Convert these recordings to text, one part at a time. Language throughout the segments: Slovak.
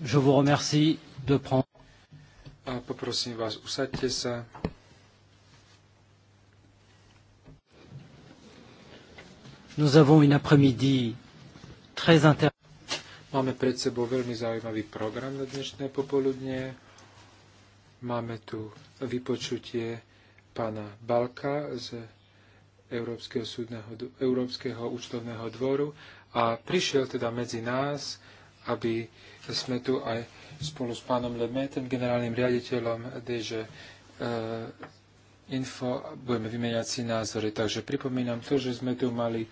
Je vous remercie de prendre... A poprosím vás, usaďte sa. Nous avons une après-midi très intéressante. Máme pred sebou veľmi zaujímavý program na dnešné popoludne. Máme tu vypočutie pána Balka z Európskeho, súdneho, Európskeho účtovného dvoru a prišiel teda medzi nás aby sme tu aj spolu s pánom Lemetem, generálnym riaditeľom DŽ eh, Info, budeme vymeniať si názory. Takže pripomínam to, že sme tu mali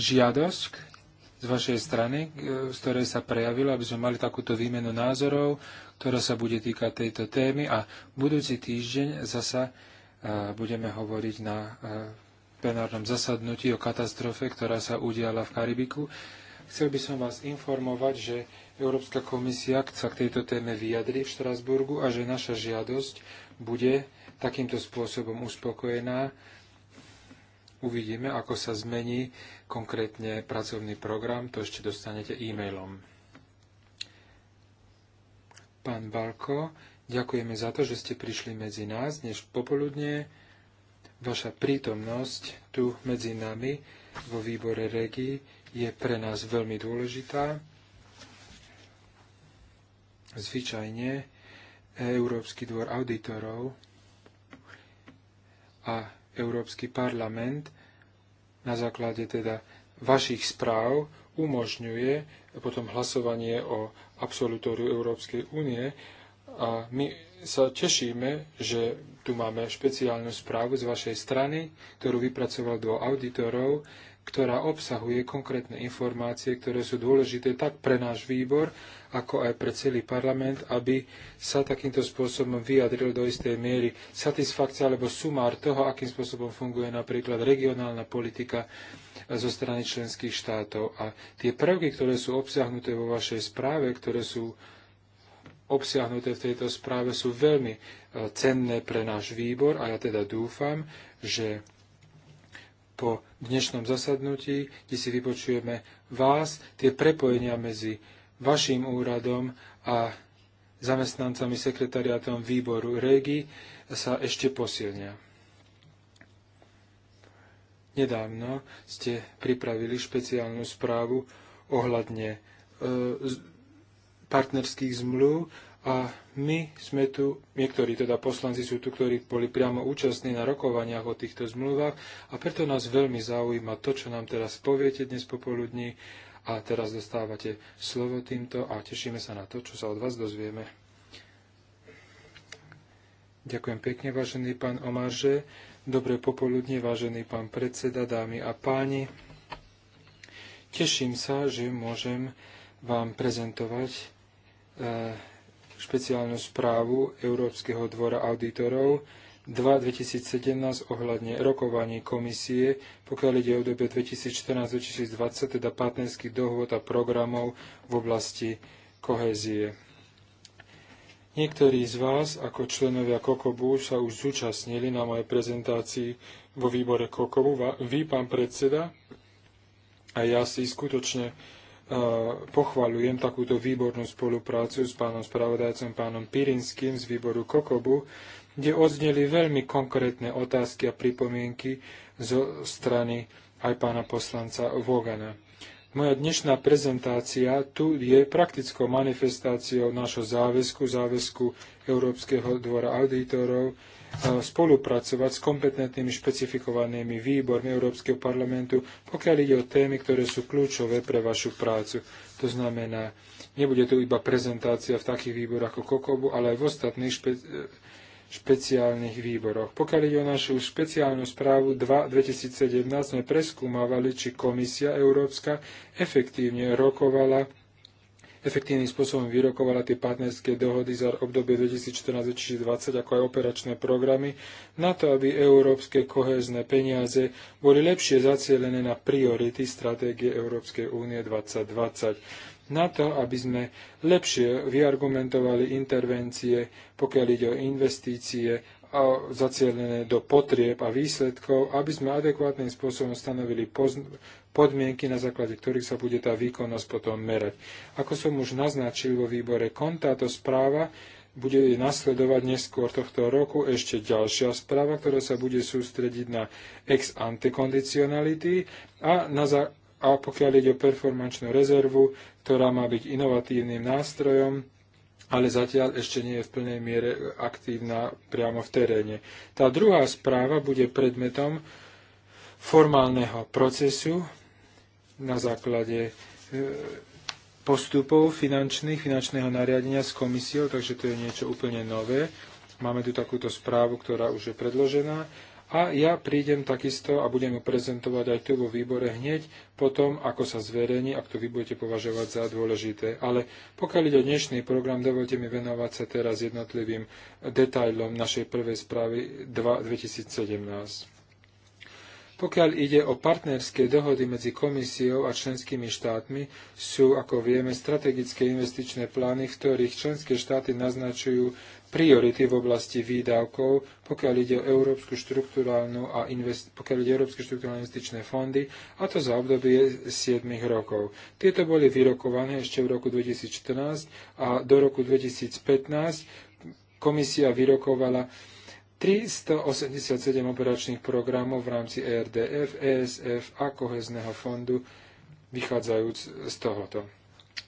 žiadosť z vašej strany, eh, z ktorej sa prejavilo, aby sme mali takúto výmenu názorov, ktorá sa bude týkať tejto témy a budúci týždeň zasa eh, budeme hovoriť na plenárnom zasadnutí o katastrofe, ktorá sa udiala v Karibiku. Chcel by som vás informovať, že Európska komisia sa k tejto téme vyjadri v Štrasburgu a že naša žiadosť bude takýmto spôsobom uspokojená. Uvidíme, ako sa zmení konkrétne pracovný program, to ešte dostanete e-mailom. Pán Balko, ďakujeme za to, že ste prišli medzi nás dnes popoludne. Vaša prítomnosť tu medzi nami vo výbore REGI je pre nás veľmi dôležitá. Zvyčajne Európsky dvor auditorov a Európsky parlament na základe teda vašich správ umožňuje potom hlasovanie o absolutóriu Európskej únie a my sa tešíme, že tu máme špeciálnu správu z vašej strany, ktorú vypracoval dvo auditorov, ktorá obsahuje konkrétne informácie, ktoré sú dôležité tak pre náš výbor, ako aj pre celý parlament, aby sa takýmto spôsobom vyjadril do istej miery satisfakcia alebo sumár toho, akým spôsobom funguje napríklad regionálna politika zo strany členských štátov. A tie prvky, ktoré sú obsiahnuté vo vašej správe, ktoré sú obsiahnuté v tejto správe sú veľmi e, cenné pre náš výbor a ja teda dúfam, že po dnešnom zasadnutí, kde si vypočujeme vás, tie prepojenia medzi vašim úradom a zamestnancami sekretariátom výboru REGI sa ešte posilnia. Nedávno ste pripravili špeciálnu správu ohľadne e, partnerských zmluv a my sme tu, niektorí teda poslanci sú tu, ktorí boli priamo účastní na rokovaniach o týchto zmluvách a preto nás veľmi zaujíma to, čo nám teraz poviete dnes popoludní a teraz dostávate slovo týmto a tešíme sa na to, čo sa od vás dozvieme. Ďakujem pekne, vážený pán Omarže. Dobré popoludne, vážený pán predseda, dámy a páni. Teším sa, že môžem vám prezentovať E, špeciálnu správu Európskeho dvora auditorov 2017 ohľadne rokovaní komisie, pokiaľ ide o dobe 2014-2020, teda partnerských dohôd a programov v oblasti kohézie. Niektorí z vás, ako členovia Kokobu, sa už zúčastnili na mojej prezentácii vo výbore Kokobu. Vy, pán predseda, a ja si skutočne pochvaľujem takúto výbornú spoluprácu s pánom spravodajcom, pánom Pirinským z výboru Kokobu, kde odzneli veľmi konkrétne otázky a pripomienky zo strany aj pána poslanca Vogana. Moja dnešná prezentácia tu je praktickou manifestáciou nášho záväzku, záväzku Európskeho dvora auditorov, spolupracovať s kompetentnými špecifikovanými výbormi Európskeho parlamentu, pokiaľ ide o témy, ktoré sú kľúčové pre vašu prácu. To znamená, nebude tu iba prezentácia v takých výboroch ako Kokobu, ale aj v ostatných špe- špeciálnych výboroch. Pokiaľ ide o našu špeciálnu správu 2 2017, sme preskúmavali, či Komisia Európska efektívne rokovala efektívnym spôsobom vyrokovala tie partnerské dohody za obdobie 2014-2020, ako aj operačné programy, na to, aby európske kohézne peniaze boli lepšie zacielené na priority stratégie Európskej únie 2020 na to, aby sme lepšie vyargumentovali intervencie, pokiaľ ide o investície a zacielené do potrieb a výsledkov, aby sme adekvátnym spôsobom stanovili podmienky, na základe ktorých sa bude tá výkonnosť potom merať. Ako som už naznačil vo výbore KON, táto správa bude nasledovať neskôr tohto roku ešte ďalšia správa, ktorá sa bude sústrediť na ex ante kondicionality a, na za- a pokiaľ ide o performančnú rezervu, ktorá má byť inovatívnym nástrojom, ale zatiaľ ešte nie je v plnej miere aktívna priamo v teréne. Tá druhá správa bude predmetom formálneho procesu, na základe e, postupov finančných, finančného nariadenia s komisiou, takže to je niečo úplne nové. Máme tu takúto správu, ktorá už je predložená a ja prídem takisto a budem ju prezentovať aj tu vo výbore hneď potom, ako sa zverejní, ak to vy budete považovať za dôležité. Ale pokiaľ ide o dnešný program, dovolte mi venovať sa teraz jednotlivým detailom našej prvej správy 2017. Pokiaľ ide o partnerské dohody medzi komisiou a členskými štátmi, sú, ako vieme, strategické investičné plány, v ktorých členské štáty naznačujú priority v oblasti výdavkov, pokiaľ ide o európsku štruktúrálnu a invest- pokiaľ ide o európske štruktúrálne investičné fondy, a to za obdobie 7 rokov. Tieto boli vyrokované ešte v roku 2014 a do roku 2015 komisia vyrokovala 387 operačných programov v rámci ERDF, ESF a kohezného fondu, vychádzajúc z tohoto.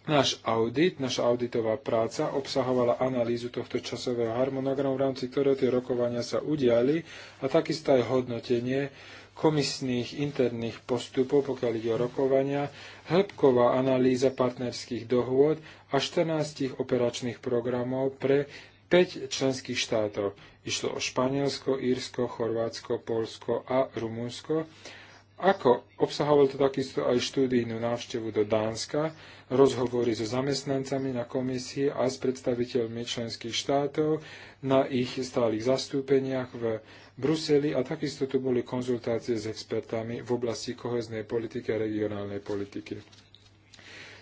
Náš audit, naša auditová práca obsahovala analýzu tohto časového harmonogramu, v rámci ktorého tie rokovania sa udiali a takisto aj hodnotenie komisných interných postupov, pokiaľ ide o rokovania, hĺbková analýza partnerských dohôd a 14 operačných programov pre 5 členských štátov. Išlo o Španielsko, Írsko, Chorvátsko, Polsko a Rumunsko. Ako obsahoval to takisto aj štúdijnú návštevu do Dánska, rozhovory so zamestnancami na komisii a s predstaviteľmi členských štátov na ich stálych zastúpeniach v Bruseli a takisto tu boli konzultácie s expertami v oblasti koheznej politiky a regionálnej politiky.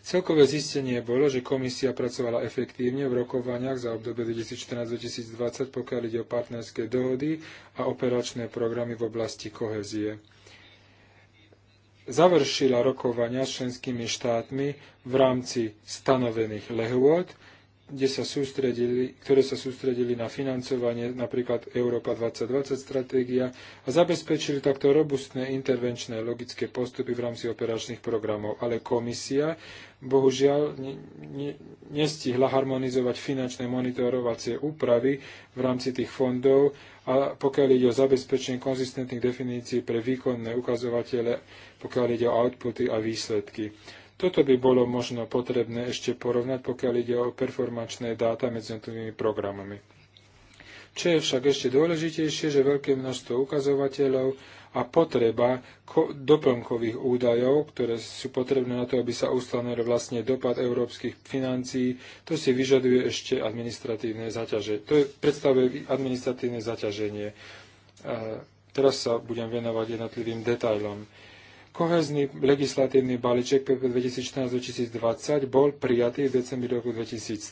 Celkové zistenie bolo, že komisia pracovala efektívne v rokovaniach za obdobie 2014-2020, pokiaľ ide o partnerské dohody a operačné programy v oblasti kohezie. Završila rokovania s členskými štátmi v rámci stanovených lehôd, kde sa sústredili, ktoré sa sústredili na financovanie napríklad Európa 2020 stratégia a zabezpečili takto robustné intervenčné logické postupy v rámci operačných programov. Ale komisia bohužiaľ ne, ne, nestihla harmonizovať finančné monitorovacie úpravy v rámci tých fondov a pokiaľ ide o zabezpečenie konzistentných definícií pre výkonné ukazovatele, pokiaľ ide o outputy a výsledky. Toto by bolo možno potrebné ešte porovnať, pokiaľ ide o performačné dáta medzi jednotlivými programami. Čo je však ešte dôležitejšie, že veľké množstvo ukazovateľov a potreba doplnkových údajov, ktoré sú potrebné na to, aby sa ustanovil vlastne dopad európskych financií, to si vyžaduje ešte administratívne zaťaženie. To je, predstavuje administratívne zaťaženie. Teraz sa budem venovať jednotlivým detailom. Kohezný legislatívny balíček 2014-2020 bol prijatý v decembri roku 2013,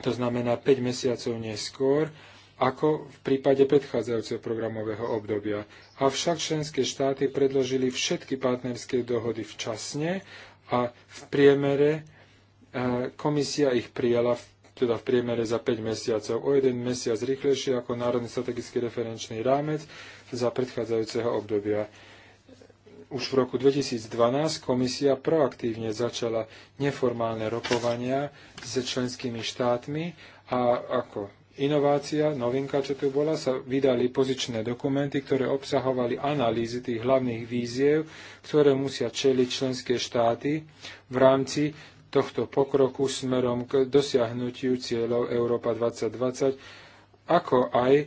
to znamená 5 mesiacov neskôr, ako v prípade predchádzajúceho programového obdobia. Avšak členské štáty predložili všetky partnerské dohody včasne a v priemere e, komisia ich prijala v teda v priemere za 5 mesiacov, o jeden mesiac rýchlejšie ako Národný strategický referenčný rámec, za predchádzajúceho obdobia. Už v roku 2012 komisia proaktívne začala neformálne rokovania s členskými štátmi a ako inovácia, novinka, čo tu bola, sa vydali pozičné dokumenty, ktoré obsahovali analýzy tých hlavných víziev, ktoré musia čeliť členské štáty v rámci tohto pokroku smerom k dosiahnutiu cieľov Európa 2020 ako aj e,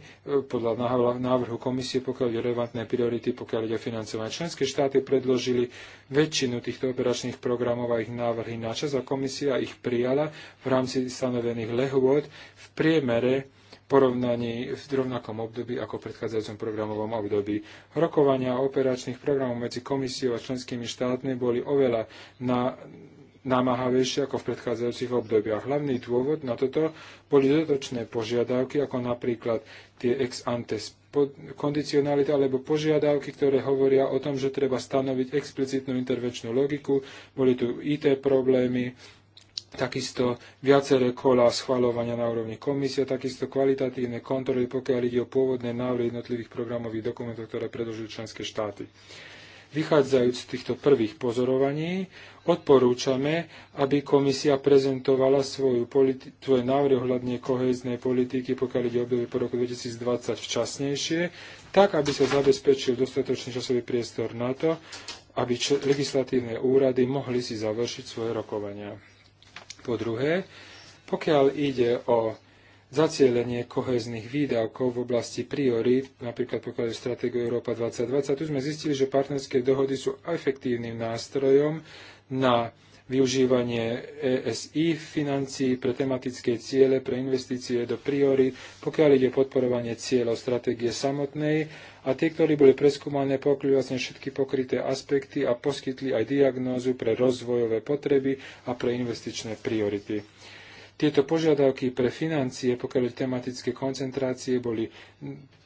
podľa návrhu komisie, pokiaľ ide relevantné priority, pokiaľ ide o financovanie. Členské štáty predložili väčšinu týchto operačných programov a ich návrhy na čas a komisia ich prijala v rámci stanovených lehôd v priemere porovnaní v rovnakom období ako v predchádzajúcom programovom období. Rokovania operačných programov medzi komisiou a členskými štátmi boli oveľa na, namáhavejšie ako v predchádzajúcich obdobiach. Hlavný dôvod na toto boli dodatočné požiadavky, ako napríklad tie ex ante kondicionalita alebo požiadavky, ktoré hovoria o tom, že treba stanoviť explicitnú intervenčnú logiku. Boli tu IT problémy, takisto viaceré kola schvalovania na úrovni komisie, takisto kvalitatívne kontroly, pokiaľ ide o pôvodné návrhy jednotlivých programových dokumentov, ktoré predložili členské štáty. Vychádzajúc z týchto prvých pozorovaní, odporúčame, aby komisia prezentovala svoju politi- svoje návrhy ohľadne kohéznej politiky, pokiaľ ide obdobie po roku 2020 včasnejšie, tak, aby sa zabezpečil dostatočný časový priestor na to, aby legislatívne úrady mohli si završiť svoje rokovania. Po druhé, pokiaľ ide o zacielenie kohezných výdavkov v oblasti priorít, napríklad pokiaľ je stratégiu Európa 2020, tu sme zistili, že partnerské dohody sú efektívnym nástrojom na využívanie ESI financií pre tematické ciele, pre investície do priorít, pokiaľ ide podporovanie cieľov stratégie samotnej a tie, ktorí boli preskúmané, pokryli vlastne všetky pokryté aspekty a poskytli aj diagnózu pre rozvojové potreby a pre investičné priority. Tieto požiadavky pre financie, pokiaľ tematické koncentrácie boli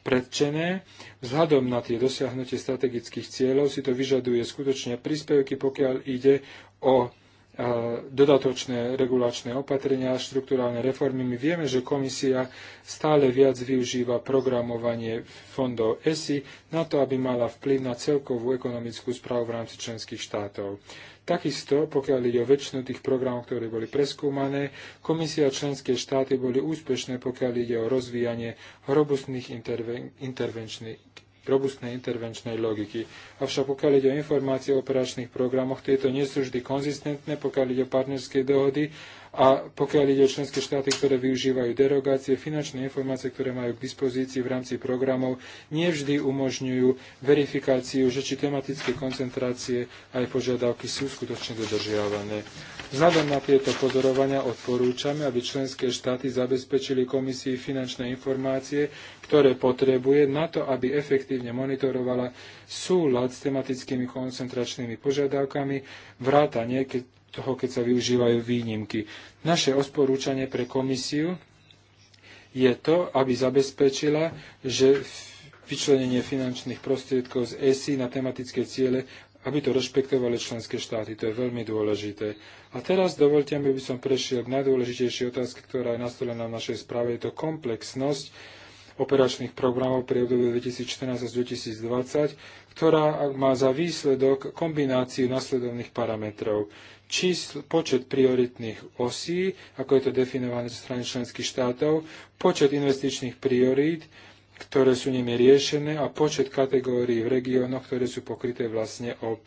predčené, vzhľadom na tie dosiahnutie strategických cieľov si to vyžaduje skutočne príspevky, pokiaľ ide o dodatočné regulačné opatrenia a štruktúrálne reformy. My vieme, že komisia stále viac využíva programovanie fondov ESI na to, aby mala vplyv na celkovú ekonomickú správu v rámci členských štátov. Takisto, pokiaľ ide o väčšinu tých programov, ktoré boli preskúmané, komisia a členské štáty boli úspešné, pokiaľ ide o rozvíjanie robustných interven- intervenčných robustnej intervenčnej logiky. Avšak pokiaľ ide o informácie o operačných programoch, tieto nie sú vždy konzistentné, pokiaľ ide o partnerské dohody a pokiaľ ide o členské štáty, ktoré využívajú derogácie, finančné informácie, ktoré majú k dispozícii v rámci programov, nevždy umožňujú verifikáciu, že či tematické koncentrácie aj požiadavky sú skutočne dodržiavané. Vzhľadom na tieto pozorovania odporúčame, aby členské štáty zabezpečili komisii finančné informácie, ktoré potrebuje na to, aby efektívne monitorovala súlad s tematickými koncentračnými požiadavkami, vrátanie, keď toho, keď sa využívajú výnimky. Naše osporúčanie pre komisiu je to, aby zabezpečila, že vyčlenenie finančných prostriedkov z ESI na tematické ciele, aby to rešpektovali členské štáty. To je veľmi dôležité. A teraz dovolte aby som prešiel k najdôležitejšej otázke, ktorá je nastolená v našej správe. Je to komplexnosť operačných programov pre obdobie 2014 až 2020, ktorá má za výsledok kombináciu nasledovných parametrov čísl, počet prioritných osí, ako je to definované zo strany členských štátov, počet investičných priorít, ktoré sú nimi riešené a počet kategórií v regiónoch, ktoré sú pokryté vlastne OP.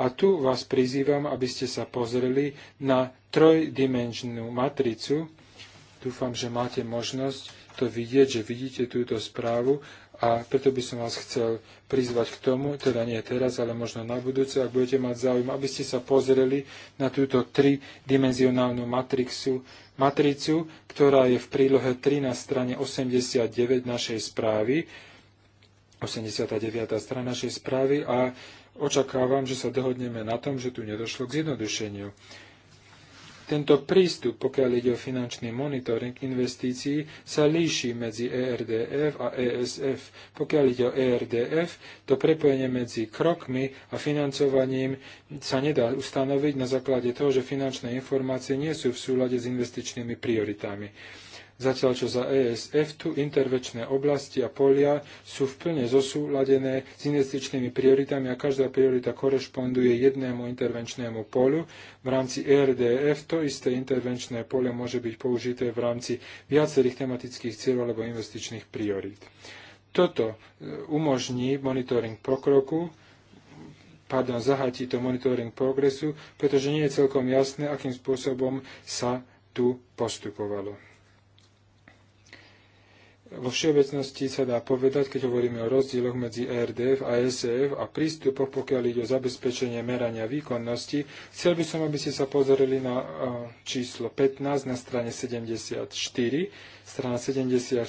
A tu vás prizývam, aby ste sa pozreli na trojdimenžnú matricu. Dúfam, že máte možnosť to vidieť, že vidíte túto správu a preto by som vás chcel prizvať k tomu, teda nie teraz, ale možno na budúce, ak budete mať záujem, aby ste sa pozreli na túto tridimenzionálnu matrixu, matricu, ktorá je v prílohe 3 na strane 89 našej správy, 89. strana našej správy a očakávam, že sa dohodneme na tom, že tu nedošlo k zjednodušeniu. Tento prístup, pokiaľ ide o finančný monitoring investícií, sa líši medzi ERDF a ESF. Pokiaľ ide o ERDF, to prepojenie medzi krokmi a financovaním sa nedá ustanoviť na základe toho, že finančné informácie nie sú v súlade s investičnými prioritami. Zatiaľ, čo za ESF tu intervečné oblasti a polia sú v plne zosúladené s investičnými prioritami a každá priorita korešponduje jednému intervenčnému polu. V rámci ERDF to isté intervenčné pole môže byť použité v rámci viacerých tematických cieľov alebo investičných priorít. Toto e, umožní monitoring pokroku, pardon, zahatí to monitoring progresu, pretože nie je celkom jasné, akým spôsobom sa tu postupovalo. Vo všeobecnosti sa dá povedať, keď hovoríme o rozdieloch medzi RDF a SF a prístupoch, pokiaľ ide o zabezpečenie merania výkonnosti, chcel by som, aby ste sa pozreli na e, číslo 15 na strane 74, strana 74,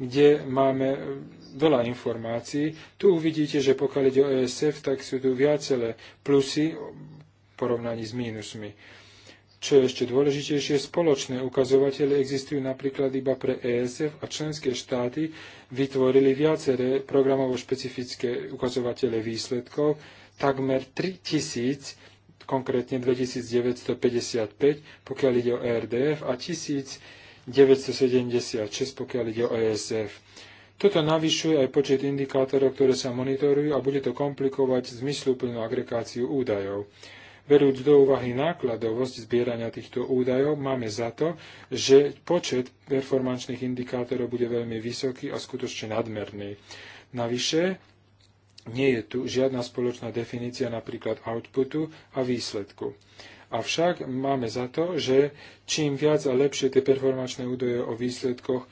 kde máme veľa informácií. Tu uvidíte, že pokiaľ ide o ESF, tak sú tu viacele plusy v porovnaní s mínusmi. Čo je ešte dôležitejšie, spoločné ukazovatele existujú napríklad iba pre ESF a členské štáty vytvorili viaceré programovo špecifické ukazovatele výsledkov, takmer 3000, konkrétne 2955, pokiaľ ide o e RDF a 1976, pokiaľ ide o ESF. Toto navyšuje aj počet indikátorov, ktoré sa monitorujú a bude to komplikovať zmysluplnú agregáciu údajov. Berúc do úvahy nákladovosť zbierania týchto údajov, máme za to, že počet performančných indikátorov bude veľmi vysoký a skutočne nadmerný. Navyše, nie je tu žiadna spoločná definícia napríklad outputu a výsledku. Avšak máme za to, že čím viac a lepšie tie performačné údaje o výsledkoch,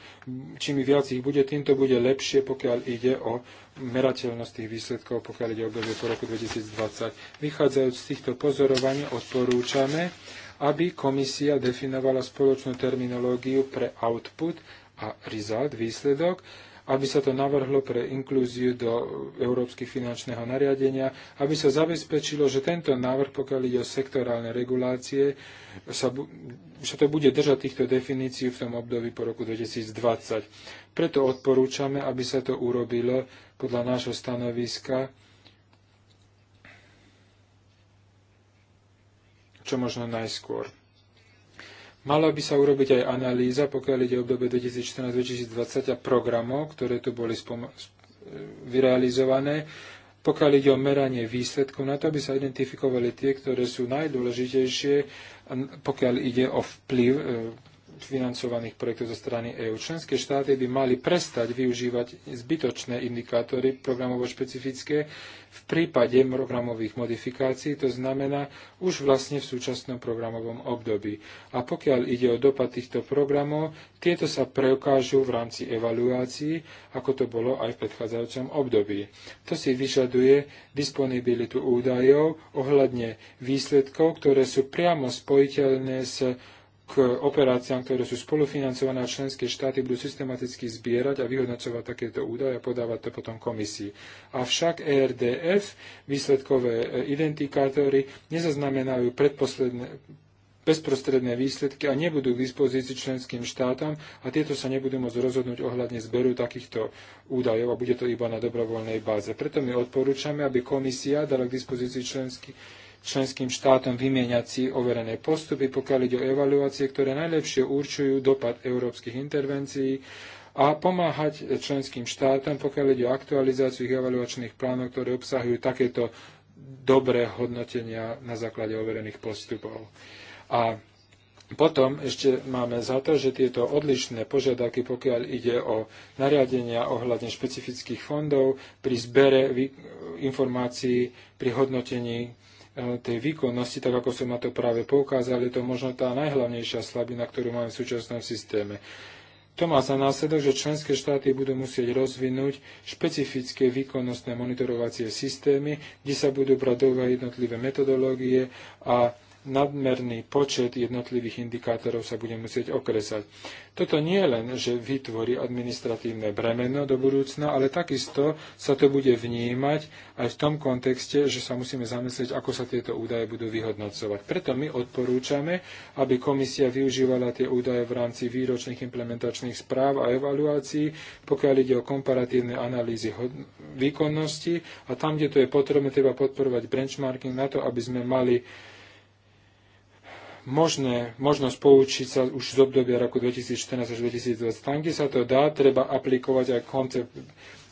čím viac ich bude, tým to bude lepšie, pokiaľ ide o merateľnosť tých výsledkov, pokiaľ ide obdobie po roku 2020. Vychádzajúc z týchto pozorovaní odporúčame, aby komisia definovala spoločnú terminológiu pre output a result, výsledok, aby sa to navrhlo pre inklúziu do európskych finančného nariadenia, aby sa zabezpečilo, že tento návrh, pokiaľ ide o sektorálne regulácie, sa, sa to bude držať týchto definícií v tom období po roku 2020. Preto odporúčame, aby sa to urobilo podľa nášho stanoviska čo možno najskôr. Mala by sa urobiť aj analýza, pokiaľ ide o obdobie 2014-2020 a programov, ktoré tu boli vyrealizované, pokiaľ ide o meranie výsledkov, na to, aby sa identifikovali tie, ktoré sú najdôležitejšie, pokiaľ ide o vplyv e, financovaných projektov zo strany EÚ. Členské štáty by mali prestať využívať zbytočné indikátory programovo špecifické v prípade programových modifikácií, to znamená už vlastne v súčasnom programovom období. A pokiaľ ide o dopad týchto programov, tieto sa preukážu v rámci evaluácií, ako to bolo aj v predchádzajúcom období. To si vyžaduje disponibilitu údajov ohľadne výsledkov, ktoré sú priamo spojiteľné s k operáciám, ktoré sú spolufinancované a členské štáty budú systematicky zbierať a vyhodnocovať takéto údaje a podávať to potom komisii. Avšak ERDF, výsledkové e, identikátory, nezaznamenajú predposledné bezprostredné výsledky a nebudú k dispozícii členským štátom a tieto sa nebudú môcť rozhodnúť ohľadne zberu takýchto údajov a bude to iba na dobrovoľnej báze. Preto my odporúčame, aby komisia dala k dispozícii členských členským štátom vymieňať si overené postupy, pokiaľ ide o evaluácie, ktoré najlepšie určujú dopad európskych intervencií a pomáhať členským štátom, pokiaľ ide o aktualizáciu ich evaluačných plánov, ktoré obsahujú takéto dobré hodnotenia na základe overených postupov. A potom ešte máme za to, že tieto odlišné požiadavky, pokiaľ ide o nariadenia ohľadne špecifických fondov, pri zbere informácií, pri hodnotení E, tej výkonnosti, tak ako som na to práve poukázal, je to možno tá najhlavnejšia slabina, ktorú máme v súčasnom systéme. To má za následok, že členské štáty budú musieť rozvinúť špecifické výkonnostné monitorovacie systémy, kde sa budú brať do jednotlivé metodológie a nadmerný počet jednotlivých indikátorov sa bude musieť okresať. Toto nie len, že vytvorí administratívne bremeno do budúcna, ale takisto sa to bude vnímať aj v tom kontexte, že sa musíme zamyslieť, ako sa tieto údaje budú vyhodnocovať. Preto my odporúčame, aby komisia využívala tie údaje v rámci výročných implementačných správ a evaluácií, pokiaľ ide o komparatívne analýzy výkonnosti a tam, kde to je potrebné, treba podporovať benchmarking na to, aby sme mali možné, možnosť poučiť sa už z obdobia roku 2014 až 2020. Tam, kde sa to dá, treba aplikovať aj koncept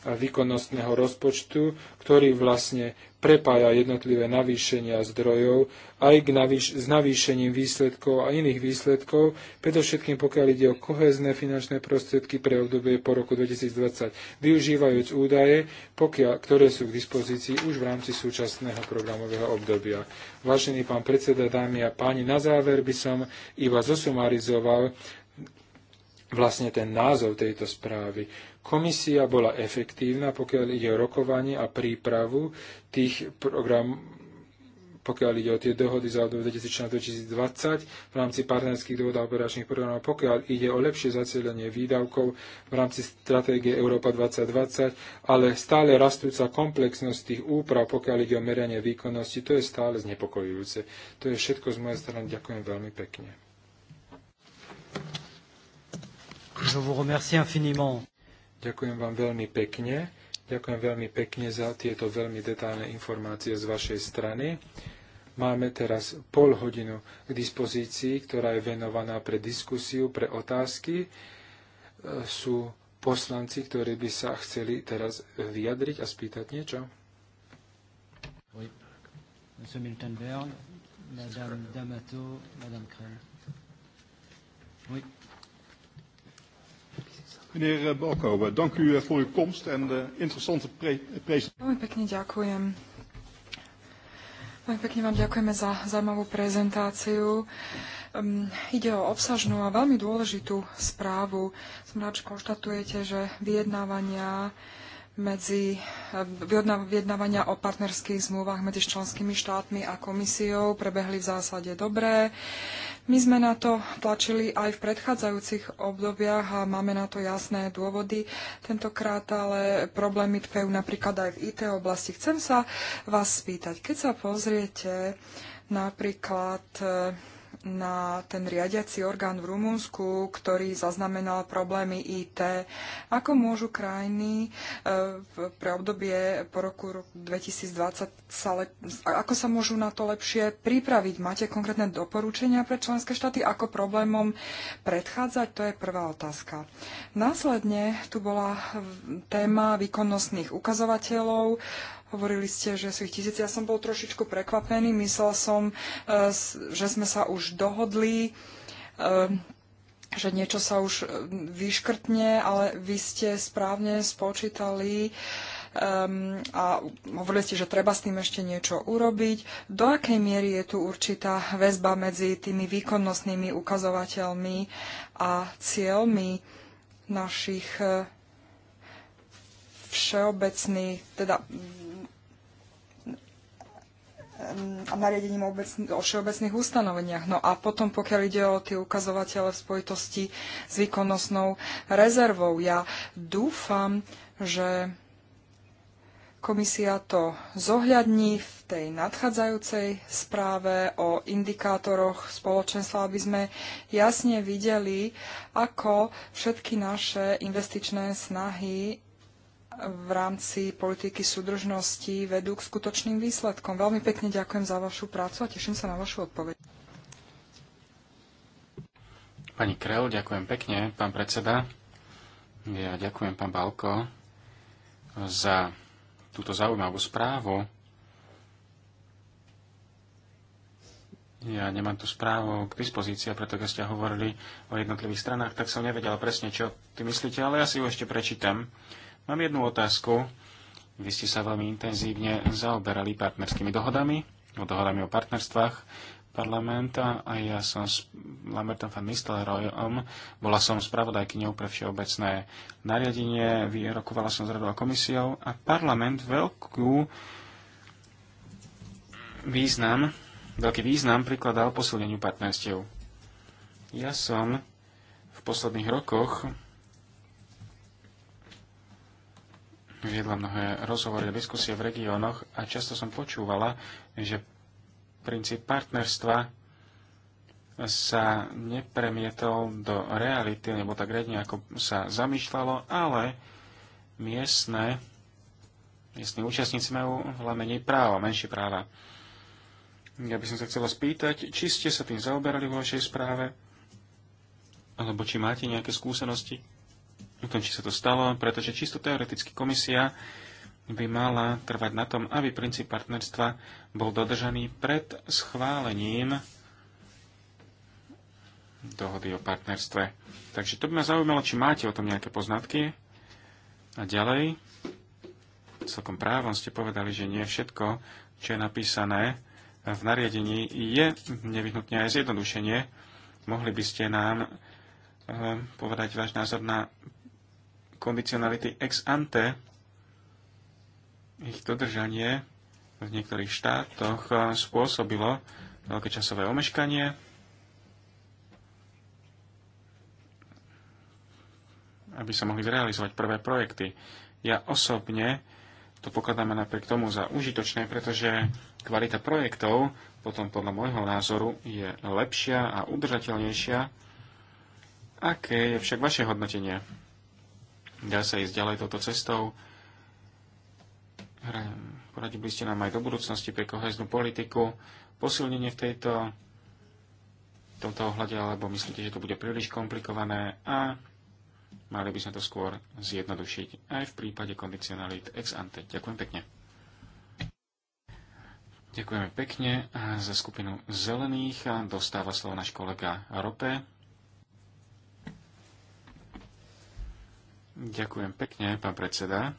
výkonnostného rozpočtu, ktorý vlastne prepája jednotlivé navýšenia zdrojov aj k navýš- s navýšením výsledkov a iných výsledkov, predovšetkým pokiaľ ide o kohezné finančné prostriedky pre obdobie po roku 2020, využívajúc údaje, pokiaľ, ktoré sú k dispozícii už v rámci súčasného programového obdobia. Vážený pán predseda, dámy a páni, na záver by som iba zosumarizoval vlastne ten názov tejto správy. Komisia bola efektívna, pokiaľ ide o rokovanie a prípravu tých program, pokiaľ ide o tie dohody za obdobie 2016-2020 v rámci partnerských dohod a operačných programov, pokiaľ ide o lepšie zacielenie výdavkov v rámci stratégie Európa 2020, ale stále rastúca komplexnosť tých úprav, pokiaľ ide o meranie výkonnosti, to je stále znepokojujúce. To je všetko z mojej strany. Ďakujem veľmi pekne. Je vous remercie infiniment. Ďakujem vám veľmi pekne. Ďakujem veľmi pekne za tieto veľmi detailné informácie z vašej strany. Máme teraz pol hodinu k dispozícii, ktorá je venovaná pre diskusiu, pre otázky. E, sú poslanci, ktorí by sa chceli teraz vyjadriť a spýtať niečo? Oui. Oui. Meneer eh, Balko, dank u eh, voor uw komst en de eh, interessante presentatie. Veľmi pekne ďakujem. Veľmi pekne vám ďakujeme za zaujímavú prezentáciu. Um, ide o obsažnú a veľmi dôležitú správu. Som rád, že konštatujete, že vyjednávania uh, medzi eh, vyjednávania o partnerských zmluvách medzi členskými štátmi a komisiou prebehli v zásade dobré. My sme na to tlačili aj v predchádzajúcich obdobiach a máme na to jasné dôvody. Tentokrát ale problémy tkajú napríklad aj v IT oblasti. Chcem sa vás spýtať, keď sa pozriete napríklad eh, na ten riadiaci orgán v Rumunsku, ktorý zaznamenal problémy IT. Ako môžu krajiny e, pre obdobie po roku 2020 sa ako sa môžu na to lepšie pripraviť? Máte konkrétne doporučenia pre členské štáty, ako problémom predchádzať? To je prvá otázka. Následne tu bola téma výkonnostných ukazovateľov. Hovorili ste, že sú ich tisíc. Ja som bol trošičku prekvapený. Myslel som, e, že sme sa už dohodli, e, že niečo sa už e, vyškrtne, ale vy ste správne spočítali a hovorili ste, že treba s tým ešte niečo urobiť. Do akej miery je tu určitá väzba medzi tými výkonnostnými ukazovateľmi a cieľmi našich všeobecných, teda a nariadením o všeobecných ustanoveniach. No a potom, pokiaľ ide o tie ukazovatele v spojitosti s výkonnostnou rezervou, ja dúfam, že komisia to zohľadní v tej nadchádzajúcej správe o indikátoroch spoločenstva, aby sme jasne videli, ako všetky naše investičné snahy v rámci politiky súdržnosti vedú k skutočným výsledkom. Veľmi pekne ďakujem za vašu prácu a teším sa na vašu odpoveď. Pani Krel, ďakujem pekne, pán predseda. Ja ďakujem, pán Balko, za túto zaujímavú správu. Ja nemám tú správu k dispozícii, preto keď ste hovorili o jednotlivých stranách, tak som nevedel presne, čo ty myslíte, ale ja si ju ešte prečítam. Mám jednu otázku. Vy ste sa veľmi intenzívne zaoberali partnerskými dohodami, o no dohodami o partnerstvách parlamenta a ja som s Lambertom van Nistelrooyom, bola som spravodajkyňou pre všeobecné nariadenie, vyrokovala som s radou a komisiou a parlament veľkú význam, veľký význam prikladal posilneniu partnerstiev. Ja som v posledných rokoch viedla mnohé rozhovory a diskusie v regiónoch a často som počúvala, že princíp partnerstva sa nepremietol do reality, nebo tak redne, ako sa zamýšľalo, ale miestne, miestni účastníci majú veľa menej práva, menšie práva. Ja by som sa chcela spýtať, či ste sa tým zaoberali vo vašej správe, alebo či máte nejaké skúsenosti o tom, či sa to stalo, pretože čisto teoreticky komisia by mala trvať na tom, aby princíp partnerstva bol dodržaný pred schválením dohody o partnerstve. Takže to by ma zaujímalo, či máte o tom nejaké poznatky. A ďalej, celkom právom ste povedali, že nie všetko, čo je napísané v nariadení, je nevyhnutne aj zjednodušenie. Mohli by ste nám eh, povedať váš názor na kondicionality ex ante, ich dodržanie v niektorých štátoch eh, spôsobilo veľké časové omeškanie. aby sa mohli zrealizovať prvé projekty. Ja osobne to pokladáme napriek tomu za užitočné, pretože kvalita projektov potom podľa môjho názoru je lepšia a udržateľnejšia. Aké je však vaše hodnotenie? Dá sa ísť ďalej touto cestou. Poradili by ste nám aj do budúcnosti pre koheznú politiku, posilnenie v tejto v tomto ohľade, alebo myslíte, že to bude príliš komplikované a mali by sme to skôr zjednodušiť aj v prípade kondicionalit ex ante. Ďakujem pekne. Ďakujeme pekne za skupinu zelených dostáva slovo náš kolega Rope. Ďakujem pekne, pán predseda.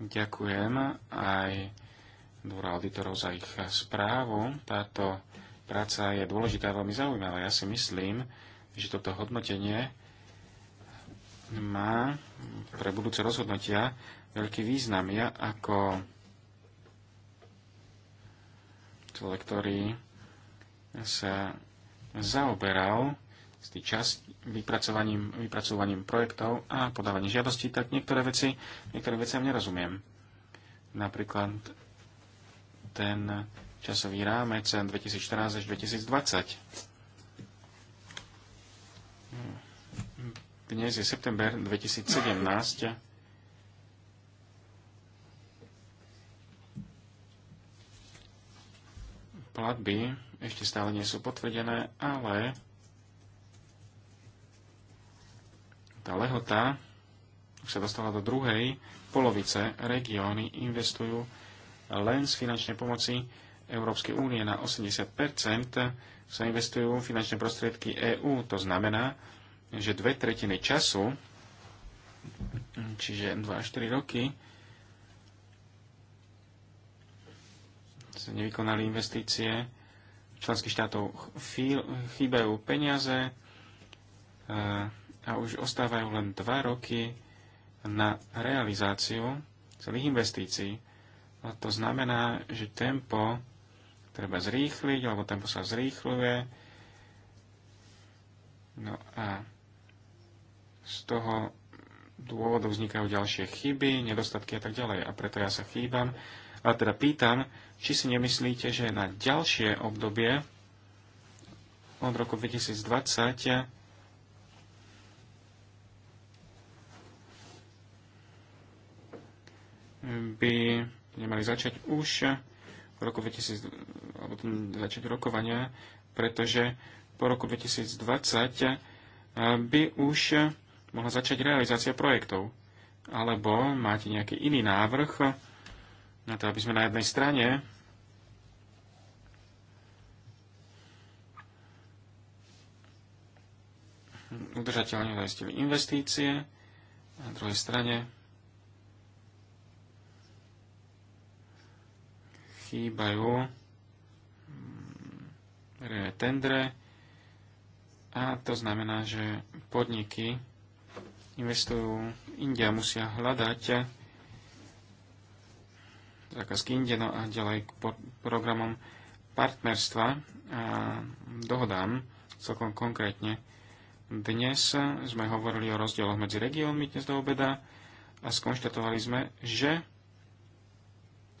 Ďakujem aj dvora auditorov za ich správu. Táto práca je dôležitá a veľmi zaujímavá. Ja si myslím, že toto hodnotenie má pre budúce rozhodnutia veľký význam. Ja ako človek, ktorý sa zaoberal z tých čas vypracovaním, vypracovaním projektov a podávaním žiadostí, tak niektoré veci, niektoré veciam nerozumiem. Napríklad ten časový rámec 2014 až 2020. Dnes je september 2017. Platby ešte stále nie sú potvrdené, ale tá lehota už sa dostala do druhej polovice. Regióny investujú len z finančnej pomoci Európskej únie na 80 sa investujú finančné prostriedky EÚ. To znamená, že dve tretiny času, čiže 2 až 4 roky, sa nevykonali investície členských štátov chýbajú peniaze e, a už ostávajú len 2 roky na realizáciu celých investícií. A to znamená, že tempo treba zrýchliť, alebo tempo sa zrýchľuje. No a z toho dôvodu vznikajú ďalšie chyby, nedostatky a tak ďalej. A preto ja sa chýbam, ale teda pýtam, či si nemyslíte, že na ďalšie obdobie od roku 2020 by nemali začať už v roku 2000, alebo začať rokovania, pretože po roku 2020 by už mohla začať realizácia projektov. Alebo máte nejaký iný návrh, na to, aby sme na jednej strane udržateľne zaistili investície, na druhej strane chýbajú mm, tendre a to znamená, že podniky investujú India musia hľadať zákazky inde, no a ďalej k programom partnerstva a dohodám celkom konkrétne. Dnes sme hovorili o rozdieloch medzi regiónmi dnes do obeda a skonštatovali sme, že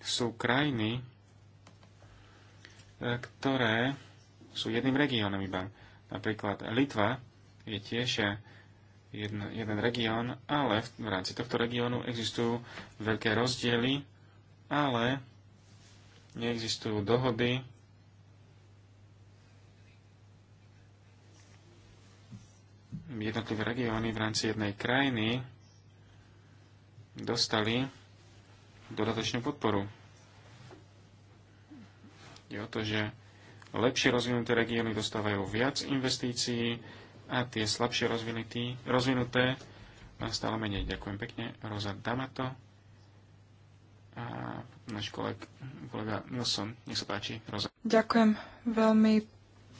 sú krajiny, e, ktoré sú jedným regiónom iba. Napríklad Litva je tiež jeden, jeden región, ale v rámci tohto regiónu existujú veľké rozdiely ale neexistujú dohody, jednotlivé regióny v rámci jednej krajiny dostali dodatočnú podporu. Je o to, že lepšie rozvinuté regióny dostávajú viac investícií a tie slabšie rozvinuté stále menej. Ďakujem pekne. Rosa Damato a náš koleg, kolega Nilsson. Nech sa páči. Rozum. Ďakujem veľmi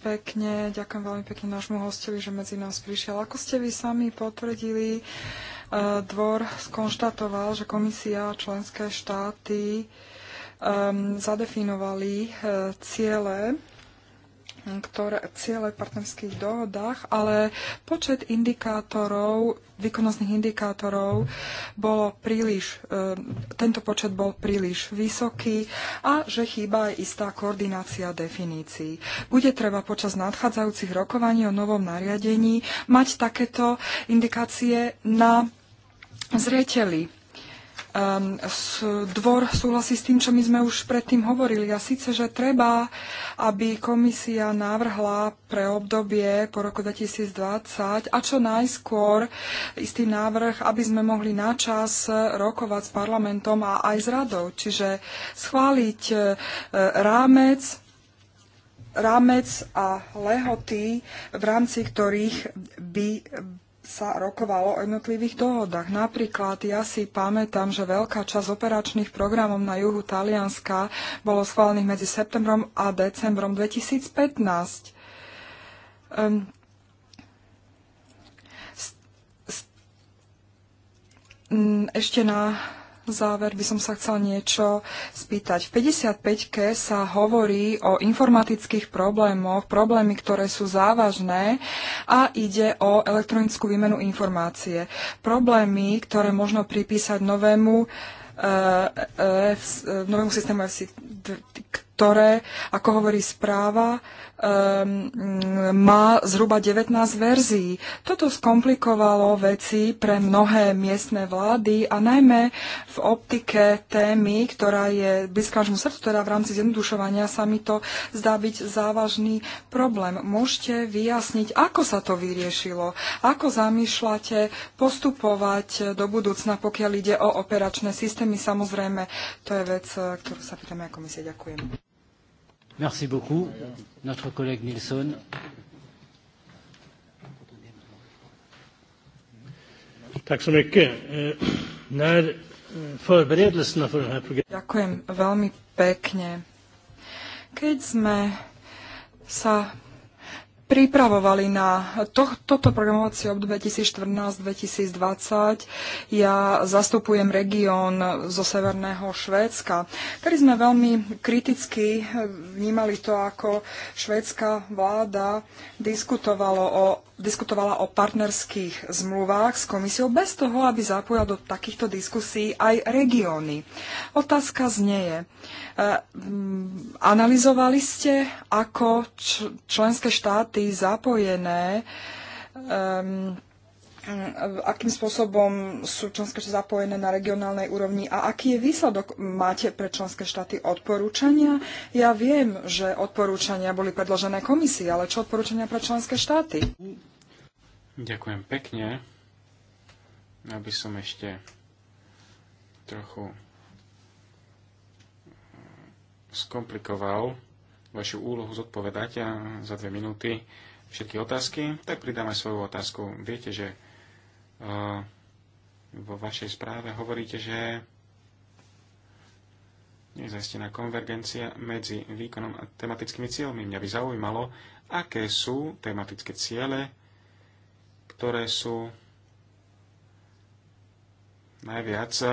pekne, ďakujem veľmi pekne nášmu hostovi, že medzi nás prišiel. Ako ste vy sami potvrdili, e, dvor skonštatoval, že komisia a členské štáty um, zadefinovali uh, ciele ktoré ciele v partnerských dohodách, ale počet indikátorov, výkonnostných indikátorov bolo príliš, e, tento počet bol príliš vysoký a že chýba aj istá koordinácia definícií. Bude treba počas nadchádzajúcich rokovaní o novom nariadení mať takéto indikácie na zreteli. Ehm, dvor súhlasí s tým, čo my sme už predtým hovorili. A síce, že treba, aby komisia navrhla pre obdobie po roku 2020 a čo najskôr istý návrh, aby sme mohli načas rokovať s parlamentom a aj s radou. Čiže schváliť e, rámec rámec a lehoty, v rámci ktorých by sa rokovalo o jednotlivých dohodách. Napríklad ja si pamätám, že veľká časť operačných programov na juhu Talianska bolo schválených medzi septembrom a decembrom 2015. Ehm, ešte na záver by som sa chcel niečo spýtať. V 55-ke sa hovorí o informatických problémoch, problémy, ktoré sú závažné a ide o elektronickú výmenu informácie. Problémy, ktoré možno pripísať novému, e, e, novému systému FC, ktoré, ako hovorí správa, um, má zhruba 19 verzií. Toto skomplikovalo veci pre mnohé miestne vlády a najmä v optike témy, ktorá je blízka srdcu, teda v rámci zjednodušovania sa mi to zdá byť závažný problém. Môžete vyjasniť, ako sa to vyriešilo, ako zamýšľate postupovať do budúcna, pokiaľ ide o operačné systémy. Samozrejme, to je vec, ktorú sa pýtame ako komisie Ďakujem. Merci beaucoup, notre collègue Nilsson. Tack så mycket. Eh, när eh, förberedelserna för den här programmet... Ďakujem veľmi pekne. Keď sme sa pripravovali na to, toto programovacie obdobie 2014-2020. Ja zastupujem región zo severného Švédska, ktorý sme veľmi kriticky eh, vnímali to, ako švédska vláda diskutovalo o diskutovala o partnerských zmluvách s komisiou bez toho, aby zapojila do takýchto diskusí aj regióny. Otázka znieje. E, Analizovali ste, ako členské štáty zapojené e, Mm, akým spôsobom sú členské štáty zapojené na regionálnej úrovni a aký je výsledok máte pre členské štáty odporúčania. Ja viem, že odporúčania boli predložené komisii, ale čo odporúčania pre členské štáty? Ďakujem pekne. Aby som ešte trochu eh, skomplikoval vašu úlohu zodpovedať a za dve minúty všetky otázky, tak pridám aj svoju otázku. Viete, že vo vašej správe hovoríte, že je zaistená konvergencia medzi výkonom a tematickými cieľmi. Mňa by zaujímalo, aké sú tematické ciele, ktoré sú najviac e,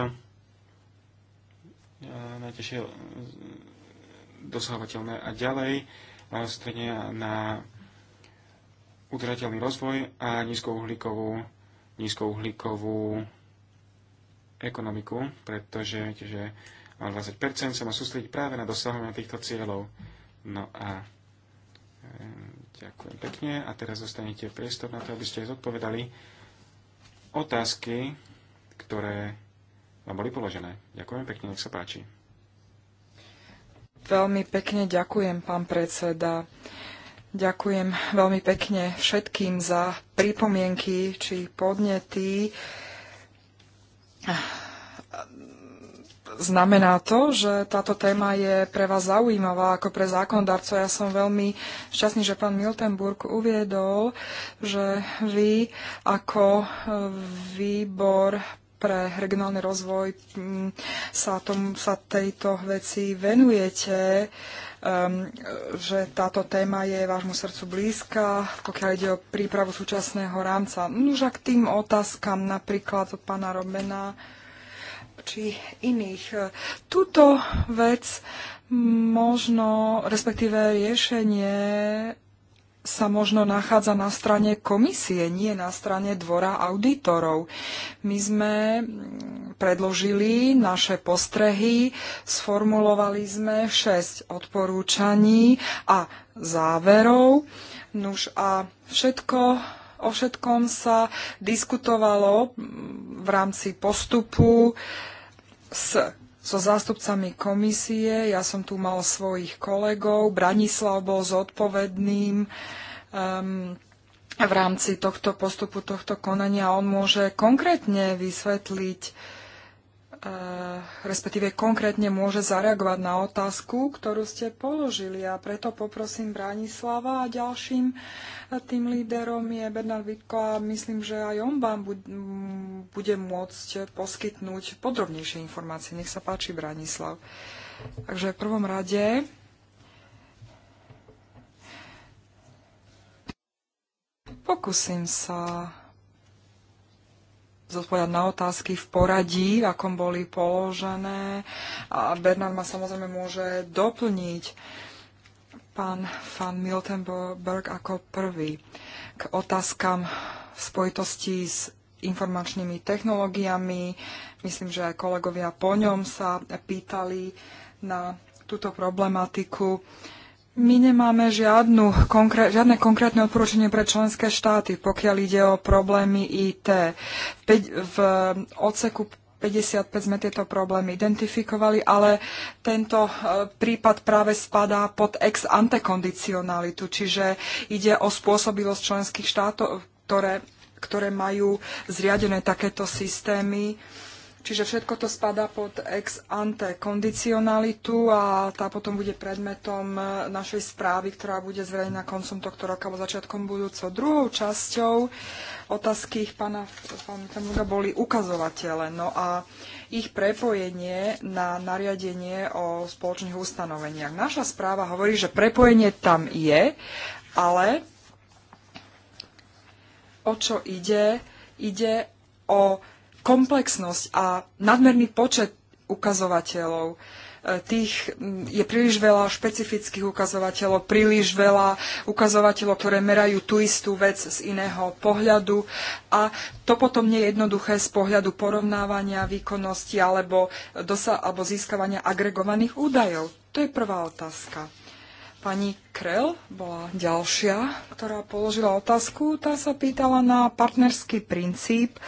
najtežšie dosahovateľné a ďalej e, stredne na udržateľný rozvoj a nízkouhlíkovú nízkouhlíkovú ekonomiku, pretože že 20% sa má sústrediť práve na dosahovanie týchto cieľov. No a e, ďakujem pekne a teraz zostanete priestor na to, aby ste zodpovedali otázky, ktoré vám boli položené. Ďakujem pekne, nech sa páči. Veľmi pekne ďakujem, pán predseda. Ďakujem veľmi pekne všetkým za pripomienky či podnety. Znamená to, že táto téma je pre vás zaujímavá ako pre zákonodarcov. Ja som veľmi šťastný, že pán Miltenburg uviedol, že vy ako výbor pre regionálny rozvoj mm, sa, tom, sa tejto veci venujete um, že táto téma je vášmu srdcu blízka, pokiaľ ide o prípravu súčasného rámca. No už k tým otázkam napríklad od pána Robena či iných. Tuto vec možno, respektíve riešenie sa možno nachádza na strane komisie, nie na strane dvora auditorov. My sme mm, predložili naše postrehy, sformulovali sme 6 odporúčaní a záverov. Nuž a všetko, o všetkom sa diskutovalo mm, v rámci postupu s so zástupcami komisie. Ja som tu mal svojich kolegov. Branislav bol zodpovedným um, v rámci tohto postupu, tohto konania. On môže konkrétne vysvetliť, E, respektíve konkrétne môže zareagovať na otázku, ktorú ste položili. A preto poprosím Branislava a ďalším e, tým líderom je Bernard Vitko a myslím, že aj on vám bude môcť poskytnúť podrobnejšie informácie. Nech sa páči, Branislav. Takže v prvom rade pokúsim sa zodpovedať na otázky v poradí, v akom boli položené. A Bernard ma samozrejme môže doplniť pán van Miltenberg ako prvý k otázkam v spojitosti s informačnými technológiami. Myslím, že aj kolegovia po ňom sa pýtali na túto problematiku. Uh, my nemáme žiadnu, konkrét, žiadne konkrétne odporúčanie pre členské štáty, pokiaľ ide o problémy IT. V, v odseku 55 sme tieto problémy identifikovali, ale tento e, prípad práve spadá pod ex ante kondicionalitu, čiže ide o spôsobilosť členských štátov, ktoré, ktoré majú zriadené takéto systémy Čiže všetko to spadá pod ex ante kondicionalitu a tá potom bude predmetom e, našej správy, ktorá bude zverejná koncom tohto roka alebo začiatkom budúceho. Druhou časťou otázky ich pána, pána boli ukazovatele. No a ich prepojenie na nariadenie o spoločných ustanoveniach. Naša správa hovorí, že prepojenie tam je, ale o čo ide? Ide o komplexnosť a nadmerný počet ukazovateľov. E, tých je príliš veľa špecifických ukazovateľov, príliš veľa ukazovateľov, ktoré merajú tú istú vec z iného pohľadu a to potom nie je jednoduché z pohľadu porovnávania výkonnosti alebo, dosa- alebo získavania agregovaných údajov. To je prvá otázka. Pani Krell bola ďalšia, ktorá položila otázku. Tá sa pýtala na partnerský princíp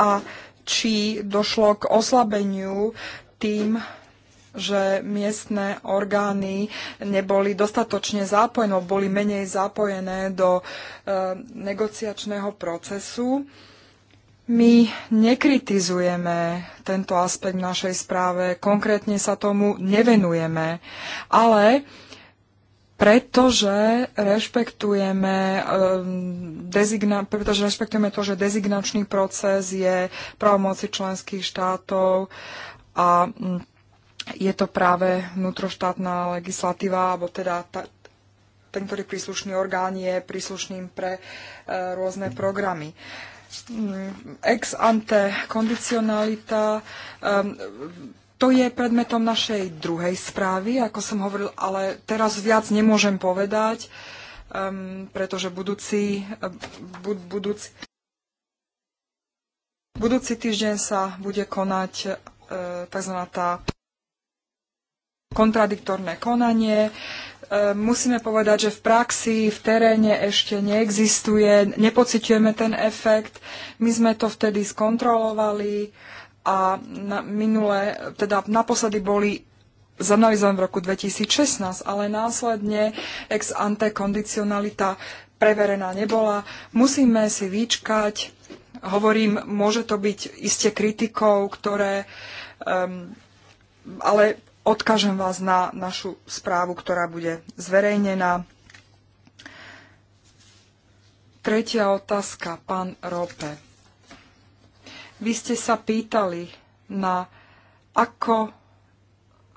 a či došlo k oslabeniu tým, že miestne orgány neboli dostatočne zapojené, boli menej zapojené do e, negociačného procesu. My nekritizujeme tento aspekt v našej správe, konkrétne sa tomu nevenujeme, ale pretože rešpektujeme, ehm, dezigna, pretože rešpektujeme to, že dezignačný proces je právomoci členských štátov a mm, je to práve vnútroštátna legislatíva, alebo teda ta, ten, ktorý príslušný orgán je príslušným pre e, rôzne programy. Mm, ex ante kondicionalita. E, to je predmetom našej druhej správy, ako som hovoril, ale teraz viac nemôžem povedať, um, pretože budúci, eh, bud, budúci, budúci týždeň sa bude konať uh, eh, tzv. tá kontradiktorné konanie. Ehm, musíme povedať, že v praxi, v teréne ešte neexistuje, nepocitujeme ten efekt. My sme to vtedy skontrolovali a na, minule, teda naposledy boli zanalizované v roku 2016, ale následne ex ante kondicionalita preverená nebola. Musíme si vyčkať, hovorím, môže to byť iste kritikou, ktoré, um, ale odkážem vás na našu správu, ktorá bude zverejnená. Tretia otázka, pán Rope. Vy ste sa pýtali na ako,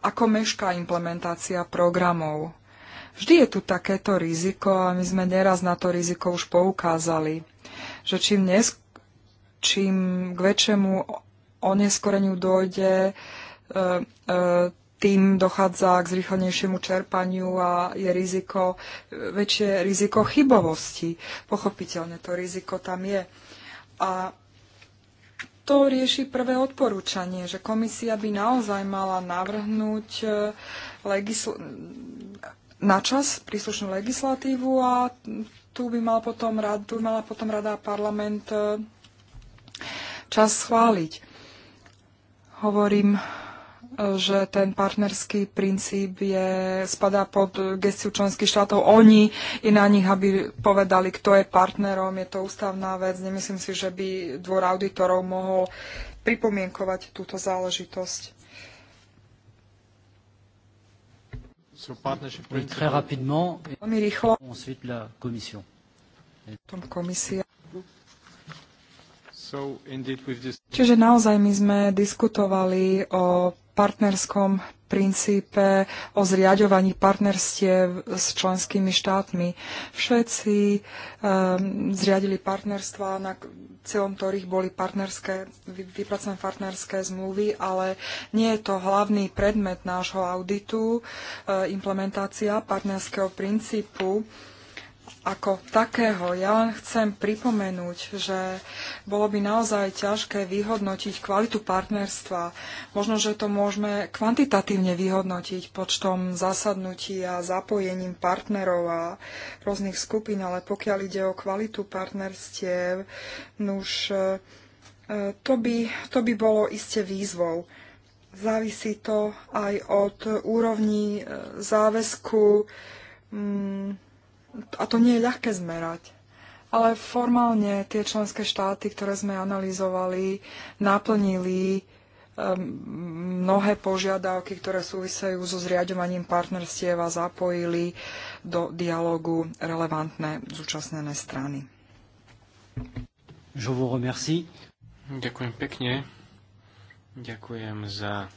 ako mešká implementácia programov. Vždy je tu takéto riziko a my sme neraz na to riziko už poukázali, že čím, nes- čím k väčšiemu oneskoreniu dojde, e, e, tým dochádza k zrýchlenejšiemu čerpaniu a je riziko, väčšie riziko chybovosti. Pochopiteľne to riziko tam je. A to rieši prvé odporúčanie, že komisia by naozaj mala navrhnúť e, legisl- na čas príslušnú legislatívu a tu by mal potom, rad, tu by mala potom rada parlament e, čas schváliť. Hovorím že ten partnerský princíp je, spadá pod gestiu členských štátov. Oni je na nich, aby povedali, kto je partnerom. Je to ústavná vec. Nemyslím si, že by dvor auditorov mohol pripomienkovať túto záležitosť. veľmi rýchlo. Potom komisia. Čiže naozaj my sme diskutovali o partnerskom princípe o zriadovaní partnerstiev s členskými štátmi. Všetci um, zriadili partnerstva, na celom ktorých boli partnerské, vypracené partnerské zmluvy, ale nie je to hlavný predmet nášho auditu, ehm, implementácia partnerského princípu ako takého. Ja len chcem pripomenúť, že bolo by naozaj ťažké vyhodnotiť kvalitu partnerstva. Možno, že to môžeme kvantitatívne vyhodnotiť počtom zasadnutí a zapojením partnerov a rôznych skupín, ale pokiaľ ide o kvalitu partnerstiev, už e, e, to by, to by bolo iste výzvou. Závisí to aj od úrovni e, záväzku mm, a to nie je ľahké zmerať. Ale formálne tie členské štáty, ktoré sme analyzovali, naplnili ehm, mnohé požiadavky, ktoré súvisejú so zriadovaním partnerstiev a zapojili do dialogu relevantné zúčastnené strany. Je vous remercie. Ďakujem pekne. Ďakujem za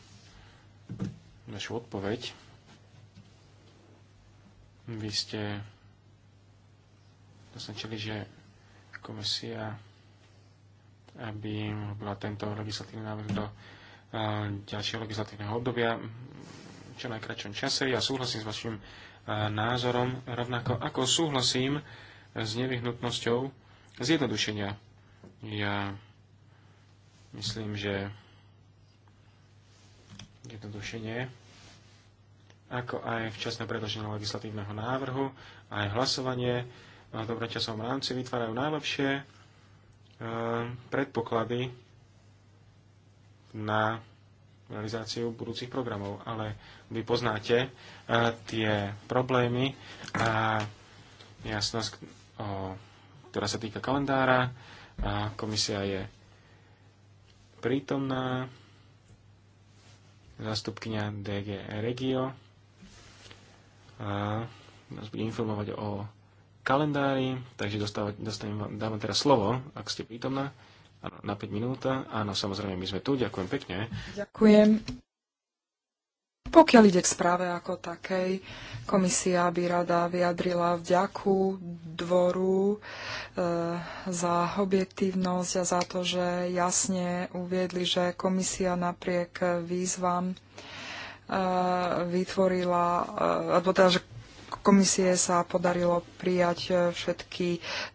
našu odpoveď. Vy ste naznačili, že komisia, aby bola tento legislatívny návrh do ďalšieho legislatívneho obdobia čo najkračom čase. Ja súhlasím s vašim názorom, rovnako ako súhlasím s nevyhnutnosťou zjednodušenia. Ja myslím, že jednodušenie, ako aj včasné predloženie legislatívneho návrhu, aj hlasovanie, v dobročasom rámci vytvárajú najlepšie e, predpoklady na realizáciu budúcich programov, ale vy poznáte e, tie problémy a jasnosť, ktorá sa týka kalendára. komisia je prítomná, zástupkynia DG Regio. A nás bude informovať o kalendári, takže dostávať, dávam teraz slovo, ak ste prítomná, na 5 minút. Áno, samozrejme, my sme tu, ďakujem pekne. Ďakujem. Pokiaľ ide k správe ako takej, komisia by rada vyjadrila vďaku dvoru e, za objektívnosť a za to, že jasne uviedli, že komisia napriek výzvam eh, vytvorila, eh, alebo teda, že komisie sa podarilo prijať e, všetky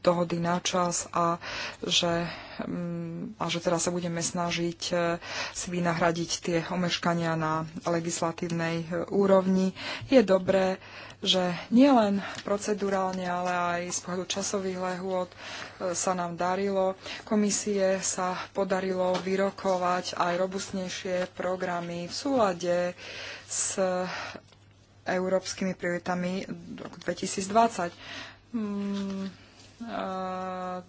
dohody na čas a že, mm, a že teraz sa budeme snažiť e, si vynahradiť tie omeškania na legislatívnej e, úrovni. Je dobré, že nielen procedurálne, ale aj z pohľadu časových lehôd sa nám darilo. Komisie sa podarilo vyrokovať aj robustnejšie programy v súlade s európskymi prioritami roku 2020. Mm,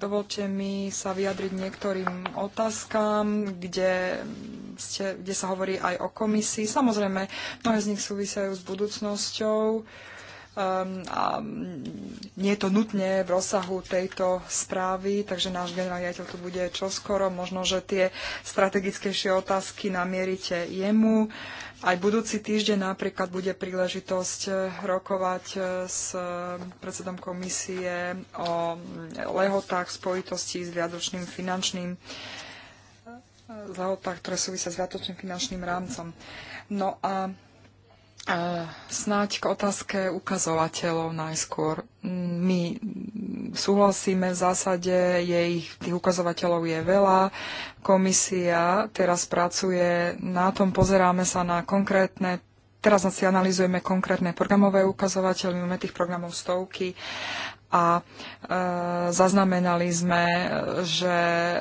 dovolte mi sa vyjadriť niektorým otázkam, kde, ste, kde sa hovorí aj o komisii. Samozrejme, mnohé z nich súvisajú s budúcnosťou. Um, a nie je to nutne v rozsahu tejto správy, takže náš generálny riaditeľ tu bude čoskoro. Možno, že tie strategickejšie otázky namierite jemu. Uh, aj budúci týždeň napríklad bude príležitosť eh, rokovať eh, s eh, predsedom komisie o mm, lehotách v spojitosti s viadočným finančným lehotách, ktoré súvisia s viadočným finančným rámcom. No a E, snáď k otázke ukazovateľov najskôr. My súhlasíme v zásade, jej tých ukazovateľov je veľa. Komisia teraz pracuje na tom, pozeráme sa na konkrétne Teraz si analizujeme konkrétne programové ukazovateľe, máme tých programov stovky a e, zaznamenali sme, že e,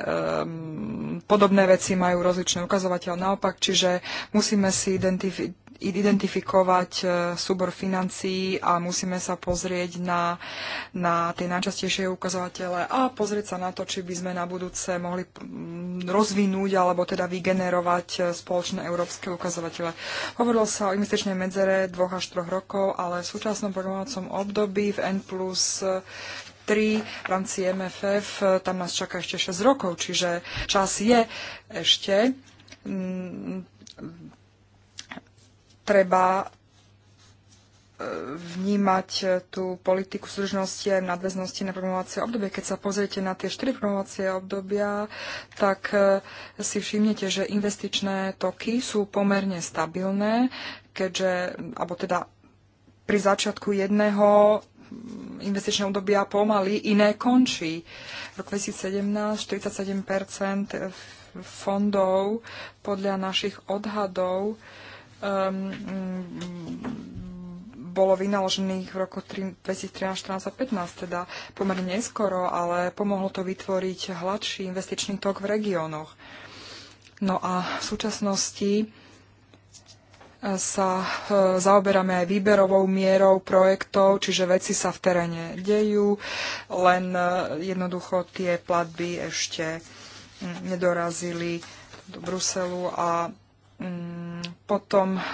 podobné veci majú rozličné ukazovateľ naopak, čiže musíme si identifikovať identifikovať e, súbor financií a musíme sa pozrieť na, na tie najčastejšie ukazovatele a pozrieť sa na to, či by sme na budúce mohli mm, rozvinúť alebo teda vygenerovať e, spoločné európske ukazovatele. Hovorilo sa o investičnej medzere dvoch až troch rokov, ale v súčasnom programovacom období v N plus 3 e, v rámci MFF, tam nás čaká ešte 6 rokov, čiže čas je ešte mm, treba e, vnímať tú politiku súdržnosti aj v nadväznosti na programovacie obdobie. Keď sa pozriete na tie štyri programovacie obdobia, tak e, si všimnete, že investičné toky sú pomerne stabilné, keďže, alebo teda pri začiatku jedného mm, investičného obdobia pomaly, iné končí. V roku 2017 47 fondov podľa našich odhadov Ehm, mm, bolo vynaložených v roku 2013, 2015 teda pomerne neskoro, ale pomohlo to vytvoriť hladší investičný tok v regiónoch. No a v súčasnosti eh, sa eh, zaoberáme aj výberovou mierou projektov, čiže veci sa v teréne dejú, len eh, jednoducho tie platby ešte mm, nedorazili do Bruselu a Mm, potom eh,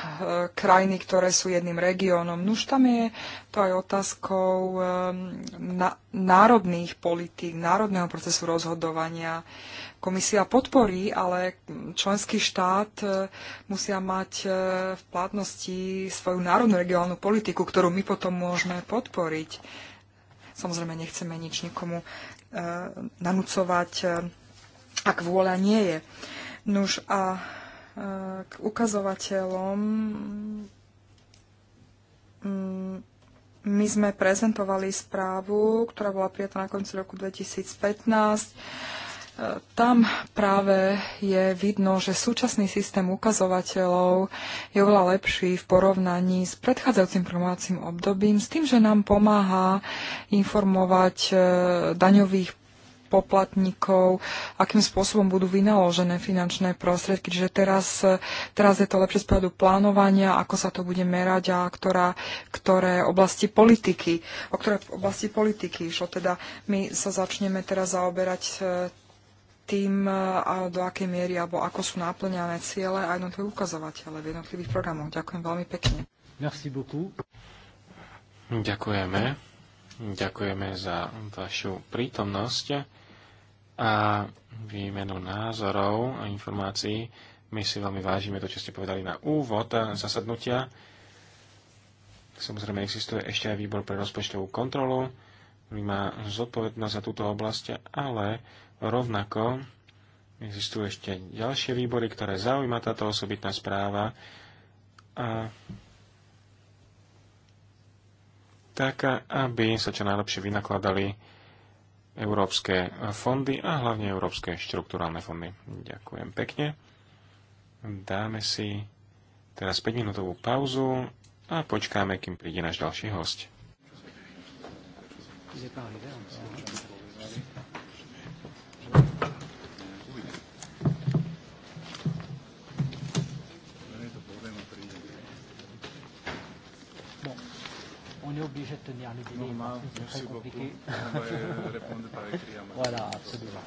krajiny, ktoré sú jedným regiónom. Nuž tam je to aj otázkou ehm, národných politík, národného procesu rozhodovania. Komisia podporí, ale členský štát eh, musia mať eh, v platnosti svoju národnú regionálnu politiku, ktorú my potom môžeme podporiť. Samozrejme, nechceme nič nikomu nanúcovať, ak vôľa nie je. Nuž a k ukazovateľom mm, my sme prezentovali správu, ktorá bola prijatá na konci roku 2015. E, tam práve je vidno, že súčasný systém ukazovateľov je oveľa lepší v porovnaní s predchádzajúcim programovacím obdobím, s tým, že nám pomáha informovať e, daňových poplatníkov, akým spôsobom budú vynaložené finančné prostriedky. Čiže teraz, teraz je to lepšie z pohľadu plánovania, ako sa to bude merať a ktorá, ktoré oblasti politiky, o ktoré oblasti politiky išlo. Teda my sa začneme teraz zaoberať e, tým, e, do akej miery alebo ako sú náplňané ciele a jednotlivé ukazovatele v jednotlivých programoch. Ďakujem veľmi pekne. Merci beaucoup. Ďakujeme. Ďakujeme za vašu prítomnosť a výmenu názorov a informácií. My si veľmi vážime to, čo ste povedali na úvod zasadnutia. Samozrejme, existuje ešte aj výbor pre rozpočtovú kontrolu, ktorý má zodpovednosť za túto oblasť, ale rovnako existujú ešte ďalšie výbory, ktoré zaujíma táto osobitná správa. A tak aby sa čo najlepšie vynakladali európske fondy a hlavne európske štruktúrálne fondy. Ďakujem pekne. Dáme si teraz 5-minútovú pauzu a počkáme, kým príde náš ďalší host. Is it on est obligé de tenir les délais. Normal, merci beaucoup. On va répondre par écrit. à Voilà, absolument.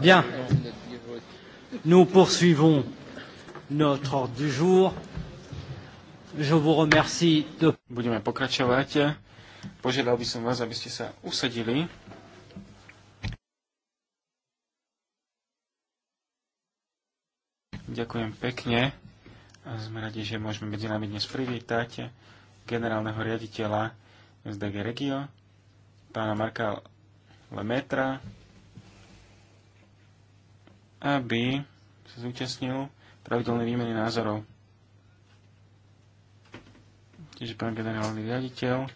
Bien. Nous poursuivons notre ordre du jour. Je vous remercie de... Budeme pokračovať. Požiadal by som vás, aby ste sa usadili. Ďakujem pekne. Sme radi, že môžeme medzi nami dnes privítať generálneho riaditeľa SDG Regio, pána Marka Lemetra, aby sa zúčastnil pravidelnej výmeny názorov. Čiže pán generálny riaditeľ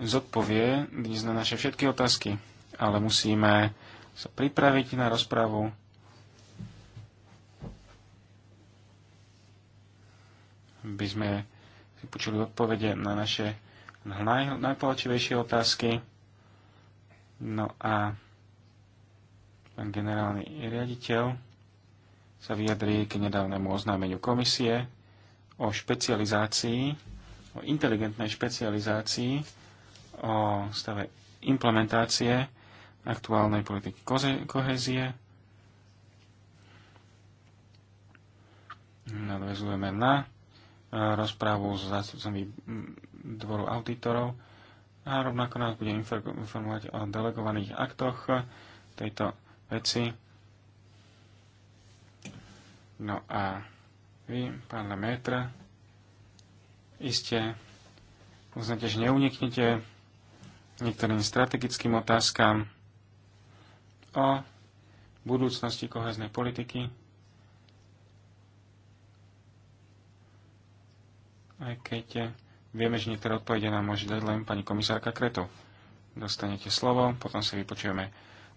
zodpovie dnes na naše všetky otázky, ale musíme sa pripraviť na rozpravu. By sme si počuli odpovede na naše naj, najpalčivejšie otázky. No a Pán generálny riaditeľ sa vyjadrí k nedávnemu oznámeniu komisie o špecializácii, o inteligentnej špecializácii, o stave implementácie aktuálnej politiky kohézie. Nadvezujeme na e, rozprávu s zástupcami dvoru auditorov a rovnako nás bude informovať o delegovaných aktoch tejto veci. No a vy, pán Lemaitre, iste uznáte, že neuniknete niektorým strategickým otázkam o budúcnosti koheznej politiky. Aj keď vieme, že niektoré odpovede nám môže dať len pani komisárka Kreto. Dostanete slovo, potom si vypočujeme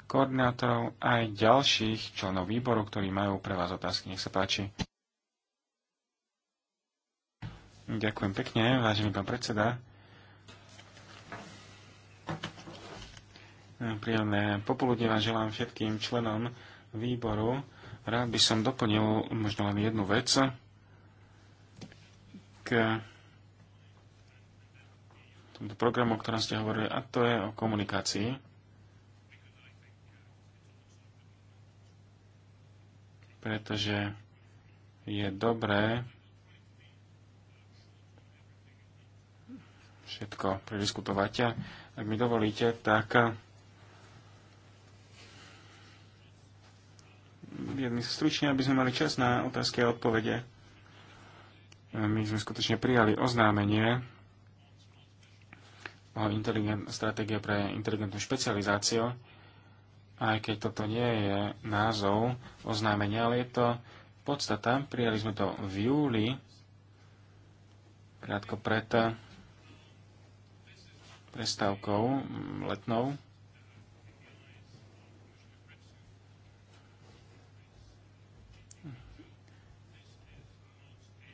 koordinátorov aj ďalších členov výboru, ktorí majú pre vás otázky. Nech sa páči. Ďakujem pekne, vážený pán predseda. Príjemné popoludne vám želám všetkým členom výboru. Rád by som doplnil možno len jednu vec k tomto programu, o ktorom ste hovorili, a to je o komunikácii. pretože je dobré všetko prediskutovať. A ak mi dovolíte, tak jedný stručne, aby sme mali čas na otázky a odpovede. My sme skutočne prijali oznámenie o stratégie pre inteligentnú špecializáciu aj keď toto nie je názov oznámenia, ale je to podstata. Prijali sme to v júli, krátko pred eh, prestávkou mm, letnou.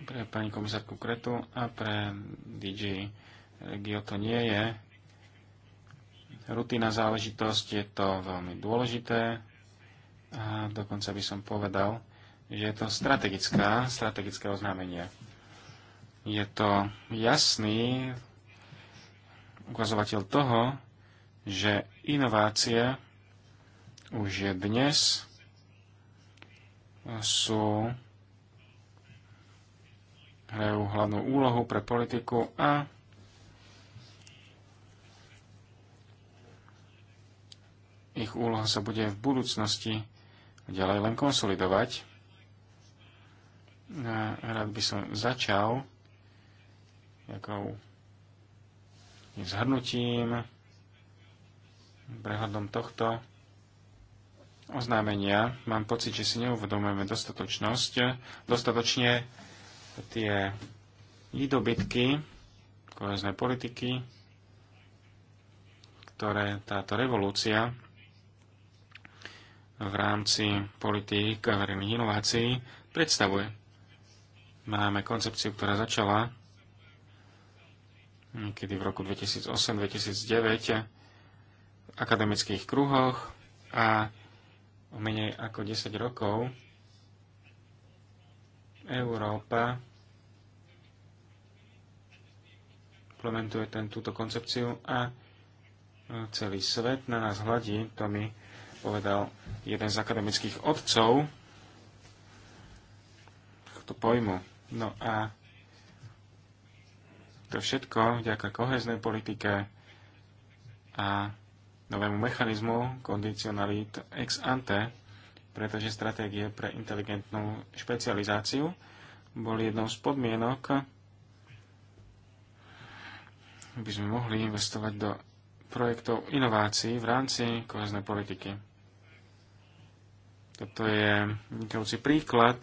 Pre pani komisárku Kretu a pre DJ Regio to nie je rutina záležitosť, je to veľmi dôležité a dokonca by som povedal, že je to strategická, strategické oznámenie. Je to jasný ukazovateľ toho, že inovácie už je dnes sú hrajú hlavnú úlohu pre politiku a ich úloha sa bude v budúcnosti ďalej len konsolidovať. A rád by som začal nejakou zhrnutím, prehľadom tohto oznámenia. Mám pocit, že si neuvedomujeme dostatočnosť, dostatočne tie výdobytky kohezné politiky, ktoré táto revolúcia v rámci politík a verejných inovácií predstavuje. Máme koncepciu, ktorá začala niekedy v roku 2008-2009 v akademických kruhoch a o menej ako 10 rokov Európa implementuje ten, túto koncepciu a celý svet na nás hladí, to my povedal jeden z akademických otcov tohto pojmu. No a to všetko vďaka koheznej politike a novému mechanizmu kondicionalit ex ante, pretože stratégie pre inteligentnú špecializáciu boli jednou z podmienok, aby sme mohli investovať do projektov inovácií v rámci koheznej politiky. Toto je vynikajúci príklad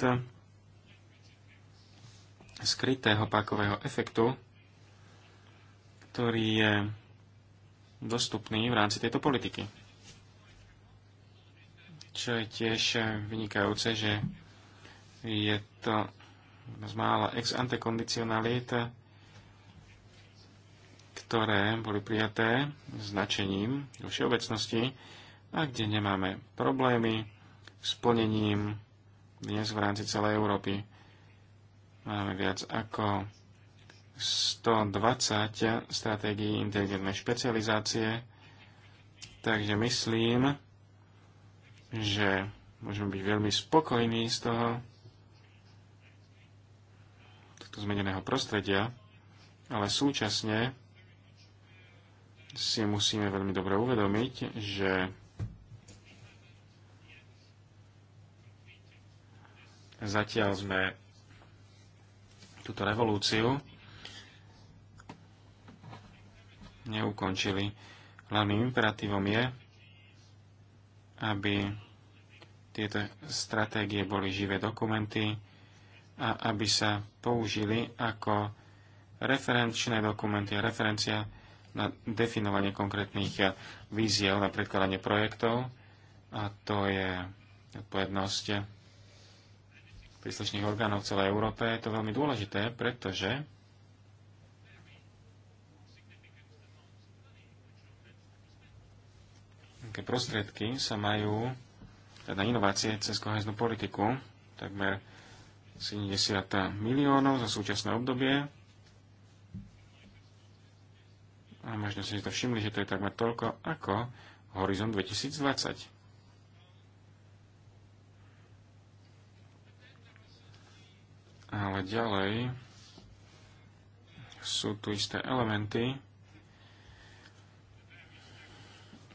skrytého pákového efektu, ktorý je dostupný v rámci tejto politiky. Čo je tiež vynikajúce, že je to z mála ex ante kondicionalit, ktoré boli prijaté značením vo všeobecnosti a kde nemáme problémy splnením dnes v rámci celej Európy. Máme viac ako 120 stratégií inteligentnej špecializácie, takže myslím, že môžeme byť veľmi spokojní z toho, tohto zmeneného prostredia, ale súčasne si musíme veľmi dobre uvedomiť, že Zatiaľ sme túto revolúciu neukončili. Hlavným imperatívom je, aby tieto stratégie boli živé dokumenty a aby sa použili ako referenčné dokumenty a referencia na definovanie konkrétnych víziev na predkladanie projektov a to je odpovednosť príslušných orgánov v celej Európe je to veľmi dôležité, pretože také prostriedky sa majú na inovácie cez koheznú politiku, takmer 70 miliónov za súčasné obdobie. A možno si to všimli, že to je takmer toľko ako Horizon 2020. Ale ďalej sú tu isté elementy,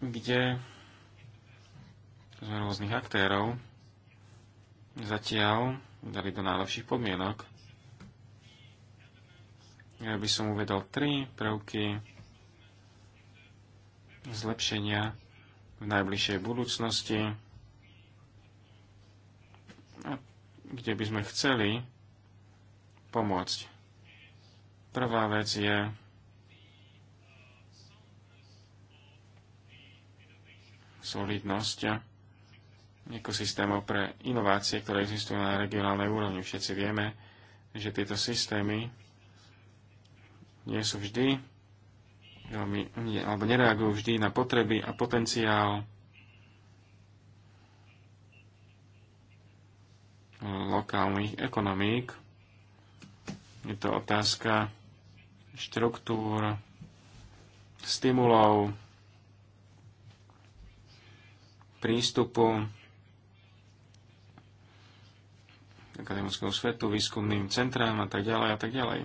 kde z rôznych aktérov zatiaľ dali do najlepších podmienok. Ja by som uvedol tri prvky zlepšenia v najbližšej budúcnosti, kde by sme chceli pomôcť. Prvá vec je solidnosť ekosystémov pre inovácie, ktoré existujú na regionálnej úrovni. Všetci vieme, že tieto systémy nie sú vždy, veľmi, alebo nereagujú vždy na potreby a potenciál lokálnych ekonomík. Je to otázka štruktúr, stimulov, prístupu k akademickému svetu, výskumným centrám a tak ďalej a tak ďalej.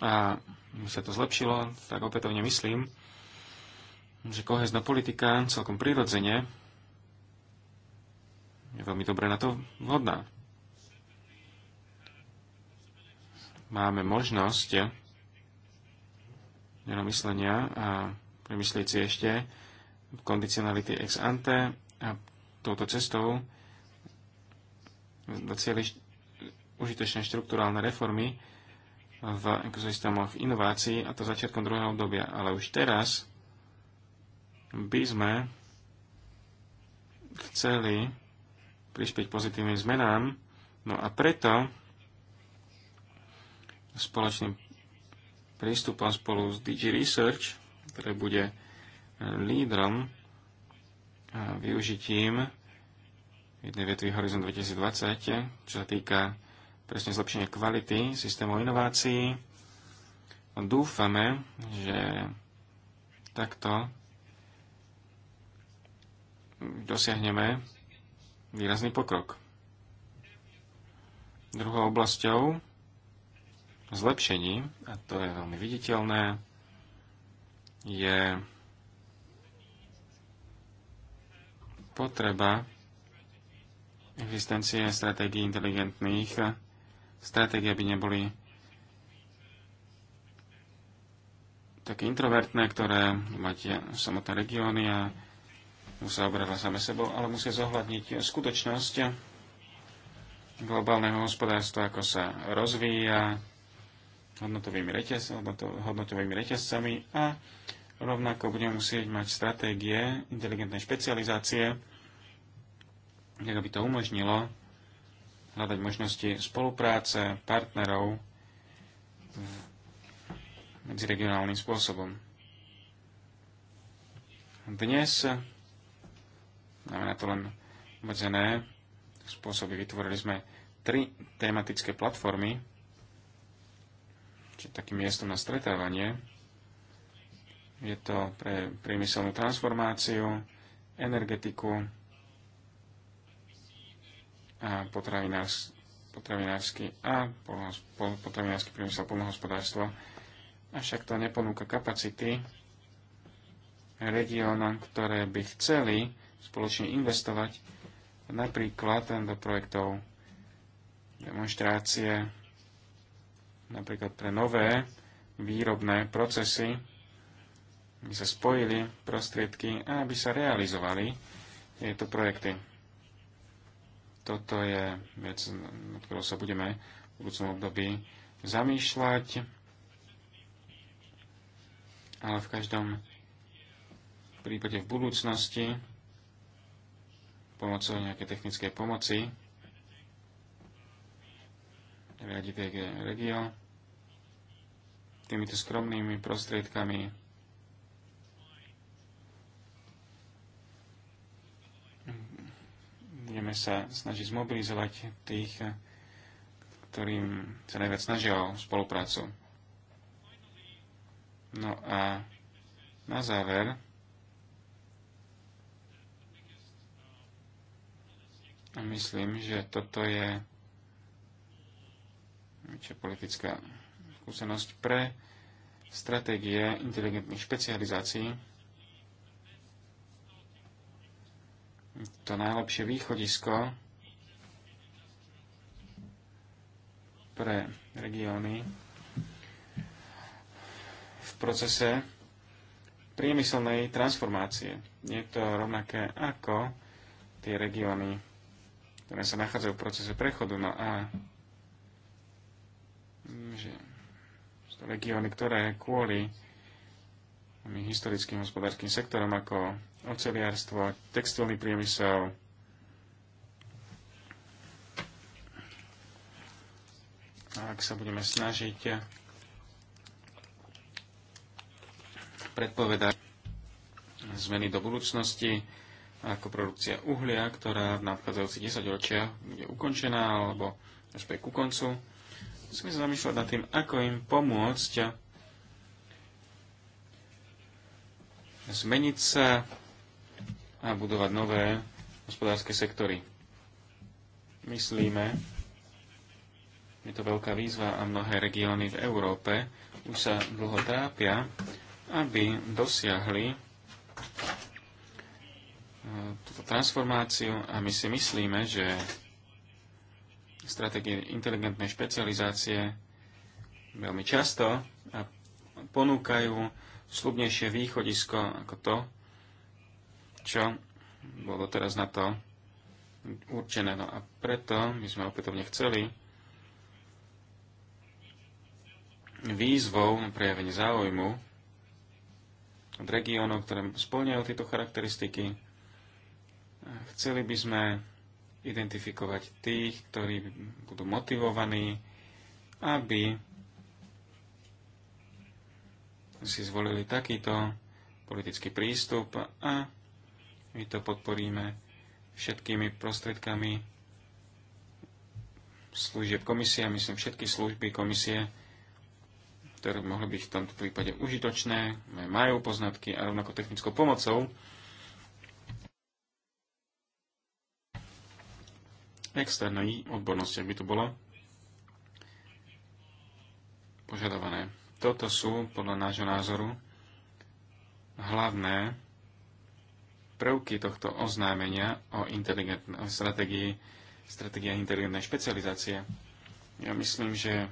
A sa to zlepšilo, tak opätovne myslím, že kohezná politika celkom prirodzene je veľmi dobre na to vhodná. máme možnosť myslenia a premyslieť si ešte kondicionality ex ante a touto cestou docieliť užitočné štruktúrálne reformy v ekosystémoch inovácií a to začiatkom druhého obdobia. Ale už teraz by sme chceli prispieť pozitívnym zmenám, no a preto spoločným prístupom spolu s DG Research, ktoré bude e, lídrom a využitím jednej vetvy Horizon 2020, čo sa týka presne zlepšenia kvality systémov inovácií. Dúfame, že takto dosiahneme výrazný pokrok. Druhou oblasťou zlepšení, a to je veľmi viditeľné, je potreba existencie stratégií inteligentných. Stratégie by neboli také introvertné, ktoré máte samotné regióny a musia obrať same sebou, ale musia zohľadniť skutočnosť globálneho hospodárstva, ako sa rozvíja, hodnotovými, reťaz, hodnotovými reťazcami a rovnako budeme musieť mať stratégie inteligentnej špecializácie, tak aby to umožnilo hľadať možnosti spolupráce partnerov medziregionálnym spôsobom. Dnes, znamená to len obmedzené spôsoby, vytvorili sme tri tematické platformy, či takým miestom na stretávanie. Je to pre priemyselnú transformáciu, energetiku a potravinársky a potravinársky priemysel polnohospodárstvo. Avšak to neponúka kapacity regiónom, ktoré by chceli spoločne investovať napríklad do projektov demonstrácie napríklad pre nové výrobné procesy, aby sa spojili prostriedky a aby sa realizovali tieto projekty. Toto je vec, nad ktorou sa budeme v budúcom období zamýšľať, ale v každom prípade v budúcnosti pomocou nejakej technickej pomoci riadi PG Regio. Týmito skromnými prostriedkami budeme sa snažiť zmobilizovať tých, ktorým sa najviac snažia o spoluprácu. No a na záver myslím, že toto je čo politická skúsenosť pre stratégie inteligentných špecializácií. To najlepšie východisko pre regióny v procese priemyselnej transformácie. Je to rovnaké ako tie regióny, ktoré sa nachádzajú v procese prechodu. No a Mm, že sú to regióny, ktoré kvôli historickým hospodárskym sektorom ako oceliarstvo, textilný priemysel, A ak sa budeme snažiť predpovedať zmeny do budúcnosti, ako produkcia uhlia, ktorá v nadchádzajúcich 10 ročiach bude ukončená alebo až ku koncu, musíme sa zamýšľať nad tým, ako im pomôcť zmeniť sa a budovať nové hospodárske sektory. Myslíme, je to veľká výzva a mnohé regióny v Európe už sa dlho trápia, aby dosiahli e, túto transformáciu a my si myslíme, že stratégie inteligentnej špecializácie veľmi často a ponúkajú slubnejšie východisko ako to, čo bolo teraz na to určené. No a preto my sme opätovne chceli výzvou na prejavenie záujmu od regiónov, ktoré splňajú tieto charakteristiky. Chceli by sme identifikovať tých, ktorí budú motivovaní, aby si zvolili takýto politický prístup a my to podporíme všetkými prostriedkami služieb komisie, myslím všetky služby komisie, ktoré mohli byť v tomto prípade užitočné, majú poznatky a rovnako technickou pomocou externej odbornosti, aby tu bolo požadované. Toto sú podľa nášho názoru hlavné prvky tohto oznámenia o, strategii, strategia inteligentnej špecializácie. Ja myslím, že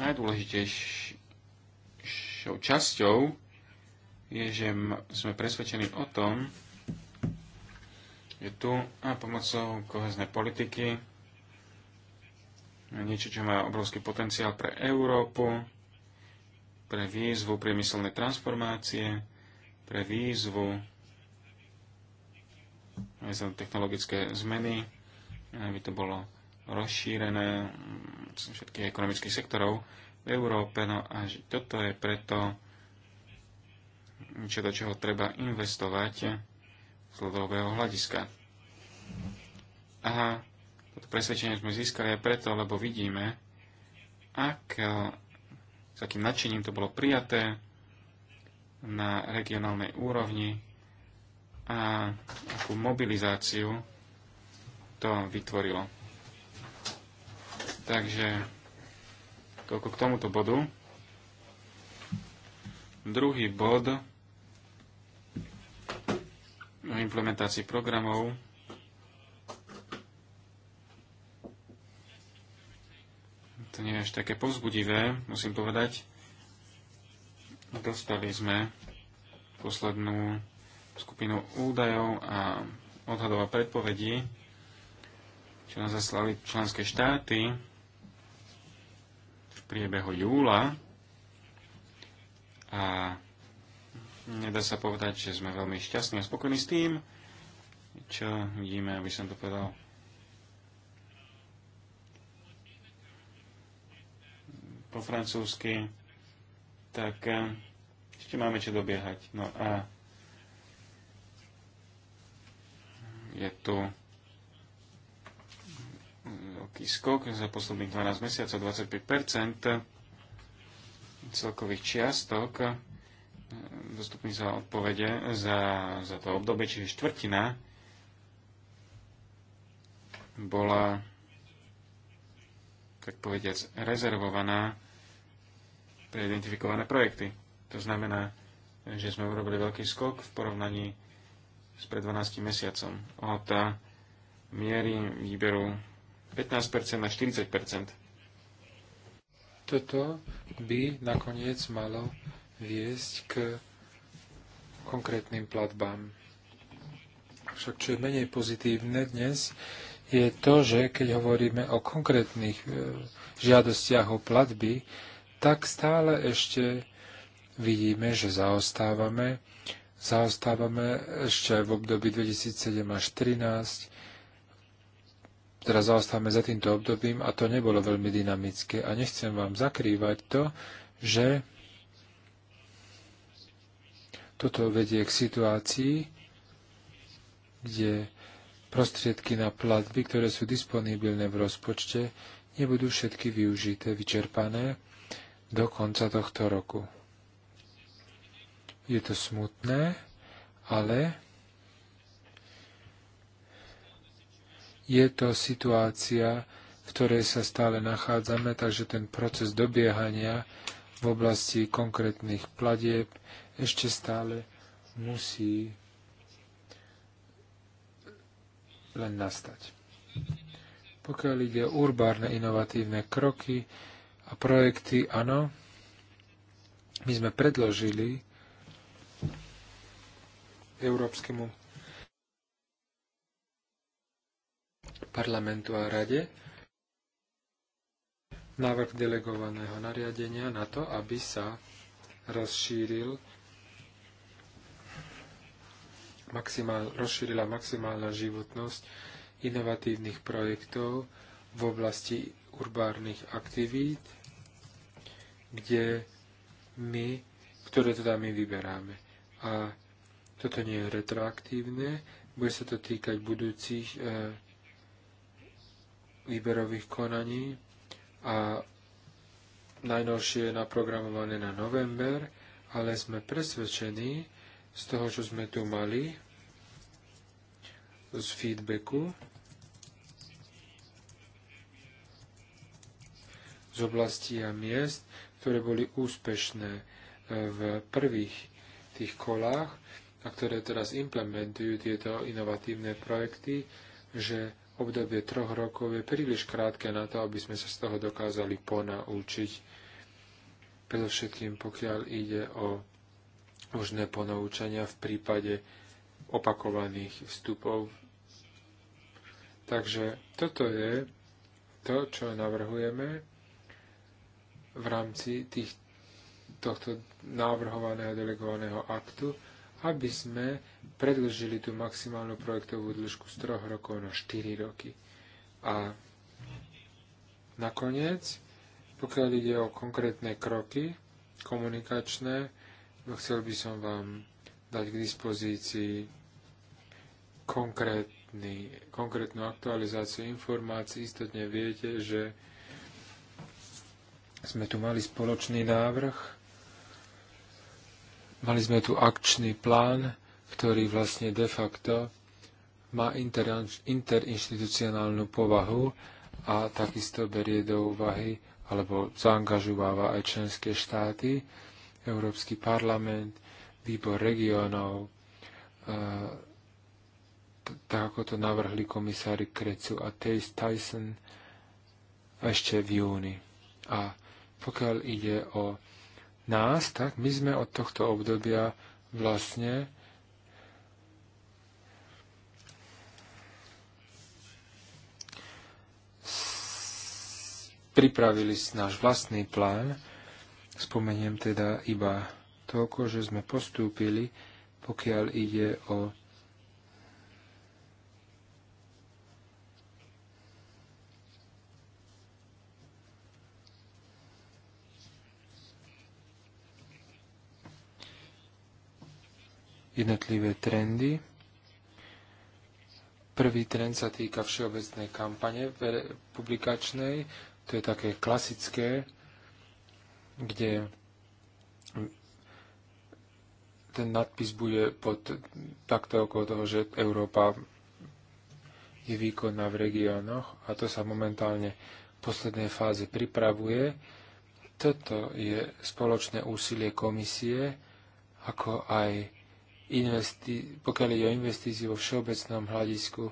najdôležitejšou časťou je, že sme presvedčení o tom, je tu a pomocou koheznej politiky. Niečo, čo má obrovský potenciál pre Európu, pre výzvu priemyselnej transformácie, pre výzvu za technologické zmeny, aby to bolo rozšírené mm, z všetkých ekonomických sektorov v Európe. No a toto je preto, niečo, do čoho treba investovať z dlhodobého hľadiska. A toto presvedčenie sme získali aj preto, lebo vidíme, ak, e, s akým nadšením to bolo prijaté na regionálnej úrovni a akú mobilizáciu to vytvorilo. Takže toľko k tomuto bodu. Druhý bod o implementácii programov. To nie je až také povzbudivé, musím povedať. Dostali sme poslednú skupinu údajov a odhadov a predpovedí, čo nám zaslali členské štáty v priebehu júla. A Nedá sa povedať, že sme veľmi šťastní a spokojní s tým, čo vidíme, aby som to povedal. po francúzsky, tak eh, ešte máme čo dobiehať. No a je tu veľký skok za posledných 12 mesiacov, 25% celkových čiastok dostupný za odpovede za, za to obdobie, čiže štvrtina bola tak povediac rezervovaná pre identifikované projekty. To znamená, že sme urobili veľký skok v porovnaní s pred 12 mesiacom. Od miery výberu 15% na 40%. Toto by nakoniec malo viesť k konkrétnym platbám. Však čo je menej pozitívne dnes, je to, že keď hovoríme o konkrétnych e, žiadostiach o platby, tak stále ešte vidíme, že zaostávame. Zaostávame ešte aj v období 2007 až 2013, teda zaostávame za týmto obdobím a to nebolo veľmi dynamické. A nechcem vám zakrývať to, že toto vedie k situácii, kde prostriedky na platby, ktoré sú disponibilné v rozpočte, nebudú všetky využité, vyčerpané do konca tohto roku. Je to smutné, ale je to situácia, v ktorej sa stále nachádzame, takže ten proces dobiehania v oblasti konkrétnych platieb ešte stále musí len nastať. Pokiaľ ide o urbárne inovatívne kroky a projekty, áno, my sme predložili Európskemu parlamentu a rade návrh delegovaného nariadenia na to, aby sa rozšíril maximál, rozšírila maximálna životnosť inovatívnych projektov v oblasti urbárnych aktivít, kde my, ktoré teda my vyberáme. A toto nie je retroaktívne, bude sa to týkať budúcich e, výberových konaní a najnovšie je naprogramované na november, ale sme presvedčení, z toho, čo sme tu mali, z feedbacku, z oblastí a miest, ktoré boli úspešné e, v prvých tých kolách a ktoré teraz implementujú tieto inovatívne projekty, že obdobie troch rokov je príliš krátke na to, aby sme sa z toho dokázali ponaučiť. Predovšetkým pokiaľ ide o možné ponaučania v prípade opakovaných vstupov. Takže toto je to, čo navrhujeme v rámci tých, tohto návrhovaného delegovaného aktu, aby sme predlžili tú maximálnu projektovú dĺžku z 3 rokov na 4 roky. A nakoniec, pokiaľ ide o konkrétne kroky komunikačné, No, chcel by som vám dať k dispozícii konkrétny, konkrétnu aktualizáciu informácií. Istotne viete, že sme tu mali spoločný návrh, mali sme tu akčný plán, ktorý vlastne de facto má interinstitucionálnu povahu a takisto berie do úvahy alebo zaangažováva aj členské štáty Európsky parlament, výbor regionov, e, tak ako to navrhli komisári Krecu a Tyson ešte v júni. A pokiaľ ide o nás, tak my sme od tohto obdobia vlastne pripravili náš vlastný plán, Spomeniem teda iba toľko, že sme postúpili, pokiaľ ide o jednotlivé trendy. Prvý trend sa týka všeobecnej kampane publikačnej, to je také klasické, kde ten nadpis bude pod takto okolo toho, že Európa je výkonná v regiónoch a to sa momentálne v poslednej fáze pripravuje. Toto je spoločné úsilie komisie, ako aj investi- pokiaľ ide o investíciu vo všeobecnom hľadisku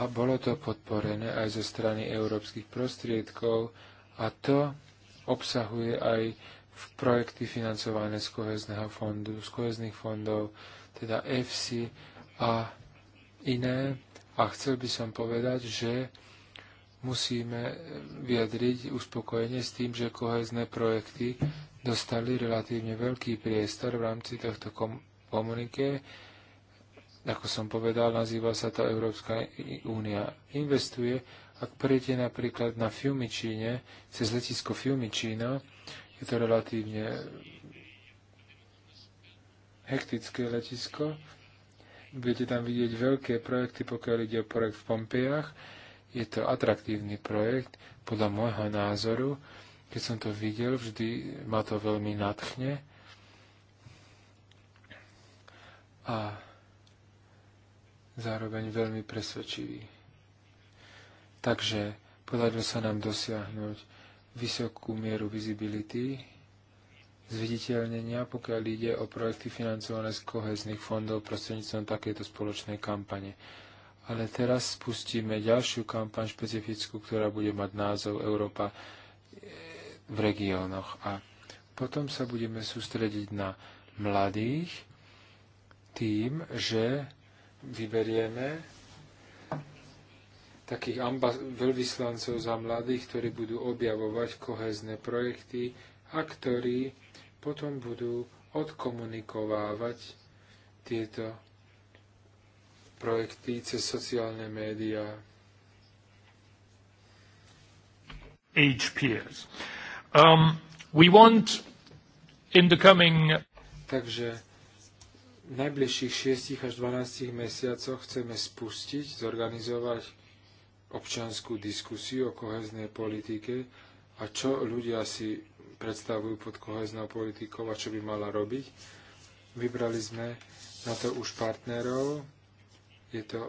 a bolo to podporené aj zo strany európskych prostriedkov a to obsahuje aj v projekty financované z kohezného fondu, z kohezných fondov, teda EFSI a iné. A chcel by som povedať, že musíme vyjadriť uspokojenie s tým, že kohezné projekty dostali relatívne veľký priestor v rámci tohto komunike. Ako som povedal, nazýva sa to Európska únia. Investuje ak prejdete napríklad na Fiumicíne, cez letisko Fiumicína, je to relatívne hektické letisko, budete tam vidieť veľké projekty, pokiaľ ide o projekt v Pompejach. Je to atraktívny projekt, podľa môjho názoru. Keď som to videl, vždy ma to veľmi nadchne. A zároveň veľmi presvedčivý. Takže podarilo sa nám dosiahnuť vysokú mieru visibility, zviditeľnenia, pokiaľ ide o projekty financované z kohezných fondov prostredníctvom takejto spoločnej kampane. Ale teraz spustíme ďalšiu kampaň špecifickú, ktorá bude mať názov Európa e, v regiónoch. A potom sa budeme sústrediť na mladých tým, že vyberieme takých veľvyslancov za mladých, ktorí budú objavovať kohezné projekty a ktorí potom budú odkomunikovávať tieto projekty cez sociálne médiá. Age peers. Um, we want in the coming... Takže v najbližších 6 až 12 mesiacoch chceme spustiť, zorganizovať občanskú diskusiu o koheznej politike a čo ľudia si predstavujú pod koheznou politikou a čo by mala robiť. Vybrali sme na to už partnerov. Je to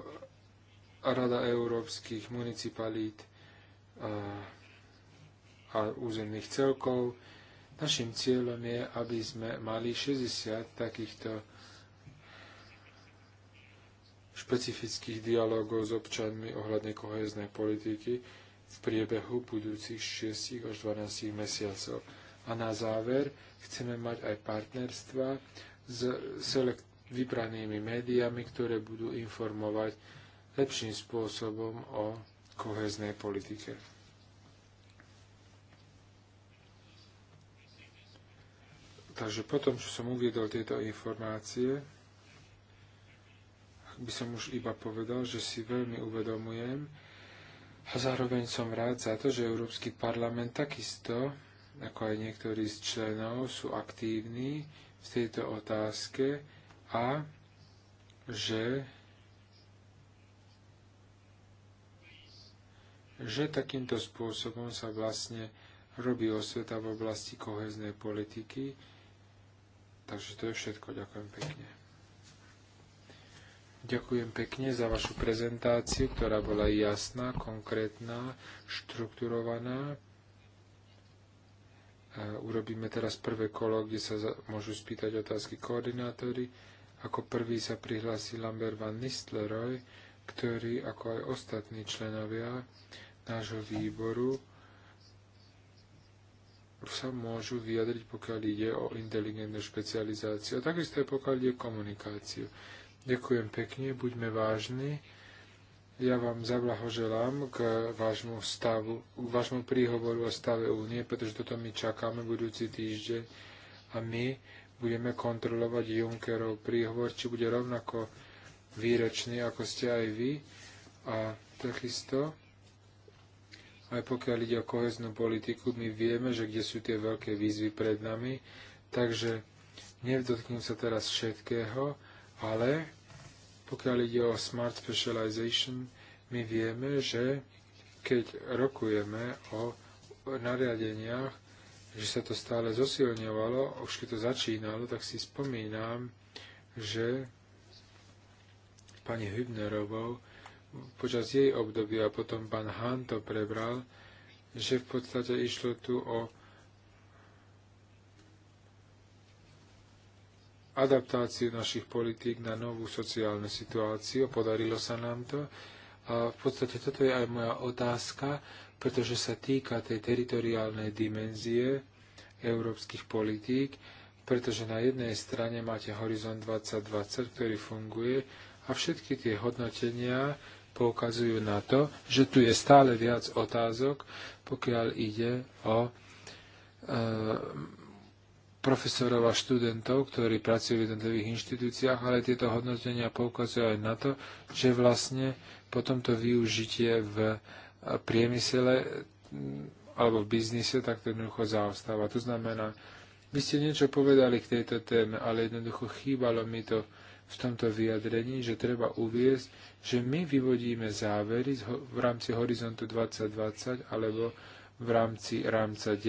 Rada európskych municipalít a, a územných celkov. Našim cieľom je, aby sme mali 60 takýchto špecifických dialogov s občanmi ohľadne koheznej politiky v priebehu budúcich 6 až 12 mesiacov. A na záver chceme mať aj partnerstva s selekt- vybranými médiami, ktoré budú informovať lepším spôsobom o koheznej politike. Takže potom, čo som uviedol tieto informácie, by som už iba povedal, že si veľmi uvedomujem a zároveň som rád za to, že Európsky parlament takisto, ako aj niektorí z členov, sú aktívni v tejto otázke a že že takýmto spôsobom sa vlastne robí osveta v oblasti koheznej politiky. Takže to je všetko. Ďakujem pekne. Ďakujem pekne za vašu prezentáciu, ktorá bola jasná, konkrétna, štrukturovaná. Urobíme teraz prvé kolo, kde sa môžu spýtať otázky koordinátory. Ako prvý sa prihlási Lambert van Nistleroy, ktorý, ako aj ostatní členovia nášho výboru, sa môžu vyjadriť, pokiaľ ide o inteligentnú špecializáciu. A takisto aj pokiaľ ide o komunikáciu. Ďakujem pekne, buďme vážni. Ja vám zablahoželám k vášmu stavu, k vášmu príhovoru o stave únie, pretože toto my čakáme budúci týždeň a my budeme kontrolovať Junckerov príhovor, či bude rovnako výročný, ako ste aj vy. A takisto, aj pokiaľ ide o koheznú politiku, my vieme, že kde sú tie veľké výzvy pred nami, takže nevdotknem sa teraz všetkého, ale pokiaľ ide o smart specialization, my vieme, že keď rokujeme o nariadeniach, že sa to stále zosilňovalo, už keď to začínalo, tak si spomínam, že pani Hübnerovou počas jej obdobia a potom pán Han to prebral, že v podstate išlo tu o adaptáciu našich politík na novú sociálnu situáciu. Podarilo sa nám to. A v podstate toto je aj moja otázka, pretože sa týka tej teritoriálnej dimenzie európskych politík, pretože na jednej strane máte Horizon 2020, ktorý funguje a všetky tie hodnotenia poukazujú na to, že tu je stále viac otázok, pokiaľ ide o e, profesorov a študentov, ktorí pracujú v jednotlivých inštitúciách, ale tieto hodnotenia poukazujú aj na to, že vlastne potom to využitie v priemysele mm, alebo v biznise tak to jednoducho zaostáva. To znamená, vy ste niečo povedali k tejto téme, ale jednoducho chýbalo mi to v tomto vyjadrení, že treba uviezť, že my vyvodíme závery v rámci horizontu 2020 alebo v rámci rámca 9,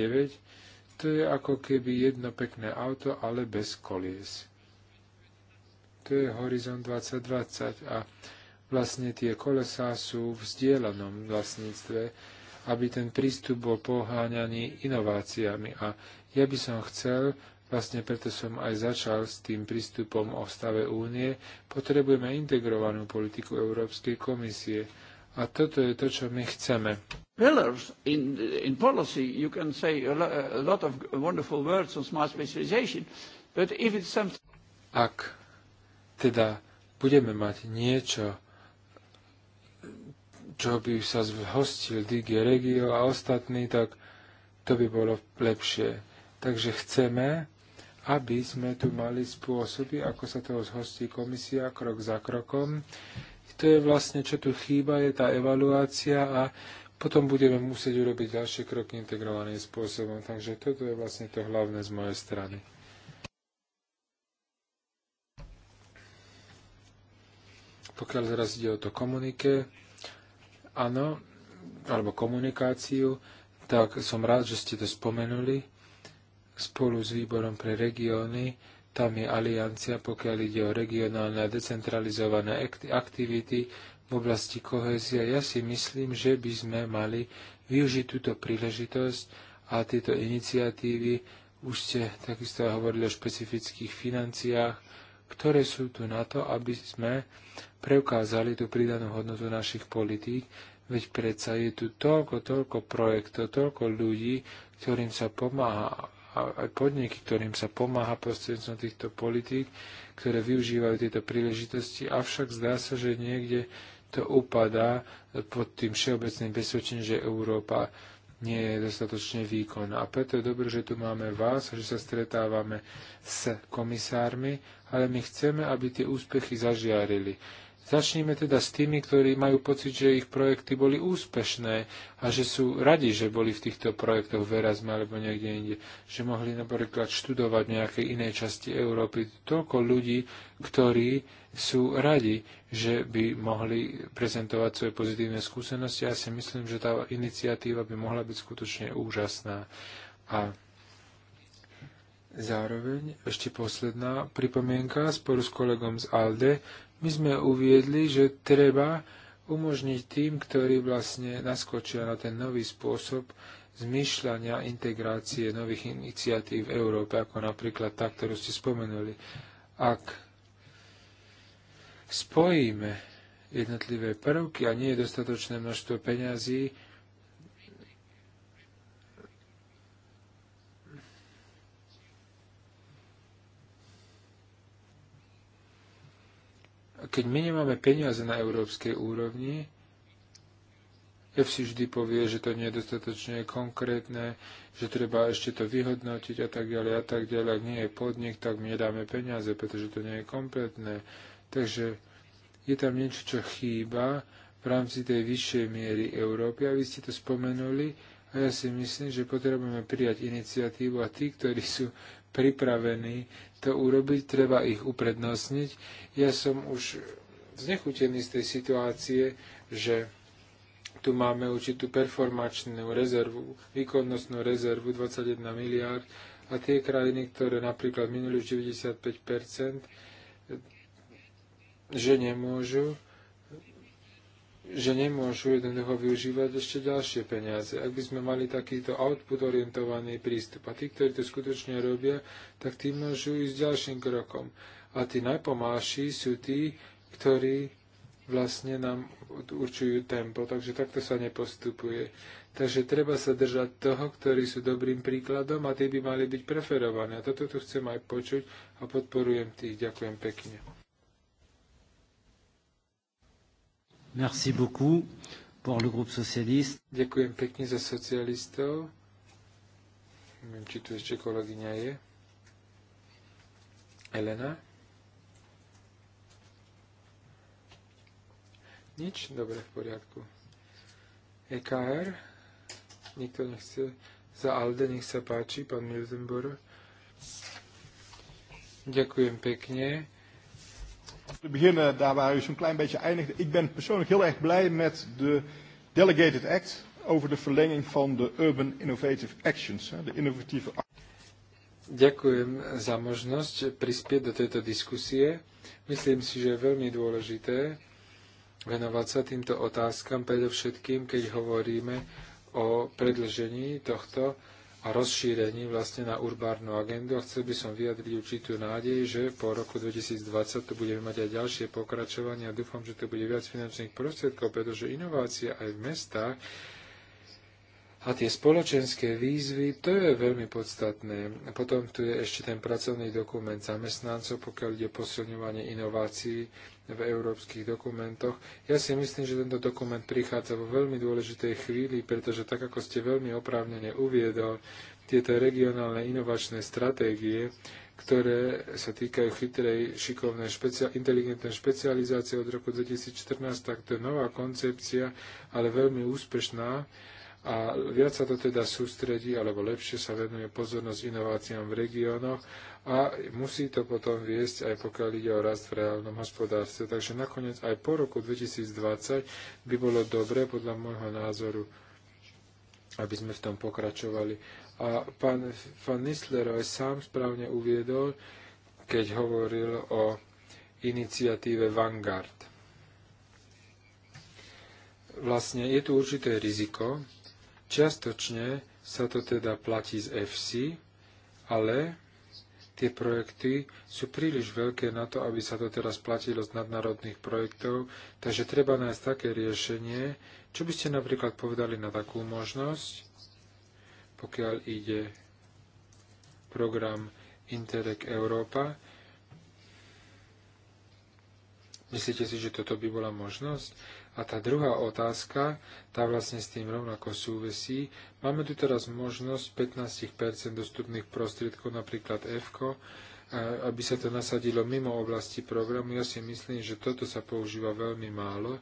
to je ako keby jedno pekné auto, ale bez kolies. To je Horizon 2020 a vlastne tie kolesá sú v zdieľanom vlastníctve, aby ten prístup bol poháňaný inováciami. A ja by som chcel, Vlastne preto som aj začal s tým prístupom o stave únie. Potrebujeme integrovanú politiku Európskej komisie. A toto je to, čo my chceme. Pillars in, in policy, you can say a, lot of wonderful words on smart specialization, but if it's something... Ak teda budeme mať niečo, čo by sa zhostil Digi Regio a ostatní, tak to by bolo lepšie. Takže chceme, aby sme tu mali spôsoby, ako sa toho zhostí komisia krok za krokom to je vlastne, čo tu chýba, je tá evaluácia a potom budeme musieť urobiť ďalšie kroky integrovaným spôsobom. Takže toto je vlastne to hlavné z mojej strany. Pokiaľ teraz ide o to komunike, áno, alebo komunikáciu, tak som rád, že ste to spomenuli spolu s výborom pre regióny tam je aliancia, pokiaľ ide o regionálne a decentralizované aktivity v oblasti kohézia. Ja si myslím, že by sme mali využiť túto príležitosť a tieto iniciatívy. Už ste takisto hovorili o špecifických financiách, ktoré sú tu na to, aby sme preukázali tú pridanú hodnotu našich politík, veď predsa je tu toľko, toľko projektov, toľko ľudí, ktorým sa pomáha a aj podniky, ktorým sa pomáha prostredníctvom týchto politík, ktoré využívajú tieto príležitosti, avšak zdá sa, že niekde to upadá pod tým všeobecným bezpečím, že Európa nie je dostatočne výkonná. A preto je dobré, že tu máme vás, že sa stretávame s komisármi, ale my chceme, aby tie úspechy zažiarili. Začníme teda s tými, ktorí majú pocit, že ich projekty boli úspešné a že sú radi, že boli v týchto projektoch v Erasme alebo niekde inde, že mohli napríklad študovať v nejakej inej časti Európy. Toľko ľudí, ktorí sú radi, že by mohli prezentovať svoje pozitívne skúsenosti. Ja si myslím, že tá iniciatíva by mohla byť skutočne úžasná. A Zároveň ešte posledná pripomienka spolu s kolegom z ALDE. My sme uviedli, že treba umožniť tým, ktorí vlastne naskočia na ten nový spôsob zmyšľania integrácie nových iniciatív v Európe, ako napríklad tá, ktorú ste spomenuli. Ak spojíme jednotlivé prvky a nie je dostatočné množstvo peňazí, keď my nemáme peniaze na európskej úrovni, FC vždy povie, že to nie je dostatočne konkrétne, že treba ešte to vyhodnotiť a tak ďalej a tak ďalej. Ak nie je podnik, tak my nedáme peniaze, pretože to nie je kompletné. Takže je tam niečo, čo chýba v rámci tej vyššej miery Európy. A vy ste to spomenuli a ja si myslím, že potrebujeme prijať iniciatívu a tí, ktorí sú pripravení to urobiť, treba ich uprednostniť. Ja som už znechutený z tej situácie, že tu máme určitú performačnú rezervu, výkonnostnú rezervu 21 miliárd a tie krajiny, ktoré napríklad minuli už 95%, že nemôžu, že nemôžu jednoducho využívať ešte ďalšie peniaze. Ak by sme mali takýto output orientovaný prístup a tí, ktorí to skutočne robia, tak tí môžu ísť ďalším krokom. A tí najpomalší sú tí, ktorí vlastne nám určujú tempo, takže takto sa nepostupuje. Takže treba sa držať toho, ktorí sú dobrým príkladom a tí by mali byť preferovaní. A toto tu chcem aj počuť a podporujem tých. Ďakujem pekne. Merci beaucoup pour le groupe socialiste. Ďakujem pekne za socialistov. Neviem, či tu ešte kolegyňa je. Elena? Nič? Dobre, v poriadku. EKR? Nikto nechce? Za Alde, nech sa páči, pán Miltenbor. Ďakujem pekne. Te beginnen daar waar u zo'n klein beetje eindigt. Ik ben persoonlijk heel erg blij met de Delegated Act over de verlenging van de Urban Innovative Actions, de innovatieve Ďakujem za možnosť prispieť do tejto diskusie. Myslím si, že je veľmi dôležité venovať sa týmto otázkam, predovšetkým, keď hovoríme o predlžení tohto a rozšírení vlastne na urbárnu agendu a chcel by som vyjadriť určitú nádej, že po roku 2020 tu budeme mať aj ďalšie pokračovanie a dúfam, že tu bude viac finančných prostriedkov, pretože inovácia aj v mestách a tie spoločenské výzvy, to je veľmi podstatné. A potom tu je ešte ten pracovný dokument zamestnancov, pokiaľ ide posilňovanie inovácií v európskych dokumentoch. Ja si myslím, že tento dokument prichádza vo veľmi dôležitej chvíli, pretože tak, ako ste veľmi oprávnene uviedol, tieto regionálne inovačné stratégie, ktoré sa týkajú chytrej, šikovnej, špecia- inteligentnej špecializácie od roku 2014, tak to je nová koncepcia, ale veľmi úspešná a viac sa to teda sústredí, alebo lepšie sa venuje pozornosť inováciám v regiónoch a musí to potom viesť aj pokiaľ ide o rast v reálnom hospodárstve. Takže nakoniec aj po roku 2020 by bolo dobré, podľa môjho názoru, aby sme v tom pokračovali. A pán, pán aj sám správne uviedol, keď hovoril o iniciatíve Vanguard. Vlastne je tu určité riziko, Čiastočne sa to teda platí z FC, ale tie projekty sú príliš veľké na to, aby sa to teraz platilo z nadnárodných projektov, takže treba nájsť také riešenie. Čo by ste napríklad povedali na takú možnosť, pokiaľ ide program Interreg Európa? Myslíte si, že toto by bola možnosť? A tá druhá otázka, tá vlastne s tým rovnako súvisí. Máme tu teraz možnosť 15% dostupných prostriedkov, napríklad EFKO, aby sa to nasadilo mimo oblasti programu. Ja si myslím, že toto sa používa veľmi málo.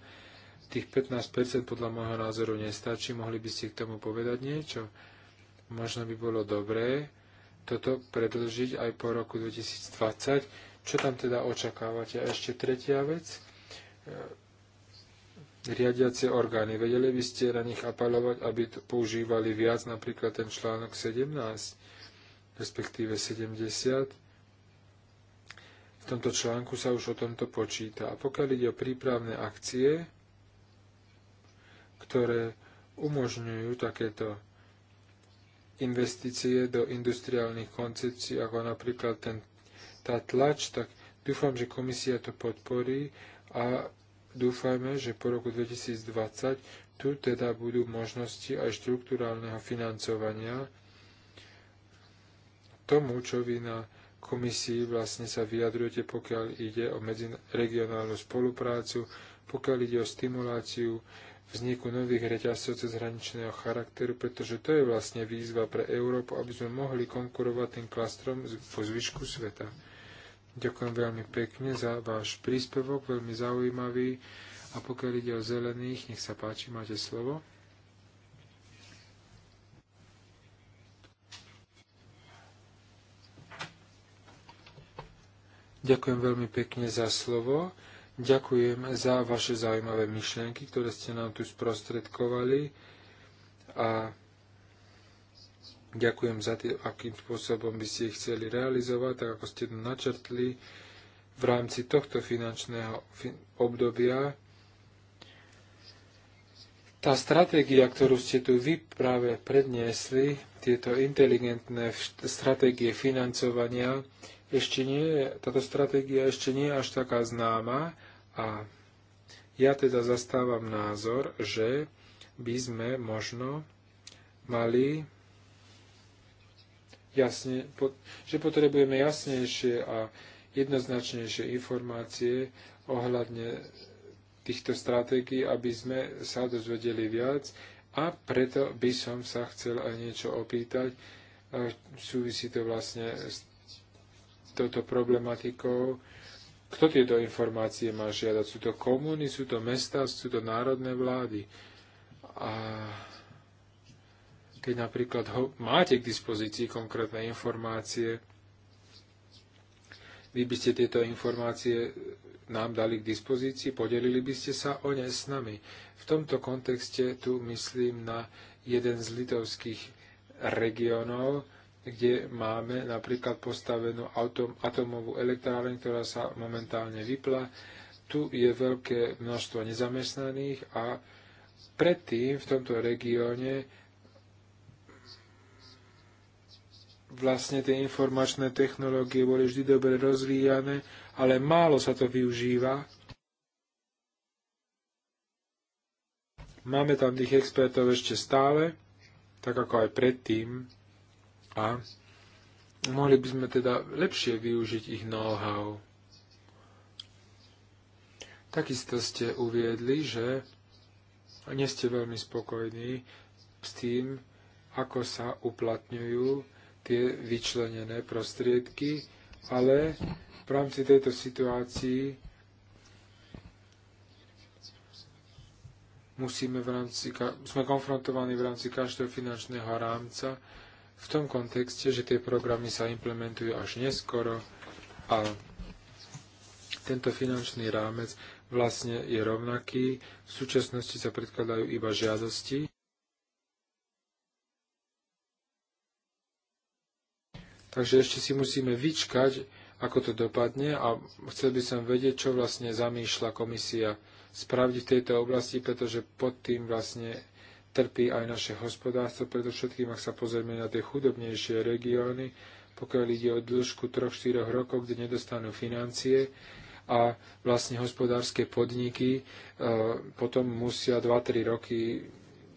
Tých 15% podľa môjho názoru nestačí. Mohli by ste k tomu povedať niečo? Možno by bolo dobré toto predlžiť aj po roku 2020. Čo tam teda očakávate? A ešte tretia vec riadiace orgány. Vedeli by ste na nich apelovať, aby to používali viac napríklad ten článok 17, respektíve 70. V tomto článku sa už o tomto počíta. A pokiaľ ide o prípravné akcie, ktoré umožňujú takéto investície do industriálnych koncepcií, ako napríklad ten, tá tlač, tak dúfam, že komisia to podporí a dúfajme, že po roku 2020 tu teda budú možnosti aj štruktúrálneho financovania tomu, čo vy na komisii vlastne sa vyjadrujete, pokiaľ ide o medziregionálnu spoluprácu, pokiaľ ide o stimuláciu vzniku nových reťazcov cezhraničného charakteru, pretože to je vlastne výzva pre Európu, aby sme mohli konkurovať tým klastrom po zvyšku sveta. Ďakujem veľmi pekne za váš príspevok, veľmi zaujímavý. A pokiaľ ide o zelených, nech sa páči, máte slovo. Ďakujem veľmi pekne za slovo. Ďakujem za vaše zaujímavé myšlienky, ktoré ste nám tu sprostredkovali. A Ďakujem za to, akým spôsobom by ste ich chceli realizovať, tak ako ste to načrtli v rámci tohto finančného obdobia. Tá stratégia, ktorú ste tu vy práve predniesli, tieto inteligentné stratégie financovania, ešte nie táto stratégia ešte nie je až taká známa a ja teda zastávam názor, že by sme možno mali jasne, že potrebujeme jasnejšie a jednoznačnejšie informácie ohľadne týchto stratégií, aby sme sa dozvedeli viac a preto by som sa chcel aj niečo opýtať. Súvisí to vlastne s touto problematikou. Kto tieto informácie má žiadať? Sú to komúny, sú to mesta, sú to národné vlády? A keď napríklad ho, máte k dispozícii konkrétne informácie, vy by ste tieto informácie nám dali k dispozícii, podelili by ste sa o ne s nami. V tomto kontexte tu myslím na jeden z litovských regionov, kde máme napríklad postavenú atom, atomovú elektráreň, ktorá sa momentálne vypla. Tu je veľké množstvo nezamestnaných a predtým v tomto regióne vlastne tie informačné technológie boli vždy dobre rozvíjane, ale málo sa to využíva. Máme tam tých expertov ešte stále, tak ako aj predtým. A mohli by sme teda lepšie využiť ich know-how. Takisto ste uviedli, že nie ste veľmi spokojní s tým, ako sa uplatňujú tie vyčlenené prostriedky, ale v rámci tejto situácii musíme v rámci, sme konfrontovaní v rámci každého finančného rámca v tom kontexte, že tie programy sa implementujú až neskoro a tento finančný rámec vlastne je rovnaký. V súčasnosti sa predkladajú iba žiadosti Takže ešte si musíme vyčkať, ako to dopadne a chcel by som vedieť, čo vlastne zamýšľa komisia spraviť v tejto oblasti, pretože pod tým vlastne trpí aj naše hospodárstvo, predovšetkým ak sa pozrieme na tie chudobnejšie regióny, pokiaľ ide o dĺžku 3-4 rokov, kde nedostanú financie a vlastne hospodárske podniky e, potom musia 2-3 roky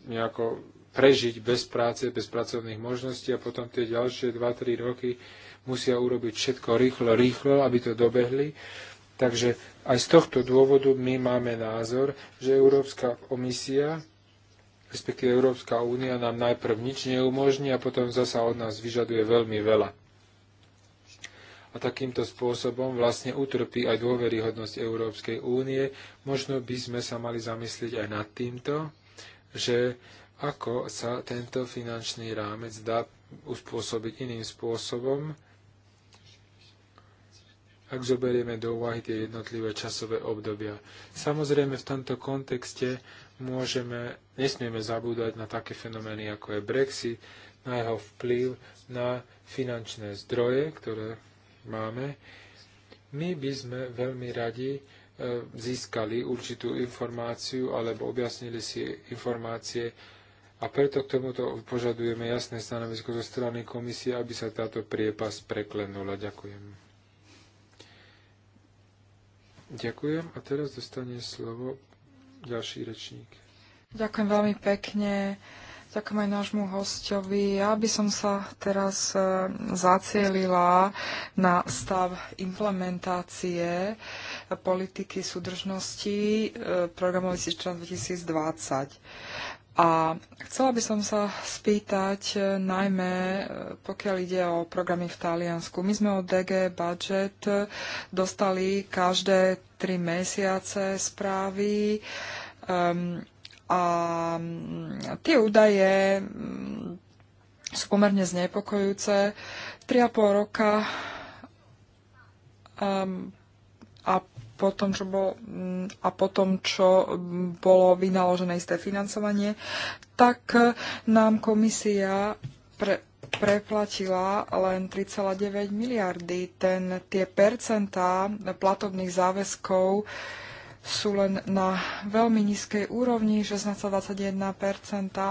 nejako prežiť bez práce, bez pracovných možností a potom tie ďalšie 2-3 roky musia urobiť všetko rýchlo, rýchlo, aby to dobehli. Takže aj z tohto dôvodu my máme názor, že Európska komisia, respektíve Európska únia nám najprv nič neumožní a potom zasa od nás vyžaduje veľmi veľa. A takýmto spôsobom vlastne utrpí aj dôveryhodnosť Európskej únie. Možno by sme sa mali zamyslieť aj nad týmto, že ako sa tento finančný rámec dá uspôsobiť iným spôsobom, ak zoberieme do úvahy tie jednotlivé časové obdobia. Samozrejme, v tomto kontexte môžeme, nesmieme zabúdať na také fenomény, ako je Brexit, na jeho vplyv na finančné zdroje, ktoré máme. My by sme veľmi radi e, získali určitú informáciu alebo objasnili si informácie a preto k tomuto požadujeme jasné stanovisko zo strany komisie, aby sa táto priepas preklenula. Ďakujem. Ďakujem a teraz dostane slovo ďalší rečník. Ďakujem veľmi pekne. Ďakujem aj nášmu hostovi. Ja by som sa teraz e, zacielila na stav implementácie e, politiky súdržnosti e, programu 2020. A chcela by som sa spýtať, e, najmä e, pokiaľ ide o programy v Taliansku. My sme od DG Budget dostali každé tri mesiace správy um, a mm, tie údaje mm, sú pomerne znepokojúce. 3,5 roka um, a po tom, čo bol, mm, a po tom, čo mm, bolo vynaložené isté financovanie, tak e, nám komisia pre, preplatila len 3,9 miliardy. Ten, tie percentá platobných záväzkov sú len na veľmi nízkej úrovni, 16,21%,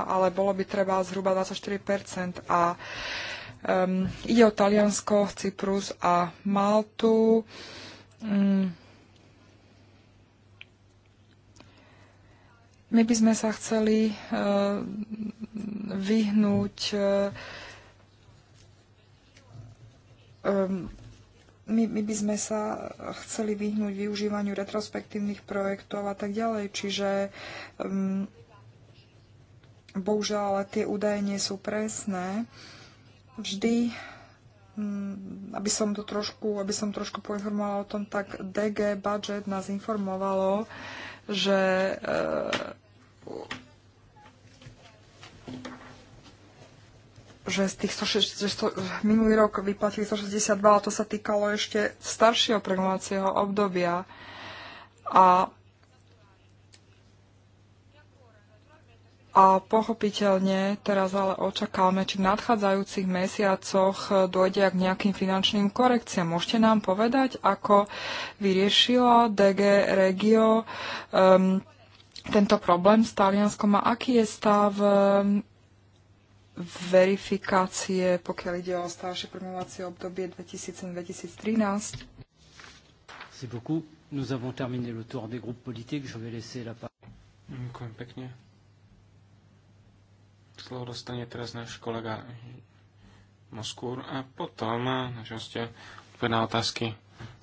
ale bolo by treba zhruba 24%. A um, ide o Taliansko, Cyprus a Maltu. Um, My by sme sa chceli e, vyhnúť e, e, my, my by sme sa chceli vyhnúť využívaniu retrospektívnych projektov a tak ďalej. Čiže um, bohužiaľ, ale tie údaje nie sú presné. Vždy, um, aby som to trošku, aby som trošku poinformovala o tom, tak DG budget nás informovalo, že uh, že z tých 106, že minulý rok vyplatili 162, ale to sa týkalo ešte staršieho preglovacieho obdobia. A, a pochopiteľne teraz ale očakávame, či v nadchádzajúcich mesiacoch dojde k nejakým finančným korekciám. Môžete nám povedať, ako vyriešila DG Regio um, tento problém s Talianskom a aký je stav eh, verifikácie, pokiaľ ide o staršie programovacie obdobie 2007-2013? Nous avons terminé le tour des groupes politiques. Je vais laisser la parole. Ďakujem pekne. Slovo dostane teraz náš kolega Moskúr a potom hostia eh, na otázky.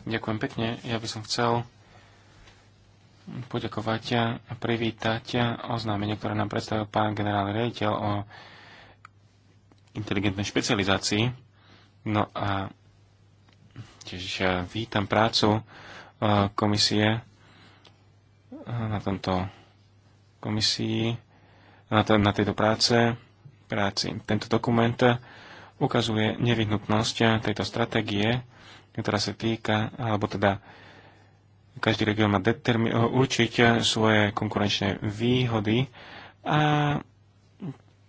Ďakujem pekne. Ja by som chcel poďakovať a privítať oznámenie, ktoré nám predstavil pán generálny rejiteľ o inteligentnej špecializácii. No a tiež e, vítam prácu e, komisie e, na tomto komisii, na, to, na tejto práce, práci. Tento dokument ukazuje nevyhnutnosť tejto stratégie, ktorá sa týka, alebo teda každý región má determi- určiť eh, svoje konkurenčné výhody a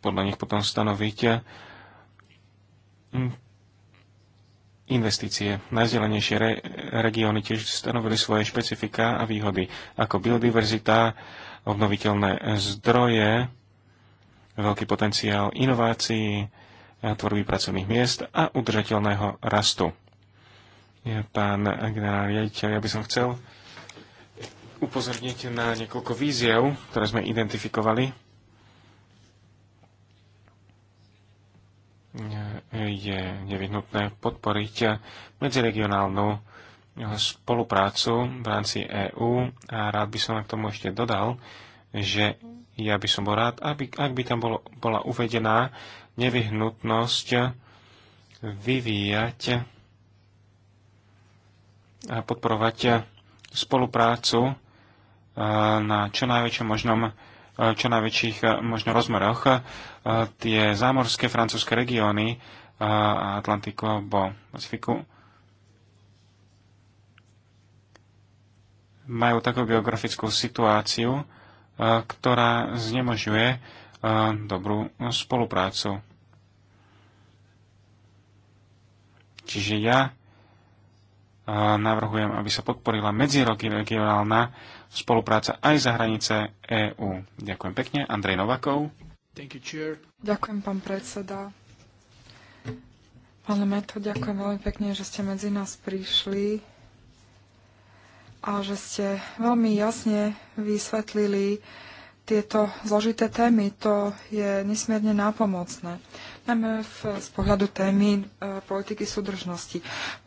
podľa nich potom stanoviť eh, investície. Najzdelenejšie re- regióny tiež stanovili svoje špecifika a výhody, ako biodiverzita, obnoviteľné zdroje, veľký potenciál inovácií, tvorby pracovných miest a udržateľného rastu. Pán generál riaditeľ, ja by som chcel upozorniť na niekoľko víziev, ktoré sme identifikovali. Je nevyhnutné podporiť medziregionálnu spoluprácu v rámci EÚ a rád by som k tomu ešte dodal, že ja by som bol rád, aby, ak by tam bolo, bola uvedená nevyhnutnosť vyvíjať podporovať e, spoluprácu e, na čo najväčšom možnom e, čo najväčších možno rozmeroch. Tie zámorské francúzske regióny Atlantiku alebo Pacifiku majú takú geografickú situáciu, ktorá znemožňuje dobrú spoluprácu. Čiže ja navrhujem, aby sa podporila medziroky regionálna spolupráca aj za hranice EÚ. Ďakujem pekne. Andrej Novakov. You, ďakujem, pán predseda. Pán Meto, ďakujem veľmi pekne, že ste medzi nás prišli a že ste veľmi jasne vysvetlili tieto zložité témy. To je nesmierne nápomocné najmä v, z pohľadu témy e, politiky súdržnosti.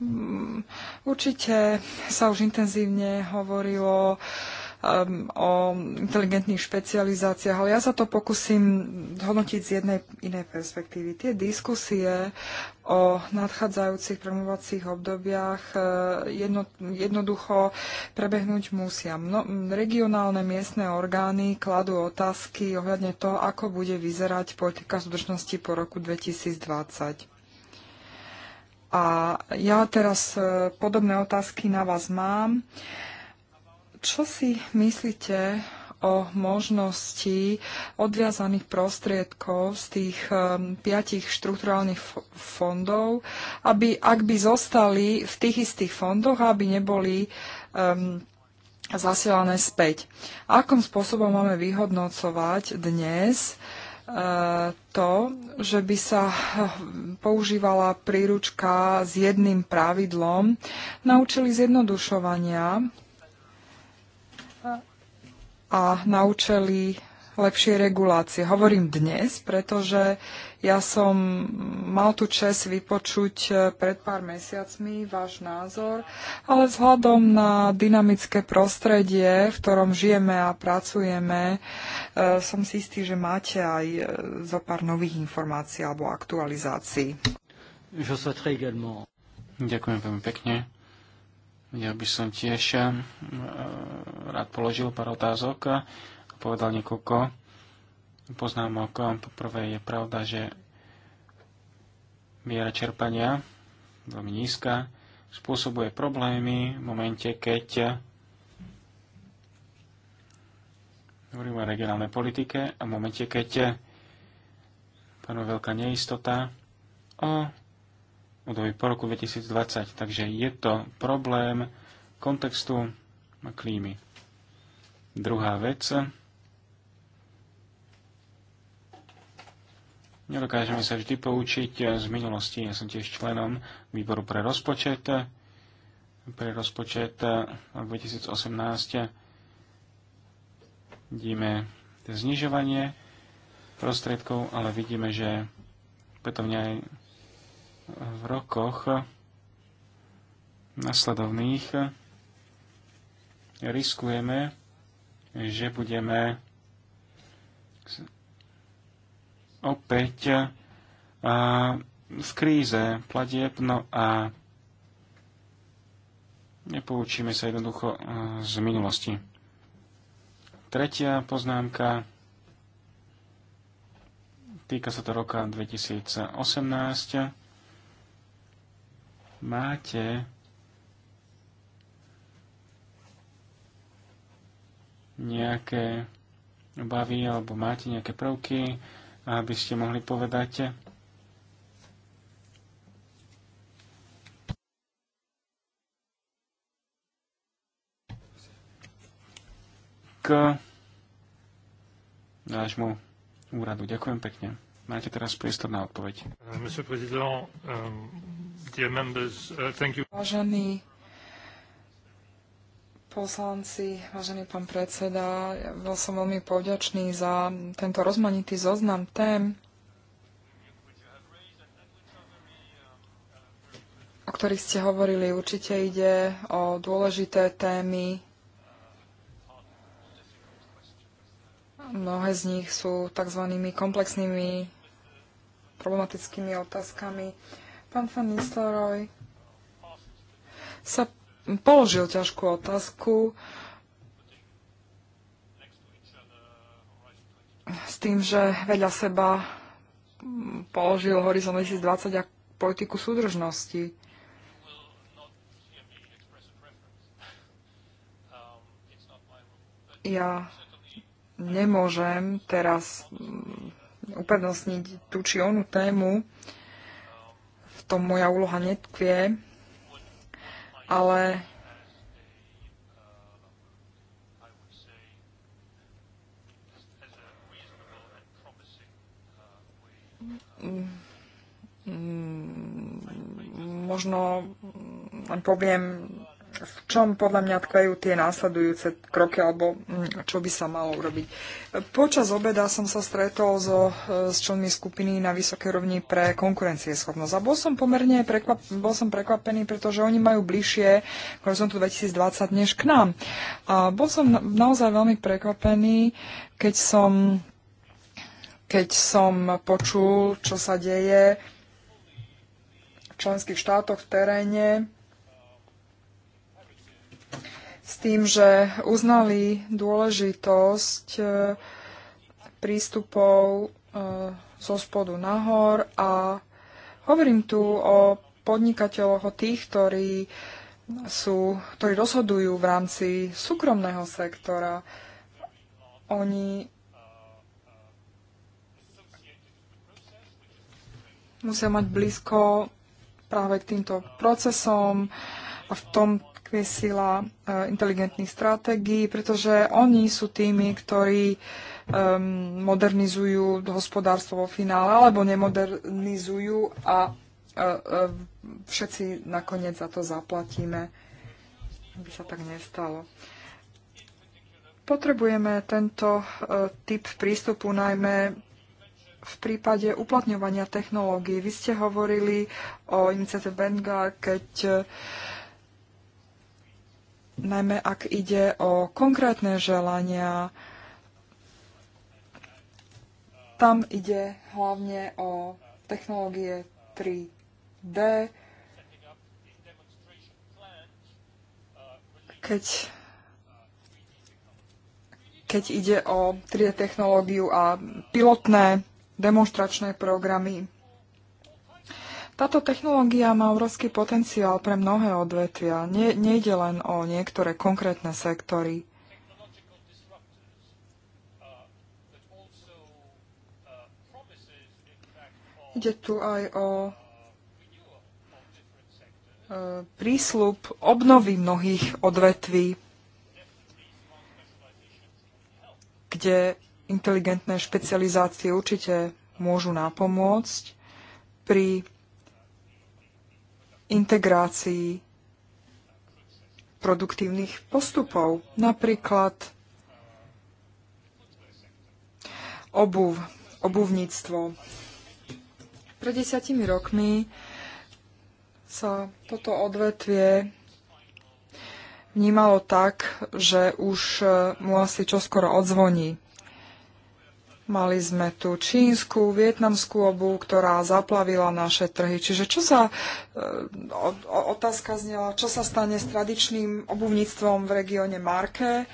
Mm, určite sa už intenzívne hovorilo um, o inteligentných špecializáciách, ale ja sa to pokúsim hodnotiť z jednej inej perspektívy. Tie diskusie o nadchádzajúcich promovacích obdobiach uh, jedno, jednoducho prebehnúť musia. No, regionálne miestne orgány kladú otázky ohľadne toho, ako bude vyzerať politika súdržnosti po roku 2020. A ja teraz uh, podobné otázky na vás mám. Uh, čo si myslíte o možnosti odviazaných prostriedkov z tých ehm, piatich štrukturálnych fondov, aby ak by zostali v tých istých fondoch, aby neboli um, zasielané späť. Akým spôsobom máme vyhodnocovať dnes ehm, to, že by sa používala príručka s jedným pravidlom, naučili zjednodušovania a na účely regulácie. Hovorím dnes, pretože ja som mal tu čas vypočuť pred pár mesiacmi váš názor, ale vzhľadom na dynamické prostredie, v ktorom žijeme a pracujeme, e, som si istý, že máte aj e, zo pár nových informácií alebo aktualizácií. Ďakujem veľmi pekne. Ja by som tiež eh, rád položil pár otázok a povedal niekoľko poznámok. Poprvé je pravda, že miera čerpania veľmi nízka spôsobuje problémy v momente, keď hovorím o regionálnej politike a v momente, keď panuje veľká neistota o období po roku 2020. Takže je to problém kontextu a klímy. Druhá vec. Nedokážeme sa vždy poučiť z minulosti. Ja som tiež členom výboru pre rozpočet. Pre rozpočet 2018 vidíme znižovanie prostriedkov, ale vidíme, že opätovne aj v rokoch nasledovných riskujeme, že budeme opäť v kríze platieb, no a nepoučíme sa jednoducho z minulosti. Tretia poznámka týka sa to roka 2018 máte nejaké obavy alebo máte nejaké prvky, aby ste mohli povedať. K nášmu úradu. Ďakujem pekne. Máte teraz priestor na odpoveď. Euh, euh, euh, Vážení poslanci, vážený pán predseda, ja bol som veľmi povďačný za tento rozmanitý zoznam tém, o ktorých ste hovorili. Určite ide o dôležité témy, Mnohé z nich sú tzv. komplexnými problematickými otázkami. Pán Van Nistelrooy sa položil ťažkú otázku s tým, že vedľa seba položil Horizon 2020 a politiku súdržnosti. Ja nemôžem teraz uprednostniť tú či onú tému. V tom moja úloha netkvie, ale mm, mm, možno len poviem v čom podľa mňa tkvejú tie následujúce kroky, alebo mm, čo by sa malo urobiť. Počas obeda som sa stretol so, e, s členmi skupiny na vysokej rovni pre konkurencieschopnosť. A bol som pomerne prekvap, bol som prekvapený, pretože oni majú bližšie k horizontu 2020 než k nám. A bol som naozaj veľmi prekvapený, keď som, keď som počul, čo sa deje v členských štátoch v teréne, s tým, že uznali dôležitosť e, prístupov e, zo spodu nahor a hovorím tu o podnikateľoch, o tých, ktorí, sú, ktorí rozhodujú v rámci súkromného sektora. Oni musia mať blízko práve k týmto procesom a v tom je vlastne sila e, inteligentných stratégií, pretože oni sú tými, ktorí um, modernizujú hospodárstvo vo finále, alebo nemodernizujú a uh, uh, všetci nakoniec za to zaplatíme, aby sa tak nestalo. Potrebujeme tento uh, typ prístupu najmä v prípade uplatňovania technológií. Vy ste hovorili o iniciatíve Benga, keď uh, najmä ak ide o konkrétne želania. Tam ide hlavne o technológie 3D. Keď, keď ide o 3D technológiu a pilotné demonstračné programy, táto technológia má obrovský potenciál pre mnohé odvetvia. Nie, nejde len o niektoré konkrétne sektory. Ide tu aj o e, prísľub obnovy mnohých odvetví, kde inteligentné špecializácie určite môžu napomôcť pri integrácii produktívnych postupov, napríklad obuv, obuvníctvo. Pred desiatimi rokmi sa toto odvetvie vnímalo tak, že už mu asi čoskoro odzvoní. Mali sme tu čínsku, vietnamskú obu, ktorá zaplavila naše trhy. Čiže čo sa, e, o, otázka znela, čo sa stane s tradičným obuvníctvom v regióne Marke, e,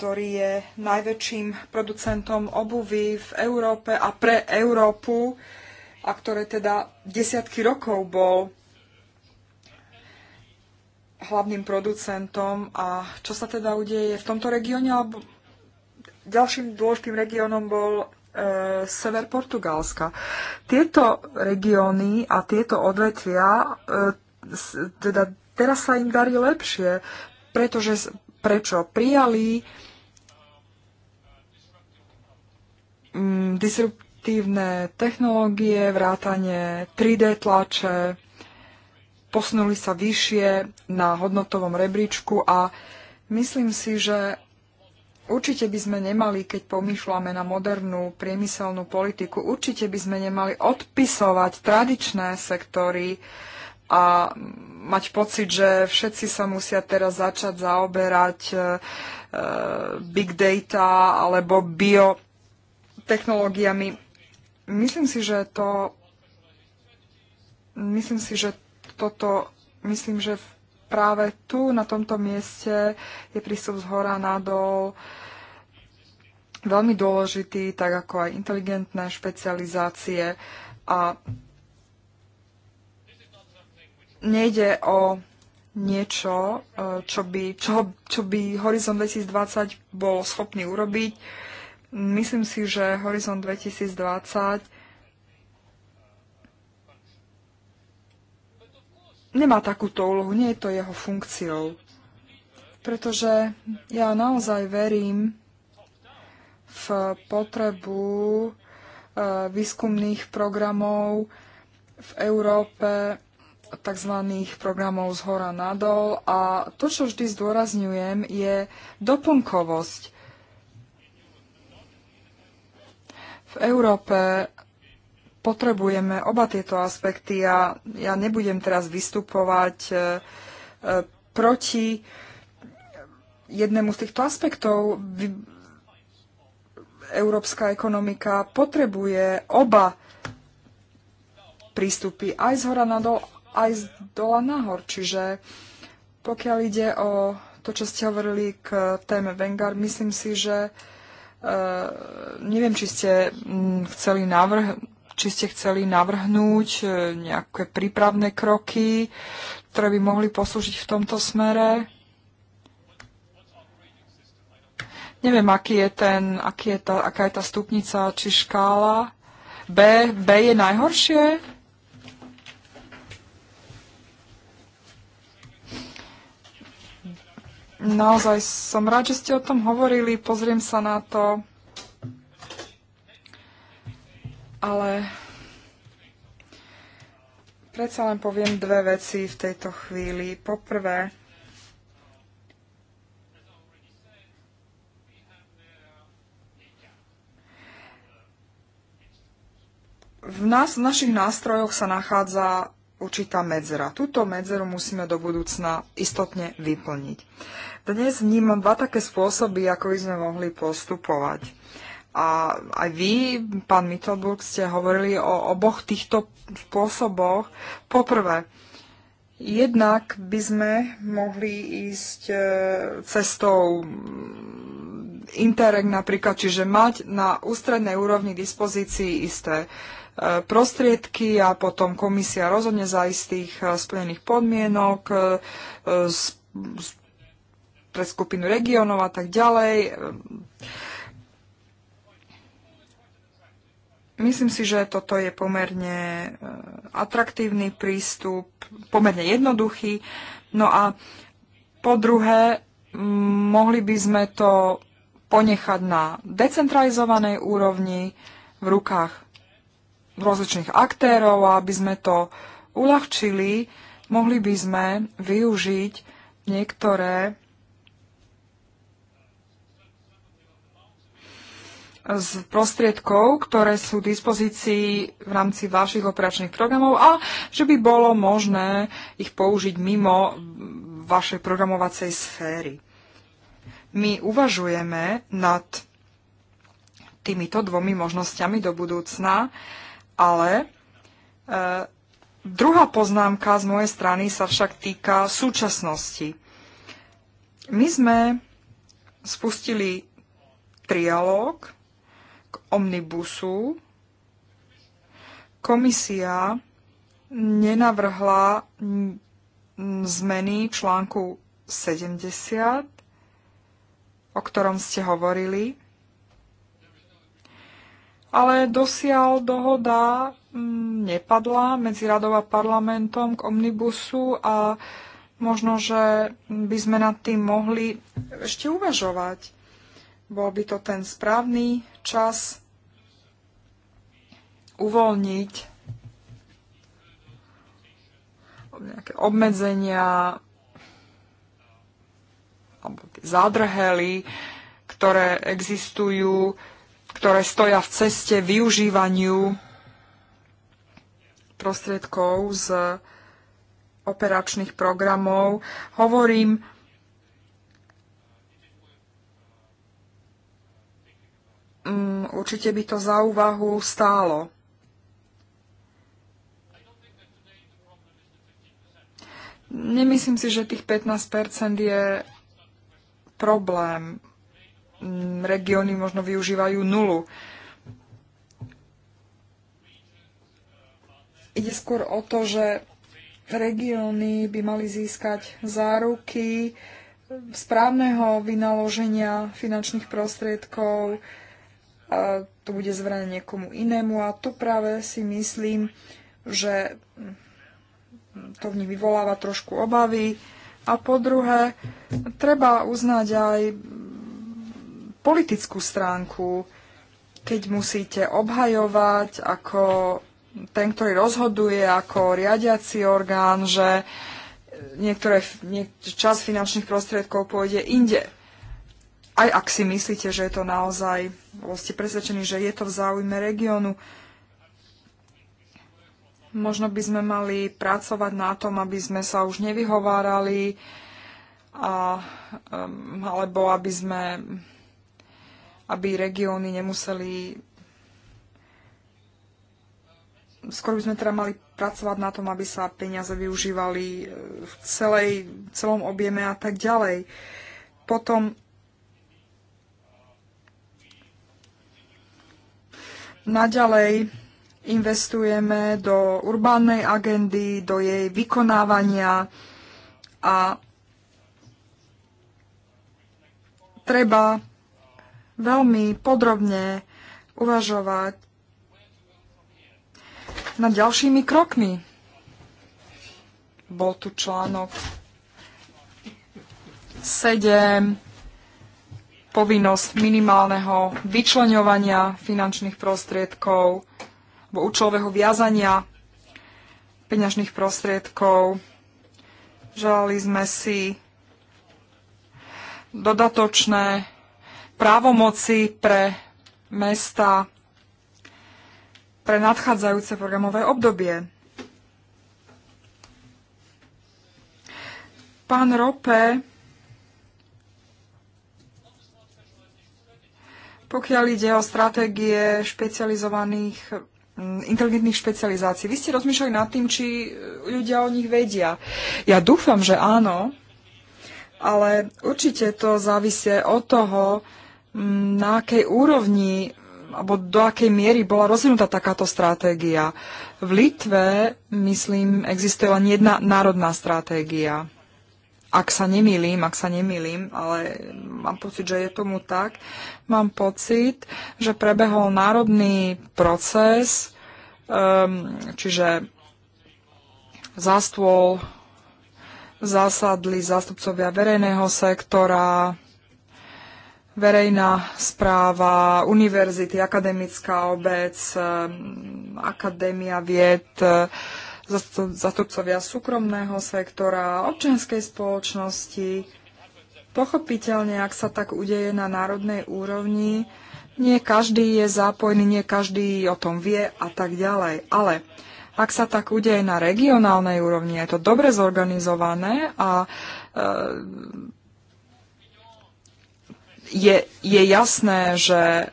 ktorý je najväčším producentom obuvy v Európe a pre Európu a ktoré teda desiatky rokov bol hlavným producentom a čo sa teda udeje v tomto regióne alebo Ďalším dôležitým regiónom bol e, sever Portugalska. Tieto regióny a tieto odvetvia, e, teda teraz sa im darí lepšie, pretože prečo prijali mm, disruptívne technológie, vrátanie 3D tlače, posunuli sa vyššie na hodnotovom rebríčku a myslím si, že Určite by sme nemali, keď pomýšľame na modernú priemyselnú politiku, určite by sme nemali odpisovať tradičné sektory a mať pocit, že všetci sa musia teraz začať zaoberať e, e big data alebo biotechnológiami. Myslím si, že to myslím si, že toto myslím, že v práve tu, na tomto mieste, je prístup z hora nadol veľmi dôležitý, tak ako aj inteligentné špecializácie. A nejde o niečo, e, čo by, čo, čo by Horizon 2020 bol schopný urobiť. Myslím si, že Horizon 2020 nemá takúto úlohu, nie je to jeho funkciou. Pretože ja naozaj verím v potrebu e, výskumných programov v Európe, tzv. programov z hora nadol. A to, čo vždy zdôrazňujem, je doplnkovosť. V Európe potrebujeme oba tieto aspekty a ja nebudem teraz vystupovať e, e, proti jednému z týchto aspektov. Európska ekonomika potrebuje oba prístupy aj z hora nadol, aj z dola nahor. Čiže pokiaľ ide o to, čo ste hovorili k téme Vengar, myslím si, že e, neviem, či ste m, chceli návrh či ste chceli navrhnúť e, nejaké prípravné kroky, ktoré by mohli poslúžiť v tomto smere. Neviem, aký je ten, aký je tá, aká je tá stupnica či škála. B, B je najhoršie? Naozaj som rád, že ste o tom hovorili. Pozriem sa na to. ale predsa len poviem dve veci v tejto chvíli. Poprvé, v, nás, v našich nástrojoch sa nachádza určitá medzera. Túto medzeru musíme do budúcna istotne vyplniť. Dnes vnímam dva také spôsoby, ako by sme mohli postupovať. A aj vy, pán Mittelburg, ste hovorili o oboch týchto spôsoboch. Poprvé, jednak by sme mohli ísť e, cestou Interreg napríklad, čiže mať na ústrednej úrovni dispozícii isté e, prostriedky a potom komisia rozhodne za istých e, splnených podmienok pre skupinu regionov a tak ďalej. Myslím si, že toto je pomerne eh, atraktívny prístup, pomerne jednoduchý. No a po druhé, mm, mohli by sme to ponechať na decentralizovanej úrovni v rukách rozličných aktérov a aby sme to uľahčili, mohli by sme využiť niektoré z prostriedkov, ktoré sú v dispozícii v rámci vašich operačných programov a že by bolo možné ich použiť mimo vašej programovacej sféry. My uvažujeme nad týmito dvomi možnosťami do budúcna, ale e, druhá poznámka z mojej strany sa však týka súčasnosti. My sme spustili trialóg omnibusu komisia nenavrhla zmeny článku 70, o ktorom ste hovorili, ale dosiaľ dohoda mm, nepadla medzi radou a parlamentom k omnibusu a možno, že by sme nad tým mohli ešte uvažovať. Bol by to ten správny čas uvoľniť nejaké obmedzenia alebo tie zádrhely, ktoré existujú, ktoré stoja v ceste využívaniu prostriedkov z operačných programov. Hovorím, mm, určite by to za úvahu stálo. Nemyslím si, že tých 15% je problém. Regióny možno využívajú nulu. Ide skôr o to, že regióny by mali získať záruky správneho vynaloženia finančných prostriedkov, a to bude zverené niekomu inému a to práve si myslím, že to v nich vyvoláva trošku obavy. A po druhé, treba uznať aj politickú stránku, keď musíte obhajovať ako ten, ktorý rozhoduje ako riadiaci orgán, že niektoré, čas finančných prostriedkov pôjde inde. Aj ak si myslíte, že je to naozaj, ste presvedčení, že je to v záujme regiónu, Možno by sme mali pracovať na tom, aby sme sa už nevyhovárali, a, um, alebo aby sme aby regióny nemuseli skôr by sme teda mali pracovať na tom, aby sa peniaze využívali uh, v celej, celom objeme a tak ďalej. Potom naďalej investujeme do urbánnej agendy, do jej vykonávania a treba veľmi podrobne uvažovať nad ďalšími krokmi. Bol tu článok 7, povinnosť minimálneho vyčleňovania finančných prostriedkov alebo účelového viazania peňažných prostriedkov. Želali sme si dodatočné právomoci pre mesta pre nadchádzajúce programové obdobie. Pán Rope, pokiaľ ide o stratégie špecializovaných Mm, inteligentných špecializácií. Vy ste rozmýšľali nad tým, či e, ľudia o nich vedia. Ja dúfam, že áno, ale určite to závisie od toho, mm, na akej úrovni mm, alebo do akej miery bola rozvinutá takáto stratégia. V Litve, myslím, existuje len jedna národná stratégia ak sa nemýlim, ak sa nemýlim, ale mám pocit, že je tomu tak, mám pocit, že prebehol národný proces, um, čiže za stôl zasadli zástupcovia verejného sektora, verejná správa, univerzity, akademická obec, ehm, akadémia vied, zastupcovia súkromného sektora, občianskej spoločnosti. Pochopiteľne, ak sa tak udeje na národnej úrovni, nie každý je zápojný, nie každý o tom vie a tak ďalej. Ale ak sa tak udeje na regionálnej úrovni, je to dobre zorganizované a e, je, je jasné, že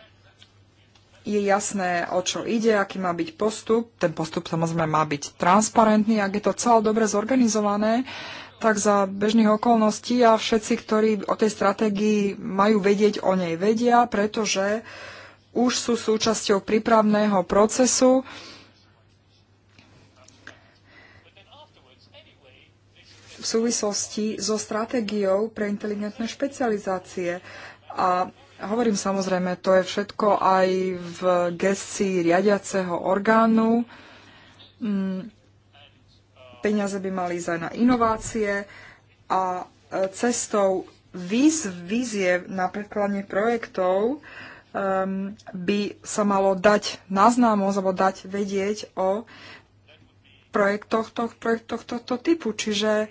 je jasné, o čo ide, aký má byť postup. Ten postup samozrejme má byť transparentný. Ak je to celé dobre zorganizované, tak za bežných okolností a všetci, ktorí o tej stratégii majú vedieť, o nej vedia, pretože už sú súčasťou prípravného procesu. v súvislosti so stratégiou pre inteligentné špecializácie. A Hovorím samozrejme, to je všetko aj v gestii riadiaceho orgánu. Mm, peniaze by mali ísť aj na inovácie a e, cestou výz, vízie na predkladanie projektov um, by sa malo dať známosť alebo dať vedieť o projektoch tohto, projektoch tohto typu. Čiže uh,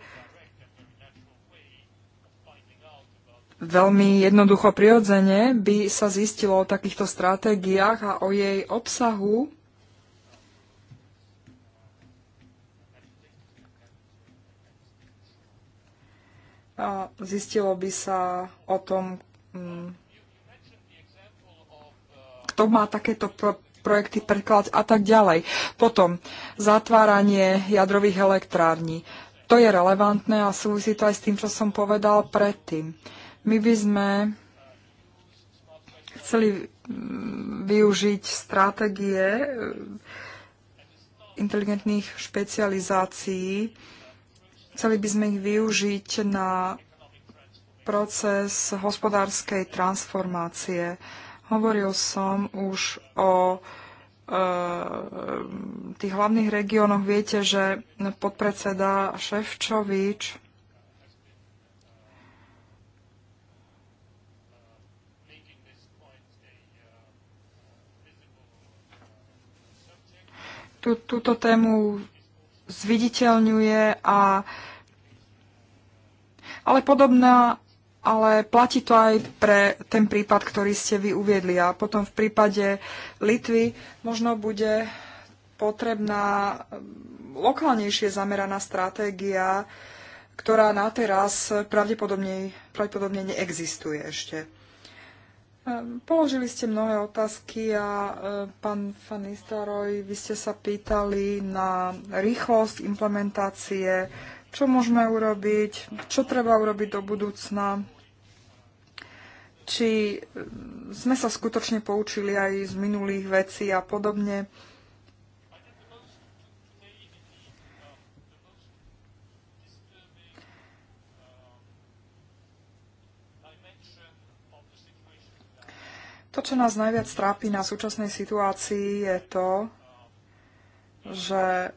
veľmi jednoducho prirodzene by sa zistilo o takýchto stratégiách a o jej obsahu. A zistilo by sa o tom, mm, kto má takéto projekty preklad a tak ďalej. Potom zatváranie jadrových elektrární. To je relevantné a súvisí to aj s tým, čo som povedal predtým. Uh, my by sme chceli využiť stratégie e, inteligentných špecializácií. Chceli by sme ich využiť na proces hospodárskej transformácie. Hovoril som už o e, tých hlavných regiónoch viete, že podpredseda Ševčovič tú, túto tému zviditeľňuje a ale podobná, ale platí to aj pre ten prípad, ktorý ste vy uviedli. A potom v prípade Litvy možno bude potrebná um, lokálnejšie zameraná stratégia, ktorá na teraz pravdepodobne, pravdepodobne neexistuje ešte. Ehm, položili ste mnohé otázky a ehm, pán Fanistaroj, vy ste sa pýtali na rýchlosť implementácie, čo môžeme urobiť, čo treba urobiť do budúcna, či ehm, sme sa skutočne poučili aj z minulých vecí a podobne. To, čo nás najviac trápi na súčasnej situácii, je to, že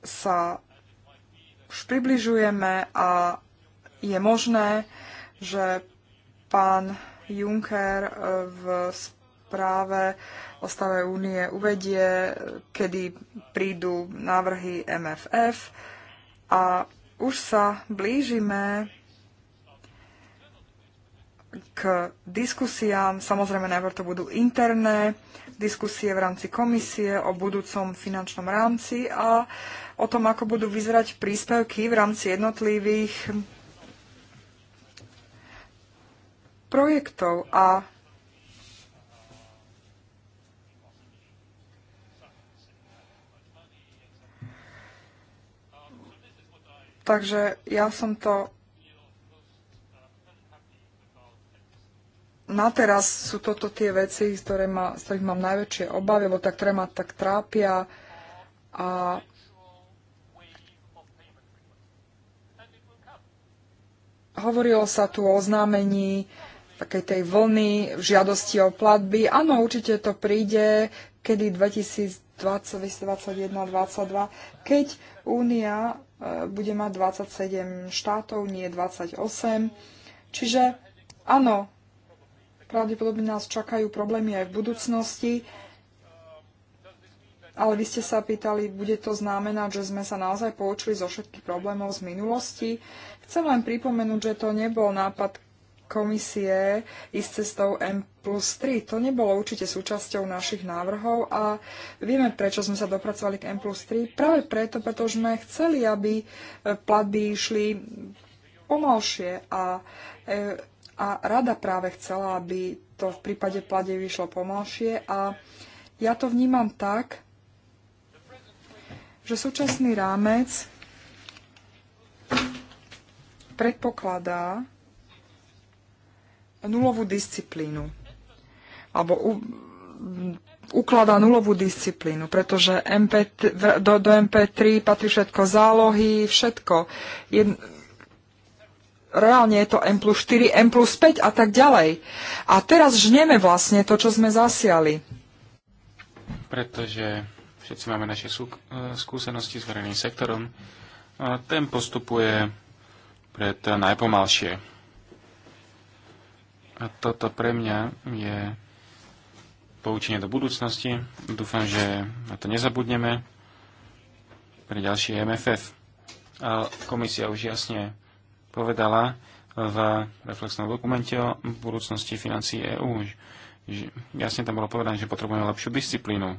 sa už približujeme a je možné, že pán Juncker eh, v správe o stave únie uvedie, kedy prídu návrhy MFF a už sa blížime k diskusiám. Samozrejme, najprv to budú interné diskusie v rámci komisie o budúcom finančnom rámci a o tom, ako budú vyzerať príspevky v rámci jednotlivých projektov a Takže ja som to na teraz sú toto tie veci, z, ktoré ma, z ktorých mám najväčšie obavy, lebo tak, ktoré ma tak trápia. A hovorilo sa tu o oznámení takej tej vlny v žiadosti o platby. Áno, určite to príde, kedy 2020, 2021, 2022, keď Únia e, bude mať 27 štátov, nie 28. Čiže áno, Pravdepodobne nás čakajú problémy aj v budúcnosti. Ale vy ste sa pýtali, bude to znamenať, že sme sa naozaj poučili zo všetkých problémov z minulosti. Chcem len pripomenúť, že to nebol nápad komisie ísť cestou M plus 3. To nebolo určite súčasťou našich návrhov a vieme, prečo sme sa dopracovali k M plus 3. Práve preto, pretože sme chceli, aby platby išli pomalšie a e, a rada práve chcela, aby to v prípade plade vyšlo pomalšie a ja to vnímam tak, že súčasný rámec predpokladá nulovú disciplínu. Alebo u, ukladá nulovú disciplínu, pretože MP, do, do MP3 patrí všetko zálohy, všetko. Jedn, reálne je to M plus 4, M plus 5 a tak ďalej. A teraz žneme vlastne to, čo sme zasiali. Pretože všetci máme naše eh, skúsenosti s verejným sektorom, a ten postupuje pred najpomalšie. A toto pre mňa je poučenie do budúcnosti. Dúfam, že na to nezabudneme Pre ďalšie MFF. A komisia už jasne povedala v reflexnom dokumente o budúcnosti financí EÚ. Jasne tam bolo povedané, že potrebujeme lepšiu disciplínu.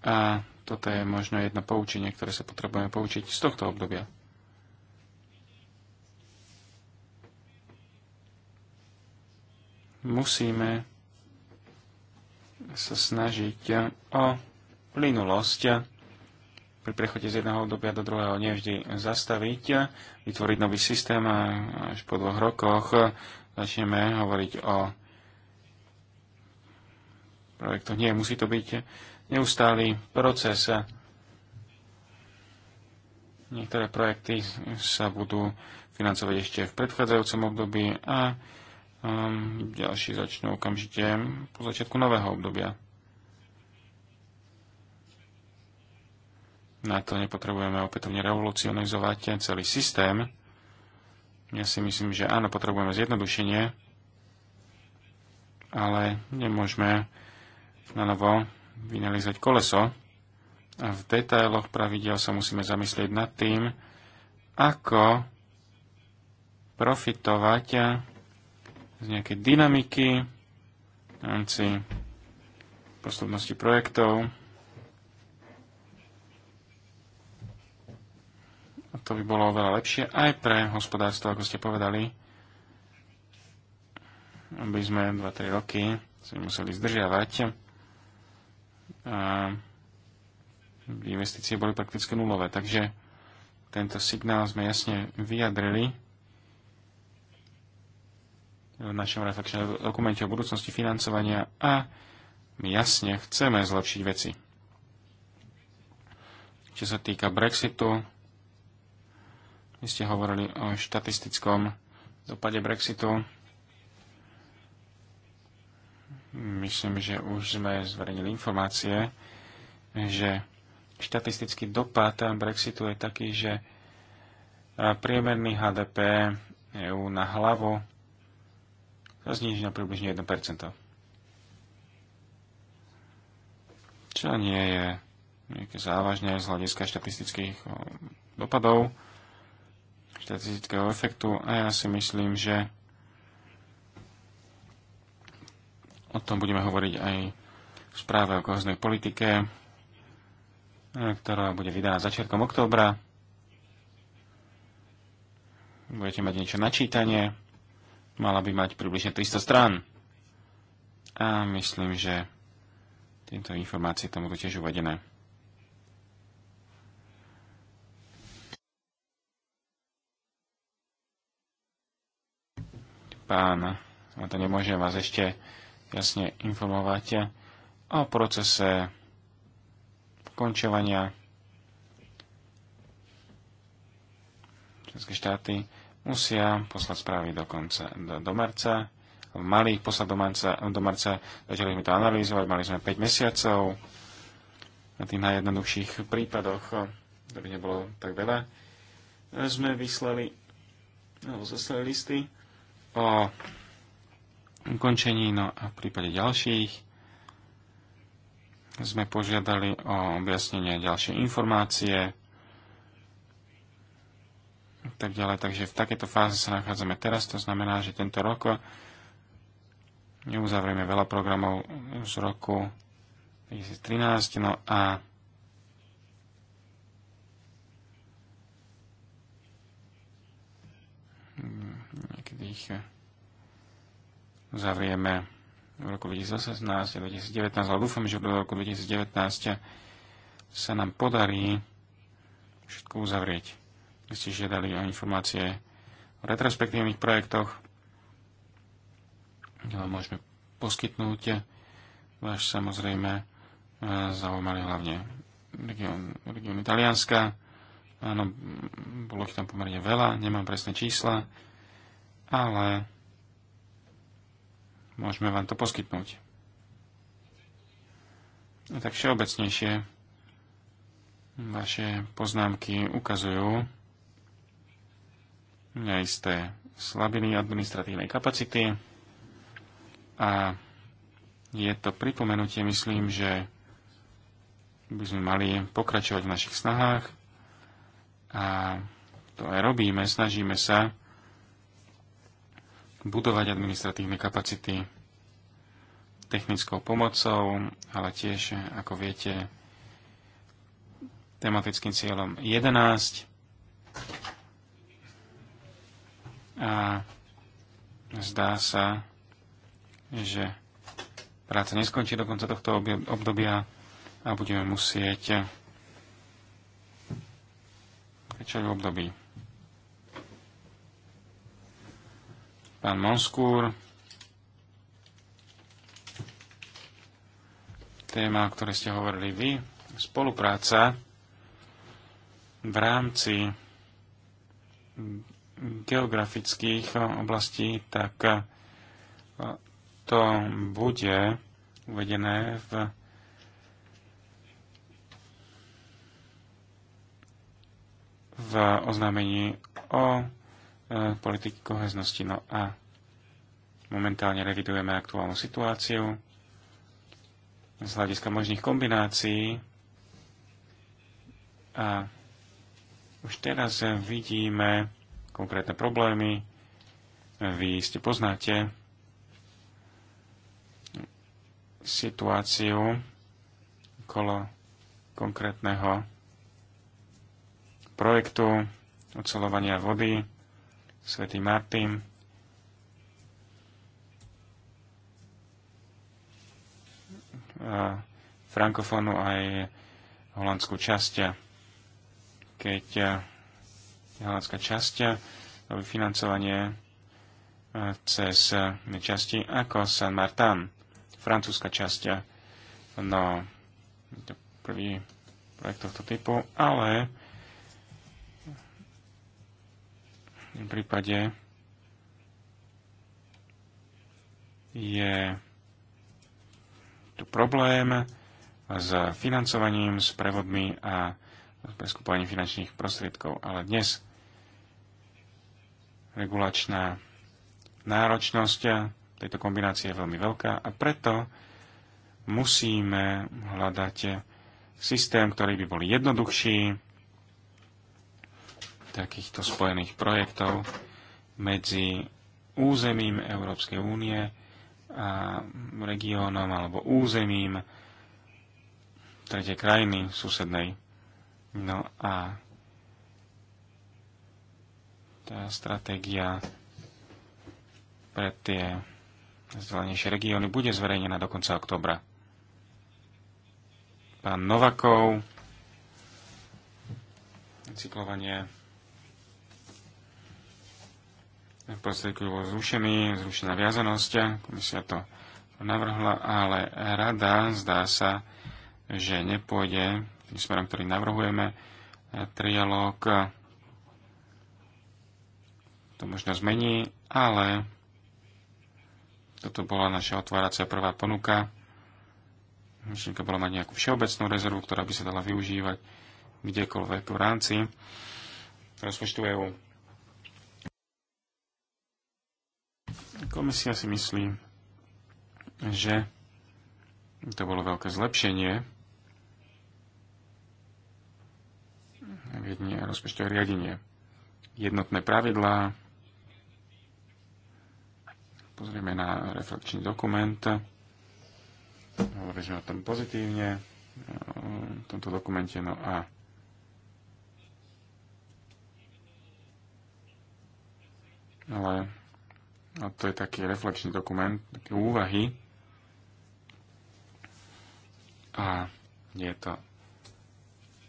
A toto je možno jedno poučenie, ktoré sa potrebujeme poučiť z tohto obdobia. Musíme sa snažiť o plynulosť pri prechode z jedného obdobia do druhého nevždy zastaviť, vytvoriť nový systém a až po dvoch rokoch začneme hovoriť o projektoch. Nie, musí to byť neustály proces. Niektoré projekty sa budú financovať ešte v predchádzajúcom období a um, ďalší začnú okamžite po začiatku nového obdobia. Na to nepotrebujeme opätovne revolucionizovať celý systém. Ja si myslím, že áno, potrebujeme zjednodušenie, ale nemôžeme na novo vynalizovať koleso. A v detailoch pravidel sa musíme zamyslieť nad tým, ako profitovať z nejakej dynamiky v rámci postupnosti projektov, to by bolo oveľa lepšie aj pre hospodárstvo, ako ste povedali, aby sme 2-3 roky si museli zdržiavať. A investície boli prakticky nulové, takže tento signál sme jasne vyjadrili v našom reflexnom dokumente o budúcnosti financovania a my jasne chceme zlepšiť veci. Čo sa týka Brexitu, vy ste hovorili o štatistickom dopade Brexitu. Myslím, že už sme zverejnili informácie, že štatistický dopad Brexitu je taký, že priemerný HDP EU na hlavu sa zniží na približne 1%. Čo nie je nejaké závažné z hľadiska štatistických dopadov štatistického efektu a ja si myslím, že o tom budeme hovoriť aj v správe o kohoznej politike, ktorá bude vydaná začiatkom októbra. Budete mať niečo načítanie. Mala by mať približne 300 strán. A myslím, že tieto informácie tam budú tiež uvedené. Pána, a to nemôžem vás ešte jasne informovať, o procese ukončovania České štáty musia poslať správy do, konca, do, do marca. Mali ich poslať do marca, do marca, začali sme to analýzovať, mali sme 5 mesiacov na tých najjednoduchších prípadoch, by nebolo tak veľa. Sme vyslali, no, listy o ukončení, no a v prípade ďalších sme požiadali o objasnenie ďalšie informácie tak ďalej. Takže v takéto fáze sa nachádzame teraz, to znamená, že tento rok neuzavrieme veľa programov z roku 2013, no a ich eh, zavrieme v roku 2018 a 2019, ale dúfam, že do roku 2019 sa nám podarí všetko uzavrieť. Vy ste žiadali o informácie o retrospektívnych projektoch. kde vám môžeme poskytnúť. Váš samozrejme eh, zaujímali hlavne region, region Talianska. Áno, bolo ich tam pomerne veľa, nemám presné čísla ale môžeme vám to poskytnúť. A no tak všeobecnejšie vaše poznámky ukazujú neisté slabiny administratívnej kapacity a je to pripomenutie, myslím, že by sme mali pokračovať v našich snahách a to aj robíme, snažíme sa budovať administratívne kapacity technickou pomocou, ale tiež, ako viete, tematickým cieľom 11 a zdá sa, že práca neskončí do konca tohto obdobia a budeme musieť začať v období pán Monskúr. Téma, o ktorej ste hovorili vy, spolupráca v rámci geografických oblastí, tak to bude uvedené v v oznámení o E, politiky koheznosti. No a momentálne revidujeme aktuálnu situáciu z hľadiska možných kombinácií a už teraz vidíme konkrétne problémy. Vy ste poznáte situáciu okolo konkrétneho projektu ocelovania vody svätý Martin, frankofónu aj holandskú časť. Keď e, holandská časť e, robí financovanie e, cez časti ako San Martin, francúzska časť. No, to prvý projekt tohto typu, ale tom prípade je tu problém s financovaním, s prevodmi a s preskupovaním finančných prostriedkov. Ale dnes regulačná náročnosť tejto kombinácie je veľmi veľká a preto musíme hľadať systém, ktorý by bol jednoduchší, takýchto spojených projektov medzi územím Európskej únie a regiónom alebo územím tretej krajiny susednej. No a tá stratégia pre tie vzdelanejšie regióny bude zverejnená do konca oktobra. Pán Novakov, cyklovanie prostriedky bol zrušený, zrušená viazanosť, komisia to navrhla, ale rada zdá sa, že nepôjde tým smerom, ktorý navrhujeme. Trialóg to možno zmení, ale toto bola naša otváracia prvá ponuka. Myšlienka bola mať nejakú všeobecnú rezervu, ktorá by sa dala využívať kdekoľvek v rámci rozpočtu EU Komisia si myslí, že to bolo veľké zlepšenie riadenie a rozpočtové riadenie. Jednotné pravidlá, pozrieme na reflekčný dokument, hovorili sme o tom pozitívne, v tomto dokumente, no a ale a to je taký reflexný dokument, také úvahy. A je to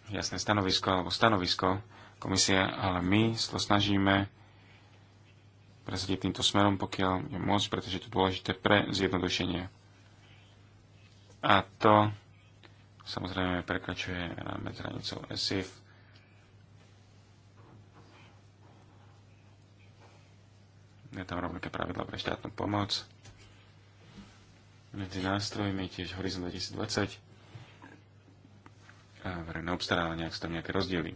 jasné stanovisko alebo stanovisko komisie, ale my to snažíme presadiť týmto smerom, pokiaľ je môcť, pretože je to dôležité pre zjednodušenie. A to samozrejme prekračuje rámec hranicou SIF je tam rovnaké pravidla pre štátnu pomoc. Medzi nástrojmi tiež Horizon 2020 a verejné obstarávanie, ak sú tam nejaké rozdiely.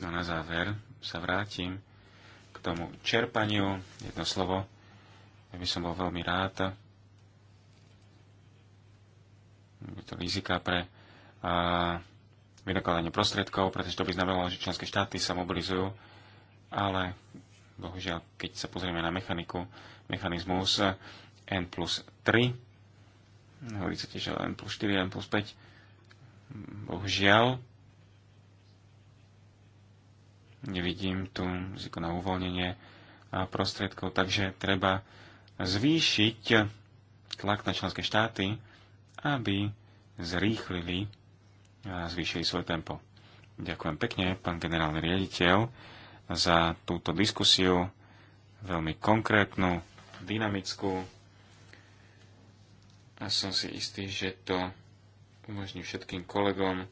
No na záver sa vrátim k tomu čerpaniu. Jedno slovo. Ja by som bol veľmi rád. Je to rizika pre a, vynakladanie prostriedkov, pretože to by znamenalo, že členské štáty sa mobilizujú ale bohužiaľ, keď sa pozrieme na mechaniku, mechanizmus eh, N plus 3, hovorí sa tiež o N plus 4, N plus 5, bohužiaľ, nevidím tu ziko na uvoľnenie eh, prostriedkov, takže treba zvýšiť tlak na členské štáty, aby zrýchlili a eh, zvýšili svoje tempo. Ďakujem pekne, pán generálny riaditeľ za túto diskusiu, veľmi konkrétnu, dynamickú. A som si istý, že to umožní všetkým kolegom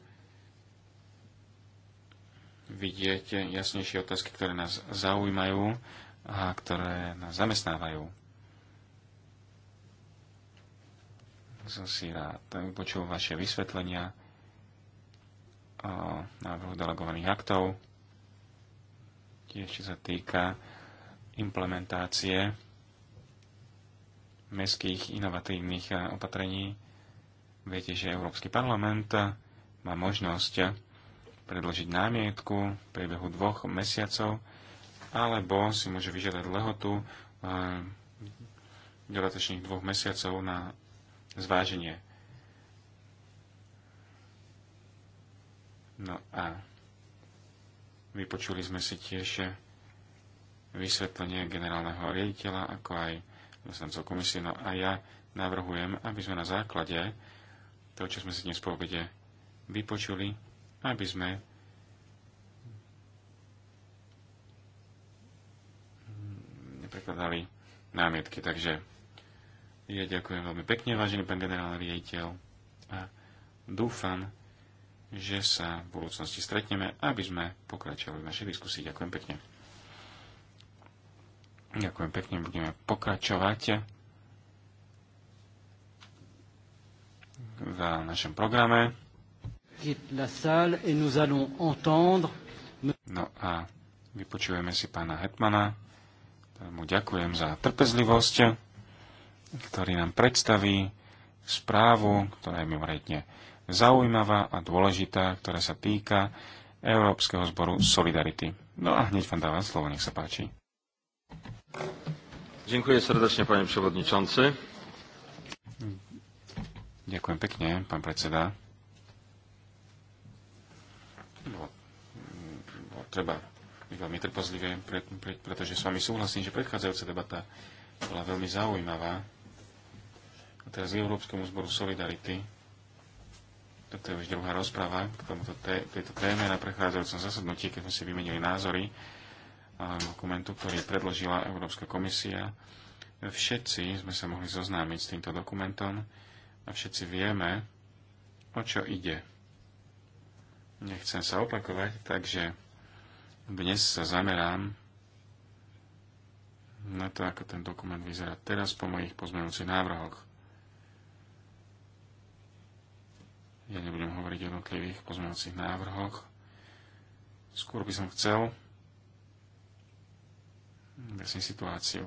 vidieť jasnejšie otázky, ktoré nás zaujímajú a ktoré nás zamestnávajú. Som si rád vypočul vaše vysvetlenia o návrhu delegovaných aktov tiež čo sa týka implementácie mestských inovatívnych eh, opatrení. Viete, že Európsky parlament eh, má možnosť eh, predložiť námietku v priebehu dvoch mesiacov, alebo si môže vyžiadať lehotu dodatočných dvoch mesiacov na zváženie. No a Vypočuli sme si tiež vysvetlenie generálneho riaditeľa, ako aj zastancov komisie. No a ja navrhujem, aby sme na základe toho, čo sme si dnes po obede vypočuli, aby sme neprekladali námietky. Takže ja ďakujem veľmi pekne, vážený pán generálny riaditeľ, a dúfam, že sa v budúcnosti stretneme, aby sme pokračovali v našej diskusii. Ďakujem pekne. Ďakujem pekne, budeme pokračovať v našom programe. No a vypočujeme si pána Hetmana. Mu ďakujem za trpezlivosť, ktorý nám predstaví správu, ktorá je mimoriadne zaujímavá a dôležitá, ktorá sa týka Európskeho zboru Solidarity. No a hneď vám dávam slovo, nech sa páči. Ďakujem srdečne, pani przewodniczący. Ďakujem pekne, pán predseda. Bolo, bolo treba byť veľmi trpozlivé, pre, pre, pretože s vami súhlasím, že predchádzajúca debata bola veľmi zaujímavá. A teraz k Európskemu zboru Solidarity toto je už druhá rozpráva k tomuto té, tejto téme na prechádzajúcom zasadnutí, keď sme si vymenili názory dokumentu, ktorý predložila Európska komisia. Všetci sme sa mohli zoznámiť s týmto dokumentom a všetci vieme, o čo ide. Nechcem sa opakovať, takže dnes sa zamerám na to, ako ten dokument vyzerá teraz po mojich pozmenujúcich návrhoch Ja nebudem hovoriť o jednotlivých pozmeňovacích návrhoch. Skôr by som chcel vlastne situáciu.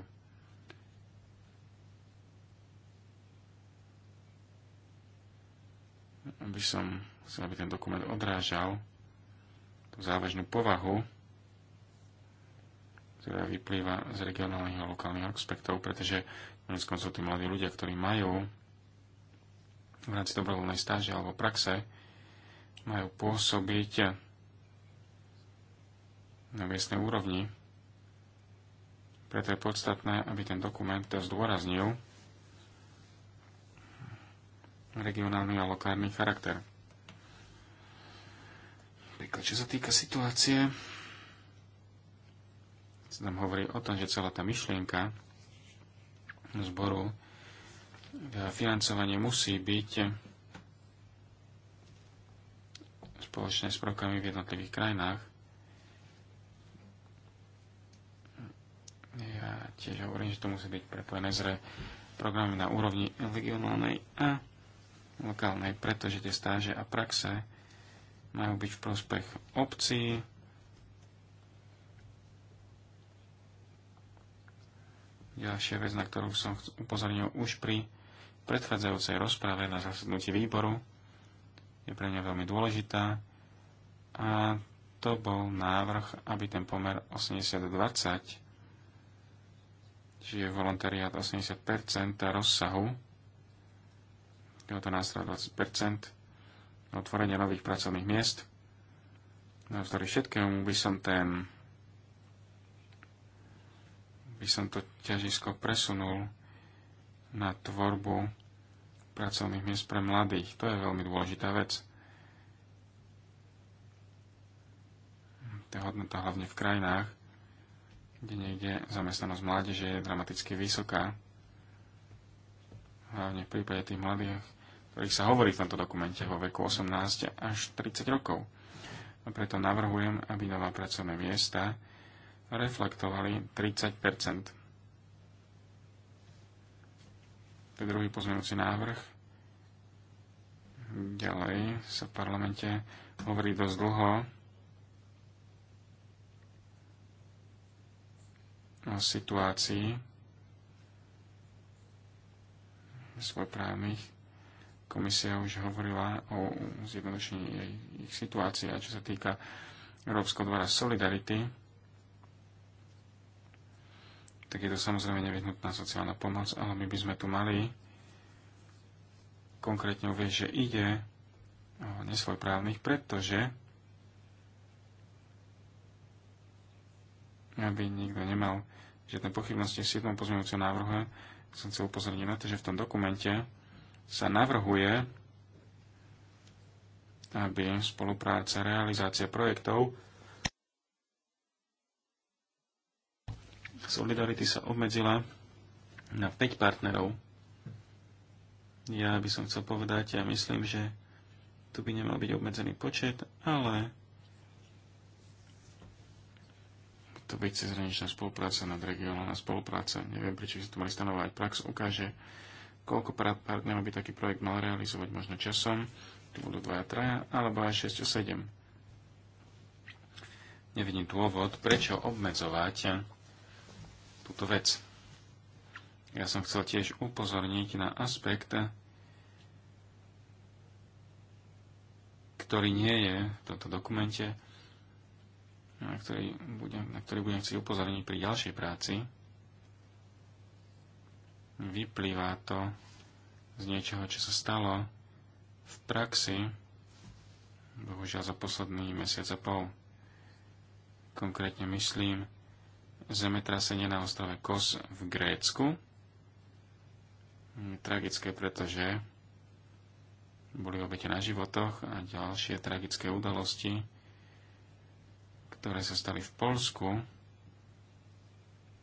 Aby som chcel, aby ten dokument odrážal tú závažnú povahu, ktorá vyplýva z regionálnych a lokálnych aspektov, pretože konec koncov tí mladí ľudia, ktorí majú v rámci dobrovoľnej stáže alebo praxe majú pôsobiť na miestnej úrovni. Preto je podstatné, aby ten dokument to zdôraznil regionálny a lokálny charakter. Príklad, čo sa týka situácie, sa tam hovorí o tom, že celá tá myšlienka zboru financovanie musí byť spoločné s prvkami v jednotlivých krajinách. Ja tiež hovorím, že to musí byť prepojené s programy na úrovni regionálnej a lokálnej, pretože tie stáže a praxe majú byť v prospech obcí, Ďalšia vec, na ktorú som upozornil už pri predchádzajúcej rozprave na zasadnutí výboru je pre mňa veľmi dôležitá a to bol návrh, aby ten pomer 80-20, čiže volontariát 80% rozsahu tohoto nástroja 20%, otvorenie nových pracovných miest. Navzdory všetkému by som ten by som to ťažisko presunul na tvorbu pracovných miest pre mladých. To je veľmi dôležitá vec. To je hodnota hlavne v krajinách, kde niekde zamestnanosť mládeže je dramaticky vysoká. Hlavne v prípade tých mladých, ktorých sa hovorí v tomto dokumente vo veku 18 až 30 rokov. A preto navrhujem, aby nová pracovné miesta reflektovali 30 To je druhý pozmeňujúci návrh. Ďalej sa v parlamente hovorí dosť dlho o situácii svojprávnych. Komisia už hovorila o zjednodušení ich situácie a čo sa týka Európskeho dvora Solidarity, tak je to samozrejme nevyhnutná sociálna pomoc, ale my by sme tu mali konkrétne uvieť, že ide o nesvojprávnych, pretože aby nikto nemal žiadne pochybnosti v 7. pozmeňujúcom návrhu, som chcel upozorniť na to, že v tom dokumente sa navrhuje, aby spolupráca realizácia projektov Solidarity sa obmedzila na 5 partnerov. Ja by som chcel povedať, ja myslím, že tu by nemal byť obmedzený počet, ale to byť cezhraničná spolupráca nad regionálna spolupráca. Neviem, prečo sa tu mali stanovať. Prax ukáže, koľko partnerov by taký projekt mal realizovať možno časom. Tu budú a traja, alebo aj 6 a 7. Nevidím dôvod, prečo obmedzovať túto vec. Ja som chcel tiež upozorniť na aspekt, ktorý nie je v tomto dokumente, na ktorý budem, na ktorý budem chcieť upozorniť pri ďalšej práci. Vyplýva to z niečoho, čo sa stalo v praxi, bohužiaľ za posledný mesiac a pol. Konkrétne myslím zemetrasenie na ostrove Kos v Grécku. Mm, tragické, pretože boli obete na životoch a ďalšie tragické udalosti, ktoré sa stali v Polsku,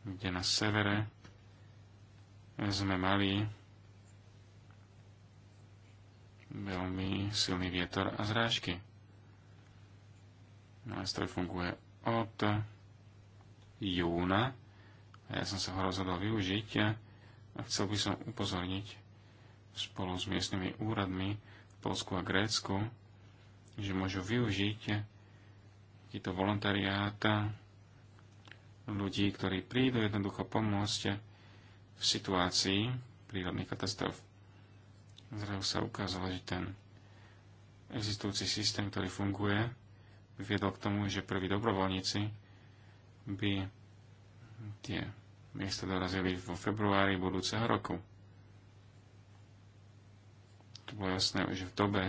kde na severe sme mali veľmi silný vietor a zrážky. Nástroj funguje od júna. A ja som sa ho rozhodol využiť a chcel by som upozorniť spolu s miestnymi úradmi v Polsku a Grécku, že môžu využiť takýto volontariáta ľudí, ktorí prídu jednoducho pomôcť v situácii prírodných katastrof. Zrazu sa ukázalo, že ten existujúci systém, ktorý funguje, viedol k tomu, že prví dobrovoľníci by tie miesta dorazili vo februári budúceho roku. To bolo jasné, že v dobe,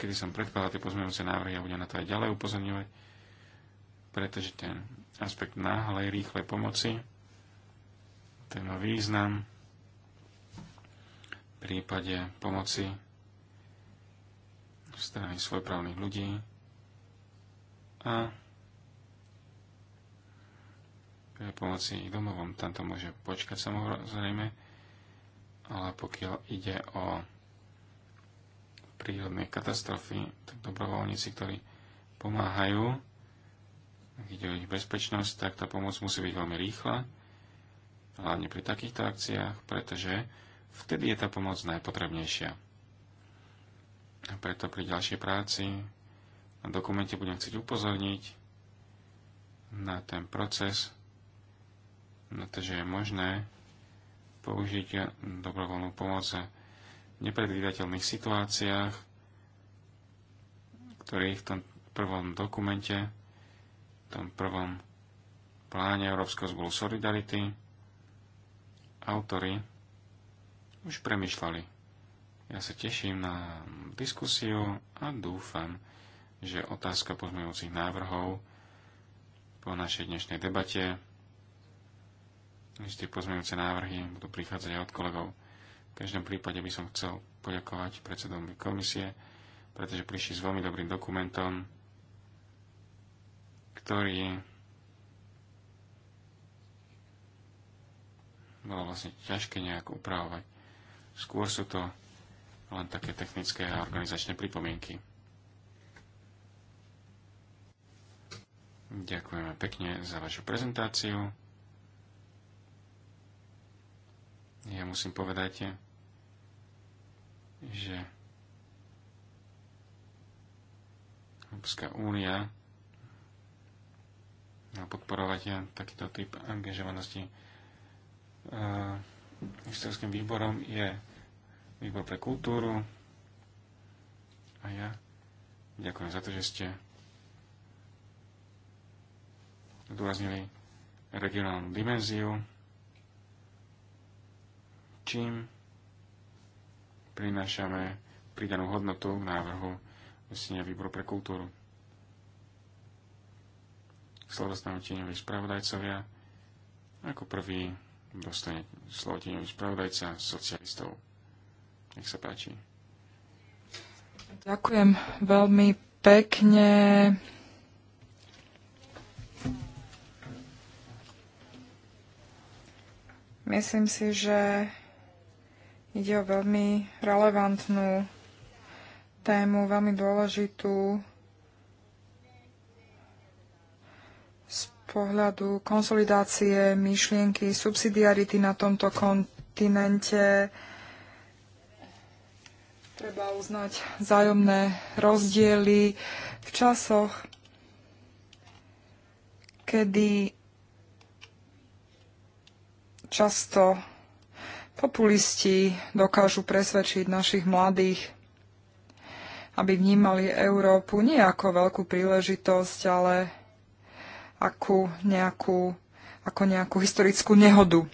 kedy som predkladal tie pozmeňujúce návrhy, ja budem na to aj ďalej upozorňovať, pretože ten aspekt náhlej, rýchlej pomoci, ten má význam v prípade pomoci strany svojprávnych ľudí a pomoci ich domovom. Tam to môže počkať samozrejme, ale pokiaľ ide o prírodné katastrofy, tak dobrovoľníci, ktorí pomáhajú, ak ide o ich bezpečnosť, tak tá pomoc musí byť veľmi rýchla, hlavne pri takýchto akciách, pretože vtedy je tá pomoc najpotrebnejšia. A preto pri ďalšej práci na dokumente budem chcieť upozorniť na ten proces na no, to, že je možné použiť dobrovoľnú pomoc v nepredvídateľných situáciách, ktorých v tom prvom dokumente, v tom prvom pláne Európskeho zbolu Solidarity autory už premyšľali. Ja sa teším na diskusiu a dúfam, že otázka pozmejúcich návrhov po našej dnešnej debate že tie pozmeňujúce návrhy budú prichádzať aj od kolegov. V každom prípade by som chcel poďakovať predsedom komisie, pretože prišli s veľmi dobrým dokumentom, ktorý bolo vlastne ťažké nejak upravovať. Skôr sú to len také technické a organizačné pripomienky. Ďakujeme pekne za vašu prezentáciu. Ja musím povedať, že Európska únia má podporovať takýto typ angažovanosti. E, historickým výborom je výbor pre kultúru a ja ďakujem za to, že ste zdôraznili regionálnu dimenziu čím prinášame pridanú hodnotu k návrhu usnenia výboru pre kultúru. Slovo stanú tieňoví spravodajcovia. Ako prvý dostane slovo tieňoví spravodajca socialistov. Nech sa páči. Ďakujem veľmi pekne. Myslím si, že Ide o veľmi relevantnú tému, veľmi dôležitú z pohľadu konsolidácie myšlienky subsidiarity na tomto kontinente. Treba uznať vzájomné rozdiely v časoch, kedy často Populisti dokážu presvedčiť našich mladých, aby vnímali Európu nie ako veľkú príležitosť, ale ako nejakú, ako nejakú historickú nehodu.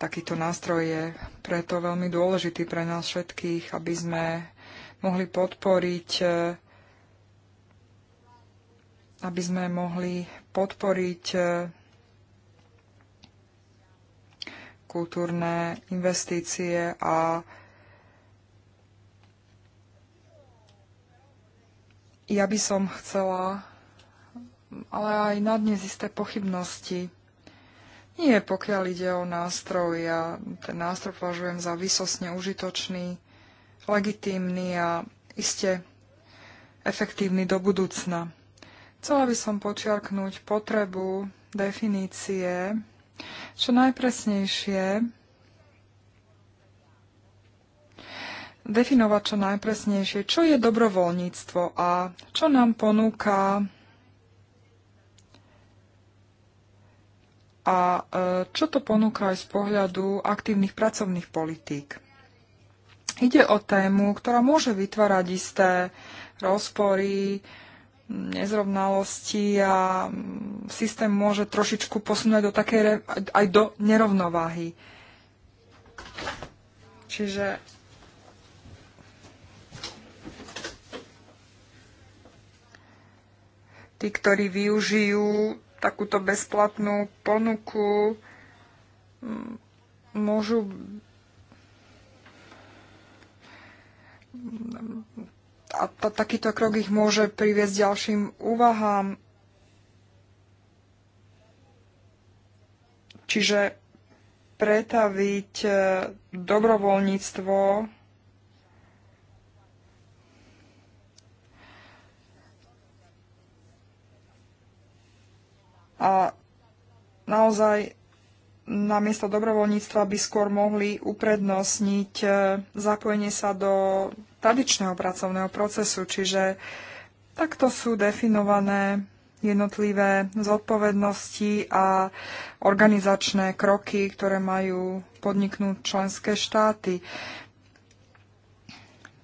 Takýto nástroj je preto veľmi dôležitý pre nás všetkých, aby sme mohli podporiť aby sme mohli podporiť kultúrne investície a ja by som chcela, ale aj na dnes isté pochybnosti. Nie, pokiaľ ide o nástroj, ja ten nástroj považujem za vysosne užitočný, legitímny a iste efektívny do budúcna. Chcela by som počiarknúť potrebu definície čo najpresnejšie definovať čo najpresnejšie, čo je dobrovoľníctvo a čo nám ponúka a e, čo to ponúka aj z pohľadu aktívnych pracovných politík. Ide o tému, ktorá môže vytvárať isté rozpory, nezrovnalosti a systém môže trošičku posunúť do takej, aj do nerovnováhy. Čiže tí, ktorí využijú takúto bezplatnú ponuku, mm, môžu a takýto krok ich môže priviesť ďalším úvahám. Čiže pretaviť e, dobrovoľníctvo a naozaj namiesto dobrovoľníctva by skôr mohli uprednostniť e, zapojenie sa do tradičného pracovného procesu, čiže takto sú definované jednotlivé zodpovednosti a organizačné kroky, ktoré majú podniknúť členské štáty.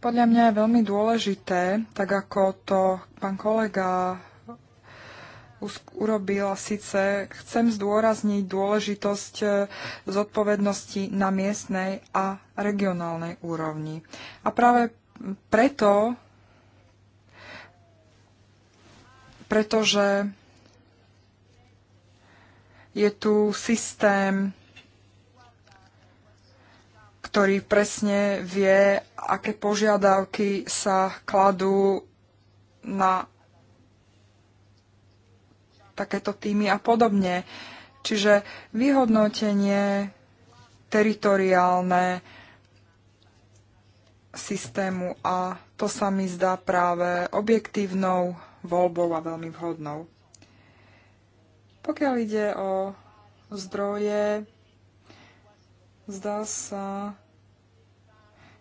Podľa mňa je veľmi dôležité, tak ako to pán kolega urobil a síce chcem zdôrazniť dôležitosť e, zodpovednosti na miestnej a regionálnej úrovni. A práve preto, pretože je tu systém, ktorý presne vie, aké požiadavky sa kladú na takéto týmy a podobne. Čiže vyhodnotenie teritoriálne, systému a to sa mi zdá práve objektívnou voľbou a veľmi vhodnou. Pokiaľ ide o zdroje, zdá sa,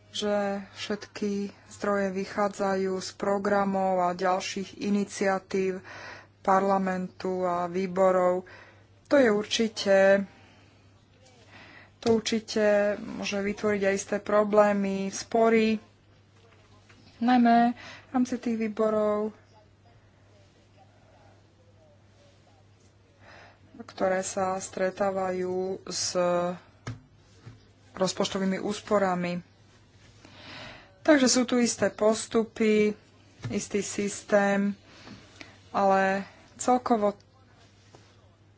že všetky zdroje vychádzajú z programov a ďalších iniciatív parlamentu a výborov. To je určite to určite môže vytvoriť aj isté problémy, spory, najmä v rámci tých výborov, ktoré sa stretávajú s rozpočtovými úsporami. Takže sú tu isté postupy, istý systém, ale celkovo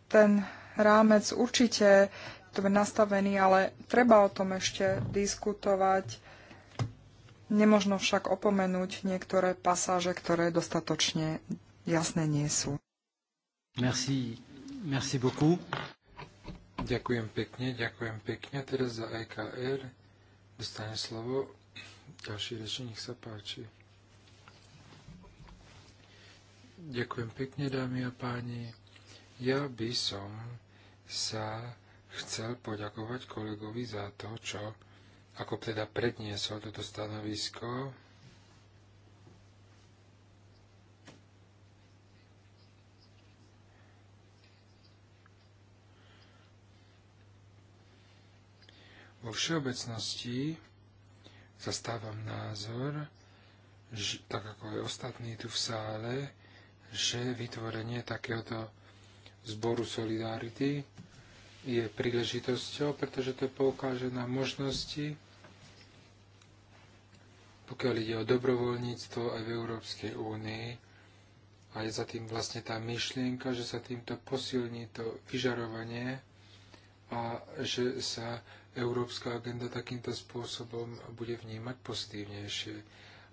ten rámec určite to nastavený, ale treba o tom ešte diskutovať. Nemožno však opomenúť niektoré pasáže, ktoré dostatočne jasné nie sú. Merci. Merci beaucoup. Ďakujem pekne, ďakujem pekne. Teraz za EKR dostane slovo ďalší rečník, nech sa páči. Ďakujem pekne, dámy a páni. Ja by som sa chcel poďakovať kolegovi za to, čo ako teda predniesol toto stanovisko. Vo všeobecnosti zastávam názor, že, tak ako aj ostatní tu v sále, že vytvorenie takéhoto zboru Solidarity je príležitosťou, pretože to poukáže na možnosti, pokiaľ ide o dobrovoľníctvo aj v Európskej únii. A je za tým vlastne tá myšlienka, že sa týmto posilní to vyžarovanie a že sa európska agenda takýmto spôsobom bude vnímať pozitívnejšie.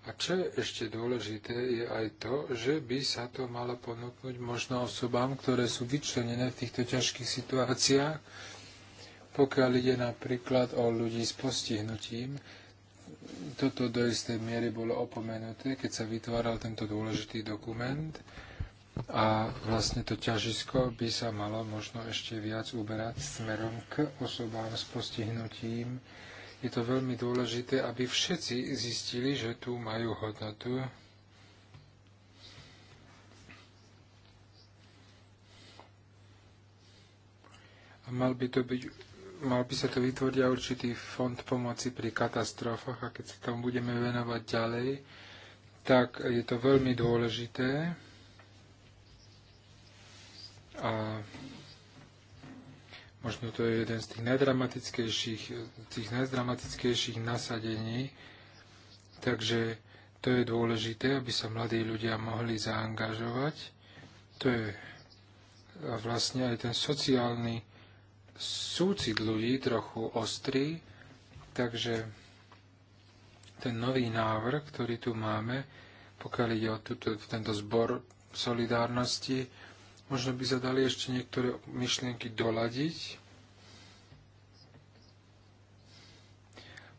A čo je ešte dôležité, je aj to, že by sa to malo ponúknuť možno osobám, ktoré sú vyčlenené v týchto ťažkých situáciách, pokiaľ ide napríklad o ľudí s postihnutím. Toto do istej miery bolo opomenuté, keď sa vytváral tento dôležitý dokument a vlastne to ťažisko by sa malo možno ešte viac uberať smerom k osobám s postihnutím, je to veľmi dôležité, aby všetci zistili, že tu majú hodnotu. A mal by, to byť, mal by sa to vytvoriť určitý fond pomoci pri katastrofách a keď sa tomu budeme venovať ďalej, tak je to veľmi dôležité. A Možno to je jeden z tých najdramatickejších, tých najdramatickejších nasadení. Takže to je dôležité, aby sa mladí ľudia mohli zaangažovať. To je vlastne aj ten sociálny súcit ľudí trochu ostrý. Takže ten nový návrh, ktorý tu máme, pokiaľ ide o tuto, tento zbor solidárnosti, Možno by sa dali ešte niektoré myšlienky doladiť.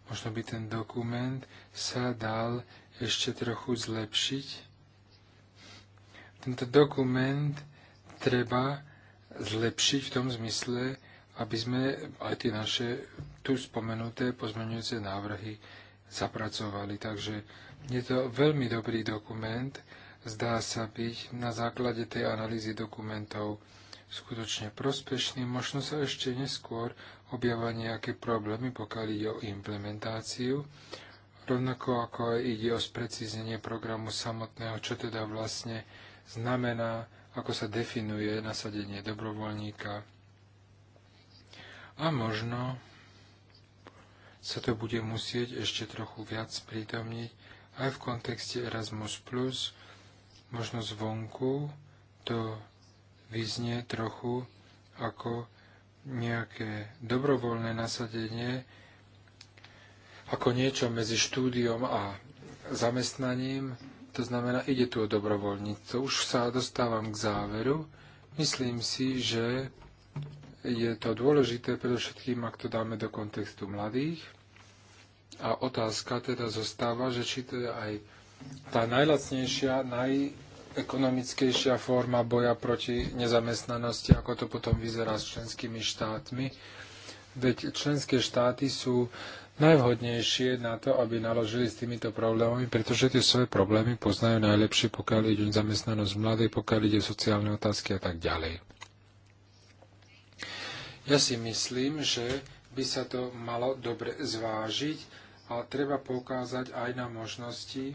Možno by ten dokument sa dal ešte trochu zlepšiť. Tento dokument treba zlepšiť v tom zmysle, aby sme aj tie naše tu spomenuté pozmeňujúce návrhy zapracovali. Takže je to veľmi dobrý dokument zdá sa byť na základe tej analýzy dokumentov skutočne prospešný. Možno sa ešte neskôr objavia nejaké problémy, pokiaľ ide o implementáciu, rovnako ako aj ide o sprecíznenie programu samotného, čo teda vlastne znamená, ako sa definuje nasadenie dobrovoľníka. A možno sa to bude musieť ešte trochu viac prítomniť aj v kontexte Erasmus+, Možno zvonku to vyznie trochu ako nejaké dobrovoľné nasadenie, ako niečo medzi štúdiom a zamestnaním. To znamená, ide tu o dobrovoľníctvo. Už sa dostávam k záveru. Myslím si, že je to dôležité predovšetkým, ak to dáme do kontextu mladých. A otázka teda zostáva, že či to teda je aj tá najlacnejšia, najekonomickejšia forma boja proti nezamestnanosti, ako to potom vyzerá s členskými štátmi. Veď členské štáty sú najvhodnejšie na to, aby naložili s týmito problémami, pretože tie svoje problémy poznajú najlepšie, pokiaľ ide o zamestnanosť mladej, pokiaľ ide sociálne otázky a tak ďalej. Ja si myslím, že by sa to malo dobre zvážiť a treba poukázať aj na možnosti,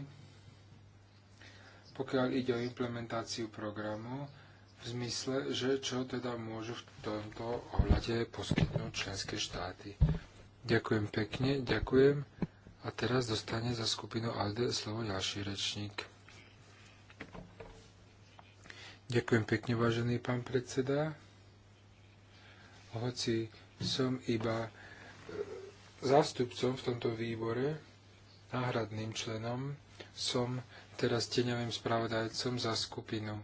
pokiaľ ide o implementáciu programu, v zmysle, že čo teda môžu v tomto ohľade poskytnúť členské štáty. Ďakujem pekne, ďakujem. A teraz dostane za skupinu ALDE slovo ďalší rečník. Ďakujem pekne, vážený pán predseda. Hoci som iba e, zástupcom v tomto výbore, náhradným členom, som teraz tieňovým spravodajcom za skupinu,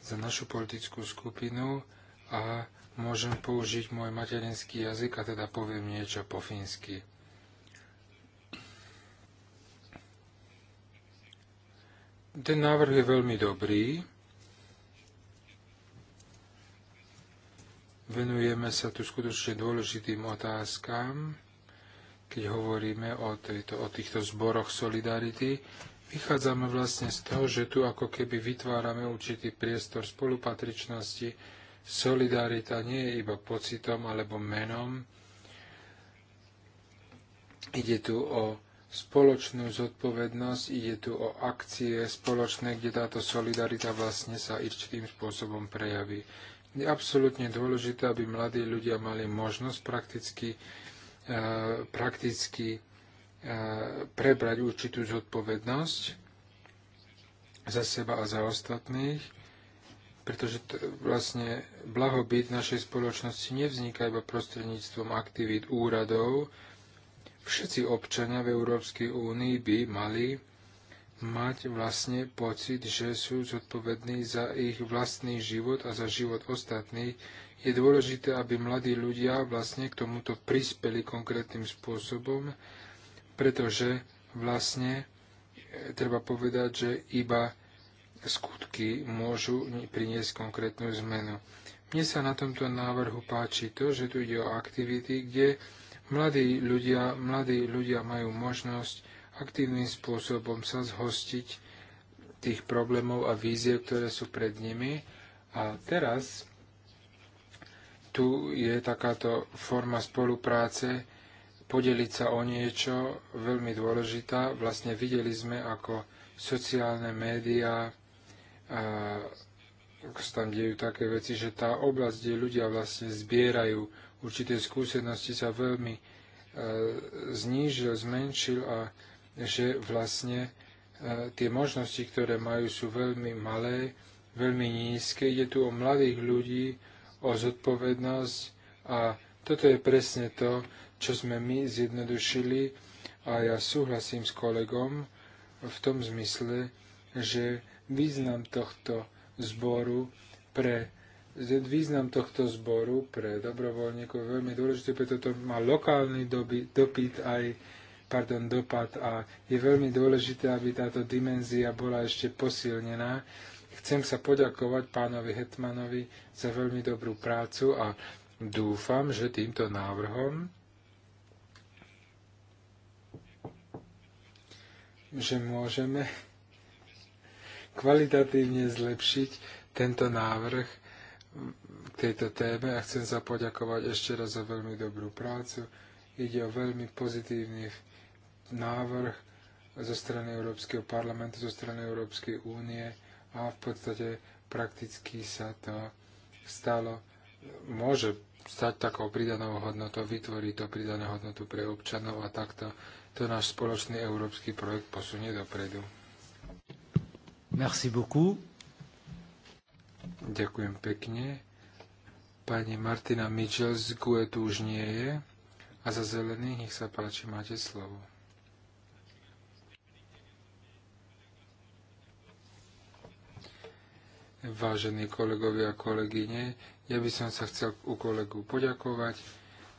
za našu politickú skupinu a môžem použiť môj materinský jazyk a teda poviem niečo po fínsky. Ten návrh je veľmi dobrý. Venujeme sa tu skutočne dôležitým otázkam, keď hovoríme o, tejto, o týchto zboroch Solidarity. Vychádzame vlastne z toho, že tu ako keby vytvárame určitý priestor spolupatričnosti. Solidarita nie je iba pocitom alebo menom. Ide tu o spoločnú zodpovednosť, ide tu o akcie spoločné, kde táto solidarita vlastne sa určitým spôsobom prejaví. Je absolútne dôležité, aby mladí ľudia mali možnosť prakticky, eh, prakticky prebrať určitú zodpovednosť za seba a za ostatných, pretože t- vlastne blahobyt našej spoločnosti nevzniká iba prostredníctvom aktivít úradov. Všetci občania v Európskej únii by mali mať vlastne pocit, že sú zodpovední za ich vlastný život a za život ostatných. Je dôležité, aby mladí ľudia vlastne k tomuto prispeli konkrétnym spôsobom pretože vlastne e, treba povedať, že iba skutky môžu priniesť konkrétnu zmenu. Mne sa na tomto návrhu páči to, že tu ide o aktivity, kde mladí ľudia, mladí ľudia majú možnosť aktívnym spôsobom sa zhostiť tých problémov a víziev, ktoré sú pred nimi. A teraz tu je takáto forma spolupráce, podeliť sa o niečo veľmi dôležitá. Vlastne videli sme, ako sociálne médiá, ako sa tam dejú také veci, že tá oblasť, kde ľudia vlastne zbierajú určité skúsenosti, sa veľmi e, znížil, zmenšil a že vlastne e, tie možnosti, ktoré majú, sú veľmi malé, veľmi nízke. Ide tu o mladých ľudí, o zodpovednosť a toto je presne to, čo sme my zjednodušili a ja súhlasím s kolegom v tom zmysle, že význam tohto zboru pre význam tohto zboru pre dobrovoľníkov je veľmi dôležitý, preto to má lokálny doby, dopyt aj pardon, dopad a je veľmi dôležité, aby táto dimenzia bola ešte posilnená. Chcem sa poďakovať pánovi Hetmanovi za veľmi dobrú prácu a dúfam, že týmto návrhom že môžeme kvalitatívne zlepšiť tento návrh k tejto téme a chcem sa poďakovať ešte raz za veľmi dobrú prácu. Ide o veľmi pozitívny návrh zo strany Európskeho parlamentu, zo strany Európskej únie a v podstate prakticky sa to stalo, môže stať takou pridanou hodnotou, vytvorí to pridanú hodnotu pre občanov a takto to náš spoločný európsky projekt posunie dopredu. Merci beaucoup. Ďakujem pekne. Pani Martina Mitchell z Guetu už nie je. A za zelený, nech sa páči, máte slovo. Vážení kolegovia a kolegyne, ja by som sa chcel u kolegu poďakovať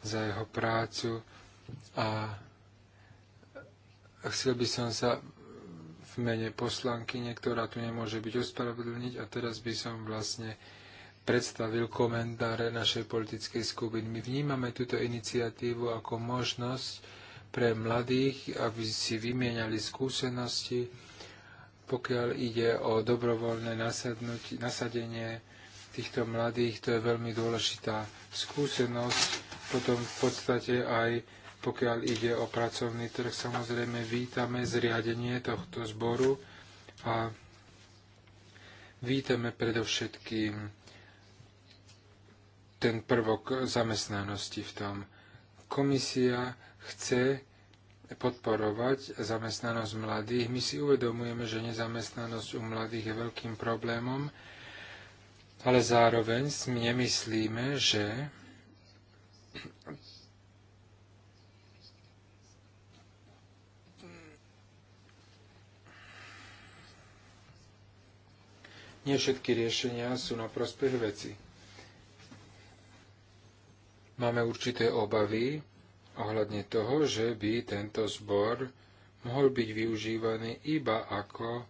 za jeho prácu a a chcel by som sa v mene poslanky, ktorá tu nemôže byť ospravedlniť, a teraz by som vlastne predstavil komentáre našej politickej skupiny. My vnímame túto iniciatívu ako možnosť pre mladých, aby si vymieniali skúsenosti, pokiaľ ide o dobrovoľné nasadenie týchto mladých, to je veľmi dôležitá skúsenosť. Potom v podstate aj pokiaľ ide o pracovný trh, samozrejme vítame zriadenie tohto zboru a vítame predovšetkým ten prvok zamestnanosti v tom. Komisia chce podporovať zamestnanosť mladých. My si uvedomujeme, že nezamestnanosť u mladých je veľkým problémom, ale zároveň si nemyslíme, že nie všetky riešenia sú na prospech veci. Máme určité obavy ohľadne toho, že by tento zbor mohol byť využívaný iba ako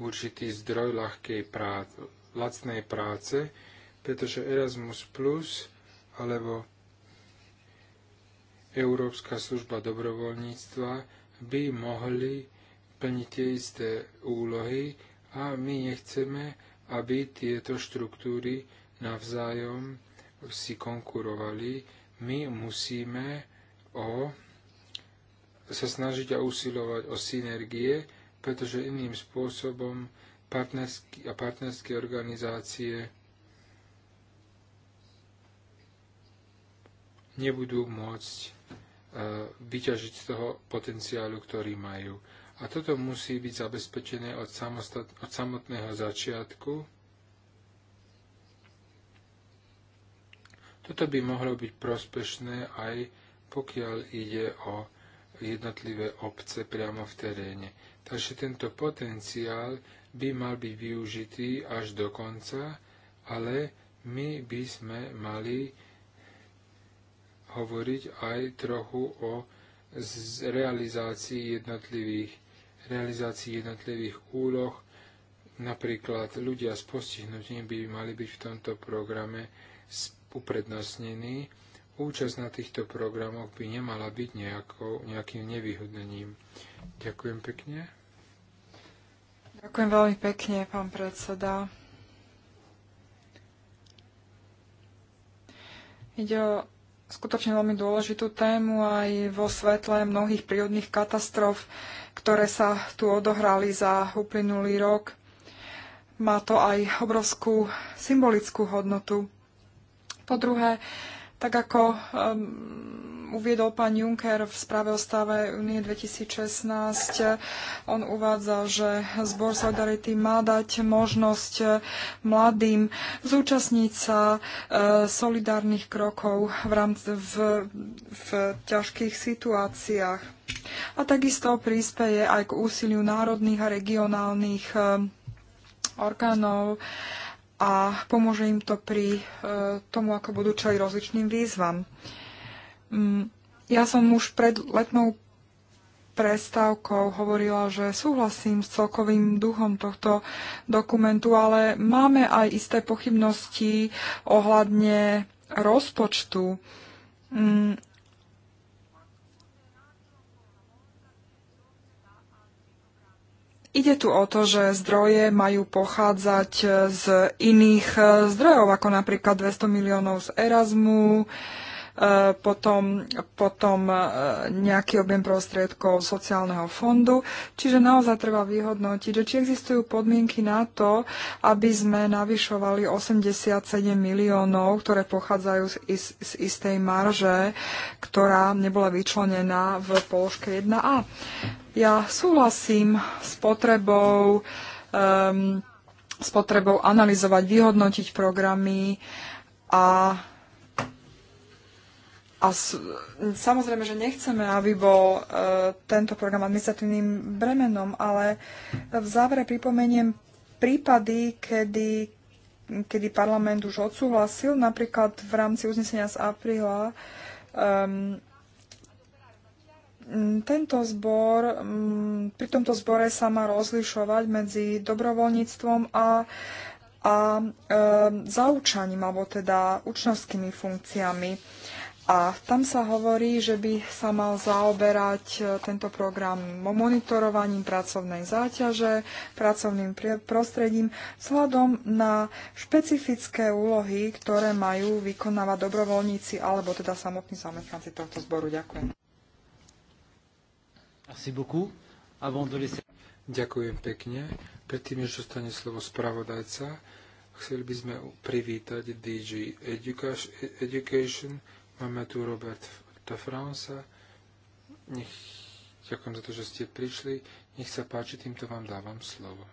určitý zdroj ľahkej práce, lacnej práce, pretože Erasmus Plus alebo Európska služba dobrovoľníctva by mohli plniť tie isté úlohy a my nechceme, aby tieto štruktúry navzájom si konkurovali. My musíme o, sa snažiť a usilovať o synergie, pretože iným spôsobom partnersky, a partnerské organizácie nebudú môcť e, vyťažiť z toho potenciálu, ktorý majú. A toto musí byť zabezpečené od, samostat, od samotného začiatku. Toto by mohlo byť prospešné aj pokiaľ ide o jednotlivé obce priamo v teréne. Takže tento potenciál by mal byť využitý až do konca, ale my by sme mali hovoriť aj trochu o realizácii jednotlivých realizácii jednotlivých úloh. Napríklad ľudia s postihnutím by mali byť v tomto programe uprednostnení. Účasť na týchto programoch by nemala byť nejakou, nejakým nevyhodnením. Ďakujem pekne. Ďakujem veľmi pekne, pán predseda. Ide o skutočne veľmi dôležitú tému aj vo svetle mnohých prírodných katastrof ktoré sa tu odohrali za uplynulý rok. Má to aj obrovskú symbolickú hodnotu. Po druhé, tak ako um, uviedol pán Juncker v správe o stave Unie 2016. On uvádza, že zbor Solidarity má dať možnosť mladým zúčastniť sa e, solidárnych krokov v, rámci, v, v ťažkých situáciách. A takisto príspeje aj k úsiliu národných a regionálnych e, orgánov a pomôže im to pri e, tomu, ako budú čeli rozličným výzvam. Mm, ja som už pred letnou prestávkou hovorila, že súhlasím s celkovým duchom tohto dokumentu, ale máme aj isté pochybnosti ohľadne rozpočtu. Mm, ide tu o to, že zdroje majú pochádzať z iných eh, zdrojov, ako napríklad 200 miliónov z Erasmu, E, potom, potom e, nejaký objem prostriedkov sociálneho fondu. Čiže naozaj treba vyhodnotiť, že či existujú podmienky na to, aby sme navyšovali 87 miliónov, ktoré pochádzajú z, z istej marže, ktorá nebola vyčlenená v položke 1a. Ja súhlasím s potrebou um, s potrebou analyzovať, vyhodnotiť programy a a s, samozrejme, že nechceme, aby bol e, tento program administratívnym bremenom, ale v závere pripomeniem prípady, kedy, kedy parlament už odsúhlasil, napríklad v rámci uznesenia z apríla, e, tento zbor, mm, pri tomto zbore sa má rozlišovať medzi dobrovoľníctvom a a e, zaučaním, alebo teda učňovskými funkciami. A tam sa hovorí, že by sa mal zaoberať e, tento program monitorovaním pracovnej záťaže, pracovným prostredím, vzhľadom na špecifické úlohy, ktoré majú vykonávať dobrovoľníci alebo teda samotní zamestnanci tohto zboru. Ďakujem. Ďakujem pekne. Predtým, než dostane slovo spravodajca, chceli by sme privítať DG Education Máme tu Robert de France. Nech, ďakujem za to, že ste prišli. Nech sa páči, týmto vám dávam slovo.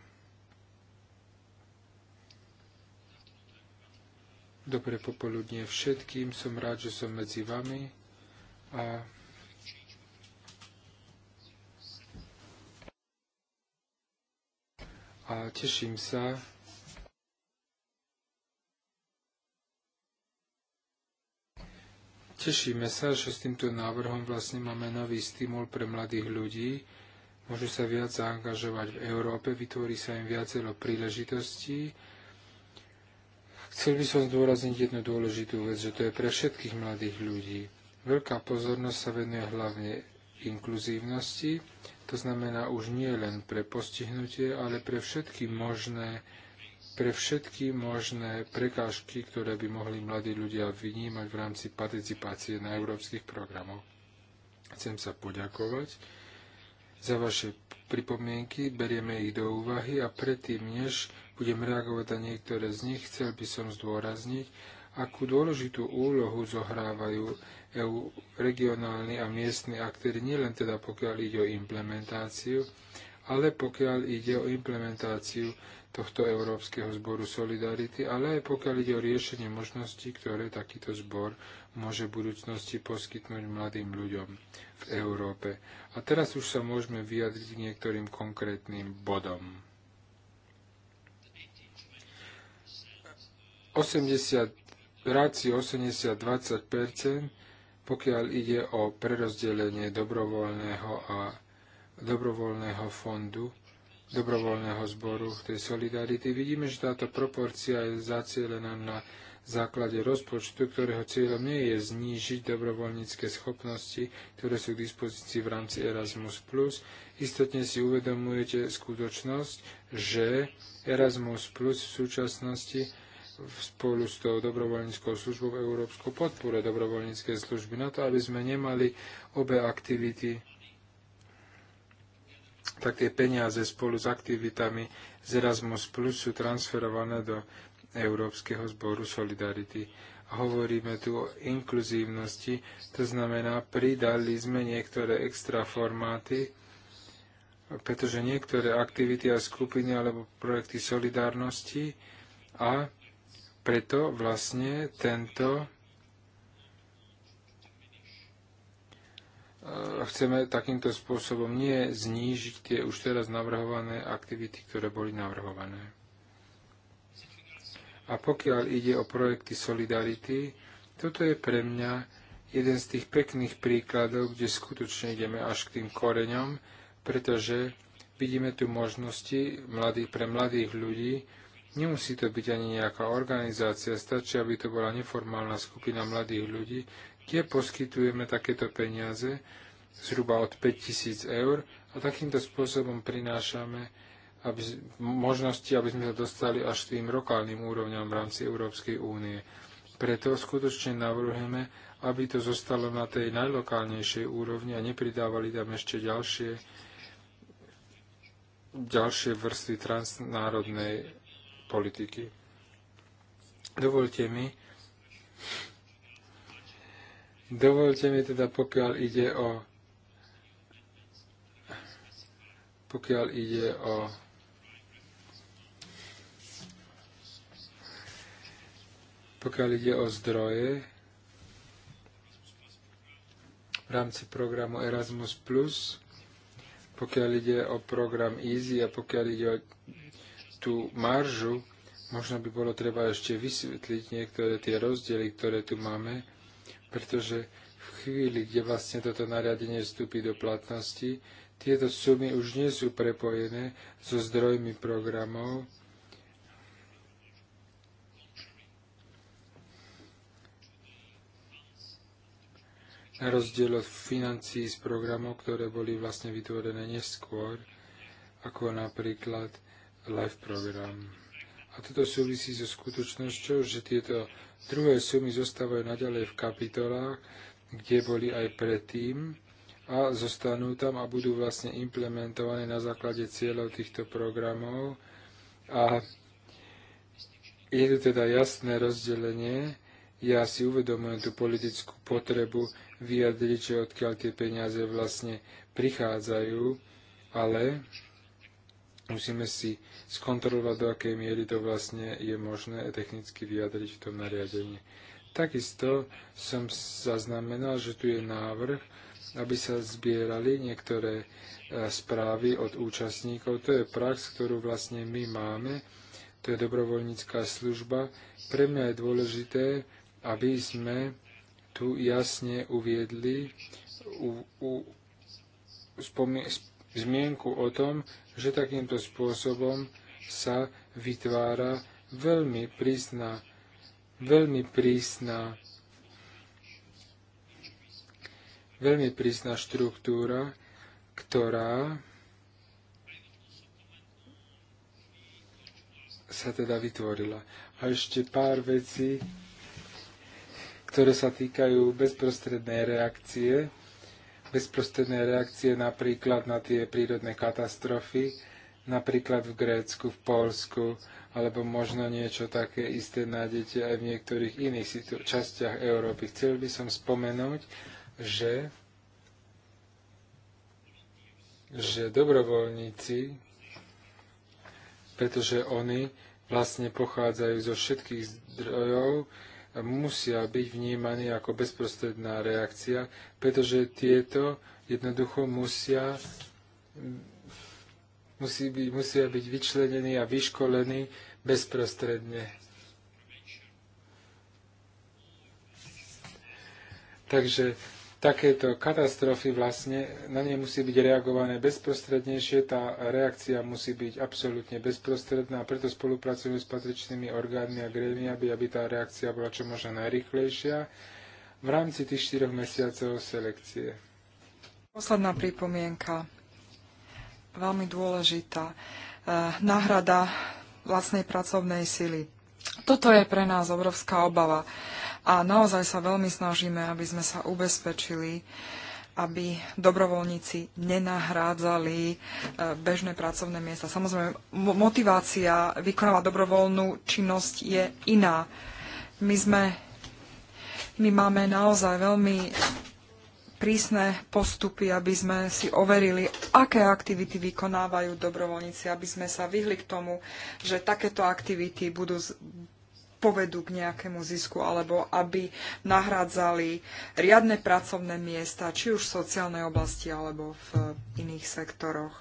Dobre popoludnie všetkým. Som rád, že som medzi vami. A a teším sa, Tešíme sa, že s týmto návrhom vlastne máme nový stimul pre mladých ľudí. Môžu sa viac zaangažovať v Európe, vytvorí sa im viacero príležitostí. Chcel by som zdôrazniť jednu dôležitú vec, že to je pre všetkých mladých ľudí. Veľká pozornosť sa venuje hlavne inkluzívnosti, to znamená už nie len pre postihnutie, ale pre všetky možné pre všetky možné prekážky, ktoré by mohli mladí ľudia vnímať v rámci participácie na európskych programoch. Chcem sa poďakovať za vaše pripomienky, berieme ich do úvahy a predtým, než budem reagovať na niektoré z nich, chcel by som zdôrazniť, akú dôležitú úlohu zohrávajú EU regionálni a miestni aktéry, nielen teda pokiaľ ide o implementáciu, ale pokiaľ ide o implementáciu tohto Európskeho zboru Solidarity, ale aj pokiaľ ide o riešenie možností, ktoré takýto zbor môže v budúcnosti poskytnúť mladým ľuďom v Európe. A teraz už sa môžeme vyjadriť k niektorým konkrétnym bodom. 80, ráci 80-20 pokiaľ ide o prerozdelenie dobrovoľného a dobrovoľného fondu dobrovoľného zboru, tej solidarity. Vidíme, že táto proporcia je zacielená na základe rozpočtu, ktorého cieľom nie je znížiť dobrovoľnícke schopnosti, ktoré sú k dispozícii v rámci Erasmus+. Istotne si uvedomujete skutočnosť, že Erasmus Plus v súčasnosti spolu s tou dobrovoľníckou službou Európsku podpore dobrovoľníckej služby na to, aby sme nemali obe aktivity tak tie peniaze spolu s aktivitami z Erasmus Plus sú transferované do Európskeho zboru Solidarity. A hovoríme tu o inkluzívnosti, to znamená, pridali sme niektoré extra formáty, pretože niektoré aktivity a skupiny alebo projekty solidárnosti a preto vlastne tento chceme takýmto spôsobom nie znížiť tie už teraz navrhované aktivity, ktoré boli navrhované. A pokiaľ ide o projekty Solidarity, toto je pre mňa jeden z tých pekných príkladov, kde skutočne ideme až k tým koreňom, pretože vidíme tu možnosti mladých, pre mladých ľudí. Nemusí to byť ani nejaká organizácia, stačí, aby to bola neformálna skupina mladých ľudí, kde poskytujeme takéto peniaze zhruba od 5000 eur a takýmto spôsobom prinášame aby, možnosti, aby sme sa dostali až k tým lokálnym úrovňam v rámci Európskej únie. Preto skutočne navrhujeme, aby to zostalo na tej najlokálnejšej úrovni a nepridávali tam ešte ďalšie, ďalšie vrstvy transnárodnej politiky. Dovolte mi, Dovolte mi teda, pokiaľ ide o pokiaľ ide o pokiaľ ide o zdroje v rámci programu Erasmus+, pokiaľ ide o program EASY a pokiaľ ide o tú maržu, možno by bolo treba ešte vysvetliť niektoré tie rozdiely, ktoré tu máme pretože v chvíli, kde vlastne toto nariadenie vstúpi do platnosti, tieto sumy už nie sú prepojené so zdrojmi programov, na rozdiel od financií z programov, ktoré boli vlastne vytvorené neskôr, ako napríklad live program. A toto súvisí so skutočnosťou, že tieto Druhé sumy zostávajú naďalej v kapitolách, kde boli aj predtým a zostanú tam a budú vlastne implementované na základe cieľov týchto programov. A je tu teda jasné rozdelenie. Ja si uvedomujem tú politickú potrebu vyjadriť, že odkiaľ tie peniaze vlastne prichádzajú, ale musíme si skontrolovať, do akej miery to vlastne je možné technicky vyjadriť v tom nariadení. Takisto som zaznamenal, že tu je návrh, aby sa zbierali niektoré e, správy od účastníkov. To je prax, ktorú vlastne my máme. To je dobrovoľnícká služba. Pre mňa je dôležité, aby sme tu jasne uviedli, u, u, spome, zmienku o tom, že takýmto spôsobom sa vytvára veľmi prísna, veľmi prísna, veľmi prísna štruktúra, ktorá sa teda vytvorila. A ešte pár vecí, ktoré sa týkajú bezprostrednej reakcie bezprostredné reakcie napríklad na tie prírodné katastrofy, napríklad v Grécku, v Polsku, alebo možno niečo také isté nájdete aj v niektorých iných častiach Európy. Chcel by som spomenúť, že, že dobrovoľníci, pretože oni vlastne pochádzajú zo všetkých zdrojov, musia byť vnímané ako bezprostredná reakcia, pretože tieto jednoducho musia, musí byť, musia byť vyčlenení a vyškolení bezprostredne. Takže takéto katastrofy vlastne, na ne musí byť reagované bezprostrednejšie, tá reakcia musí byť absolútne bezprostredná, a preto spolupracujeme s patričnými orgánmi a grémiami, aby tá reakcia bola čo možno najrychlejšia v rámci tých 4 mesiacov selekcie. Posledná pripomienka, veľmi dôležitá. E, náhrada vlastnej pracovnej sily. Toto je pre nás obrovská obava. A naozaj sa veľmi snažíme, aby sme sa ubezpečili, aby dobrovoľníci nenahrádzali e, bežné pracovné miesta. Samozrejme, motivácia vykonávať dobrovoľnú činnosť je iná. My sme, my máme naozaj veľmi prísne postupy, aby sme si overili, aké aktivity vykonávajú dobrovoľníci, aby sme sa vyhli k tomu, že takéto aktivity budú, povedú k nejakému zisku alebo aby nahrádzali riadne pracovné miesta, či už v sociálnej oblasti alebo v iných sektoroch.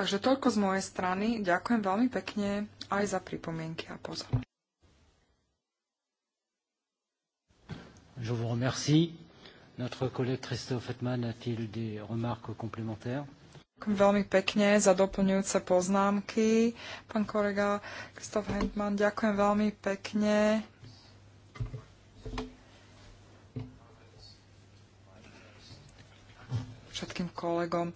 Takže toľko z mojej strany. Ďakujem veľmi pekne aj za pripomienky a pozornosť. Je vous remercie. Notre collègue Christophe Hetman a-t-il des remarques complémentaires Ďakujem veľmi pekne za doplňujúce poznámky. Pán kolega Kristof Hentman, ďakujem veľmi pekne. Všetkým kolegom.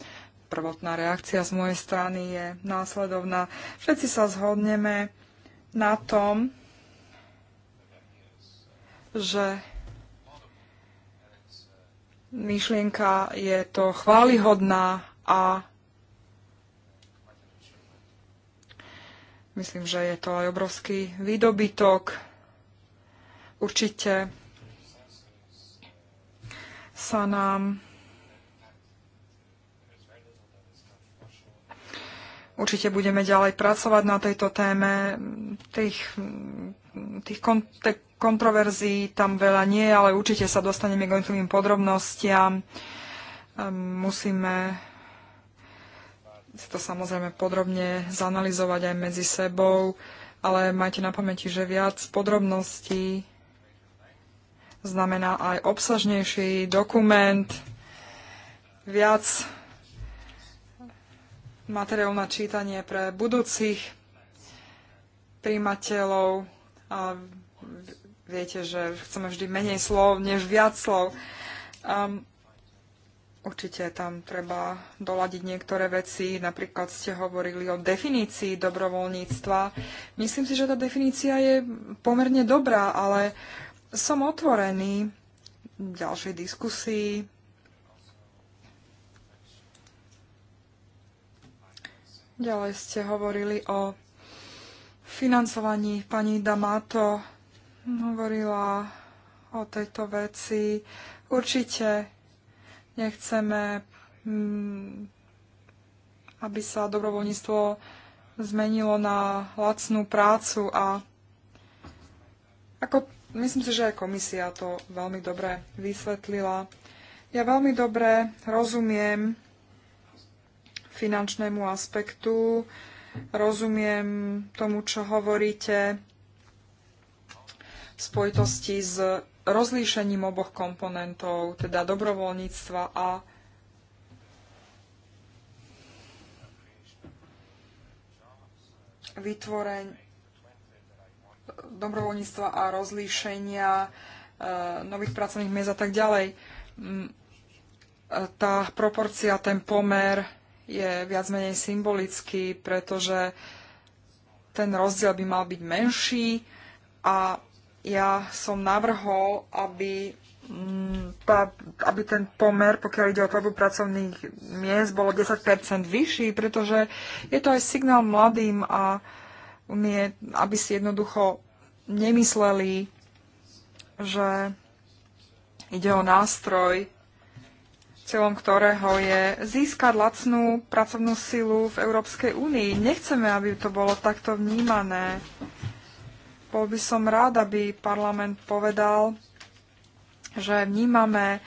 Prvotná reakcia z mojej strany je následovná. Všetci sa zhodneme na tom, že myšlienka je to chválihodná a Myslím, že je to aj obrovský výdobytok. Určite sa nám Určite budeme ďalej pracovať na tejto téme. Tých, tých kontroverzií tam veľa nie, ale určite sa dostaneme k jednotlivým podrobnostiam. Ehm, musíme si to samozrejme podrobne zanalizovať aj medzi sebou, ale majte na pamäti, že viac podrobností znamená aj obsažnejší dokument, viac materiál na čítanie pre budúcich príjimateľov a viete, že chceme vždy menej slov než viac slov. Um, Určite tam treba doladiť niektoré veci. Napríklad ste hovorili o definícii dobrovoľníctva. Myslím si, že tá definícia je pomerne dobrá, ale som otvorený ďalšej diskusii. Ďalej ste hovorili o financovaní. Pani Damato hovorila o tejto veci. Určite Nechceme, mm, aby sa dobrovoľníctvo zmenilo na lacnú prácu a ako, myslím si, že aj komisia to veľmi dobre vysvetlila. Ja veľmi dobre rozumiem finančnému aspektu, rozumiem tomu, čo hovoríte v spojitosti s rozlíšením oboch komponentov, teda dobrovoľníctva a vytvoreň dobrovoľníctva a rozlíšenia e, nových pracovných miest a tak ďalej. Mm, e, tá proporcia, ten pomer je viac menej symbolický, pretože ten rozdiel by mal byť menší a ja som navrhol, aby, mm, tá, aby ten pomer, pokiaľ ide o tvorbu pracovných miest, bolo 10 vyšší, pretože je to aj signál mladým a umie, aby si jednoducho nemysleli, že ide o nástroj, cieľom ktorého je získať lacnú pracovnú silu v Európskej únii. Nechceme, aby to bolo takto vnímané. Bol by som rád, aby parlament povedal, že vnímame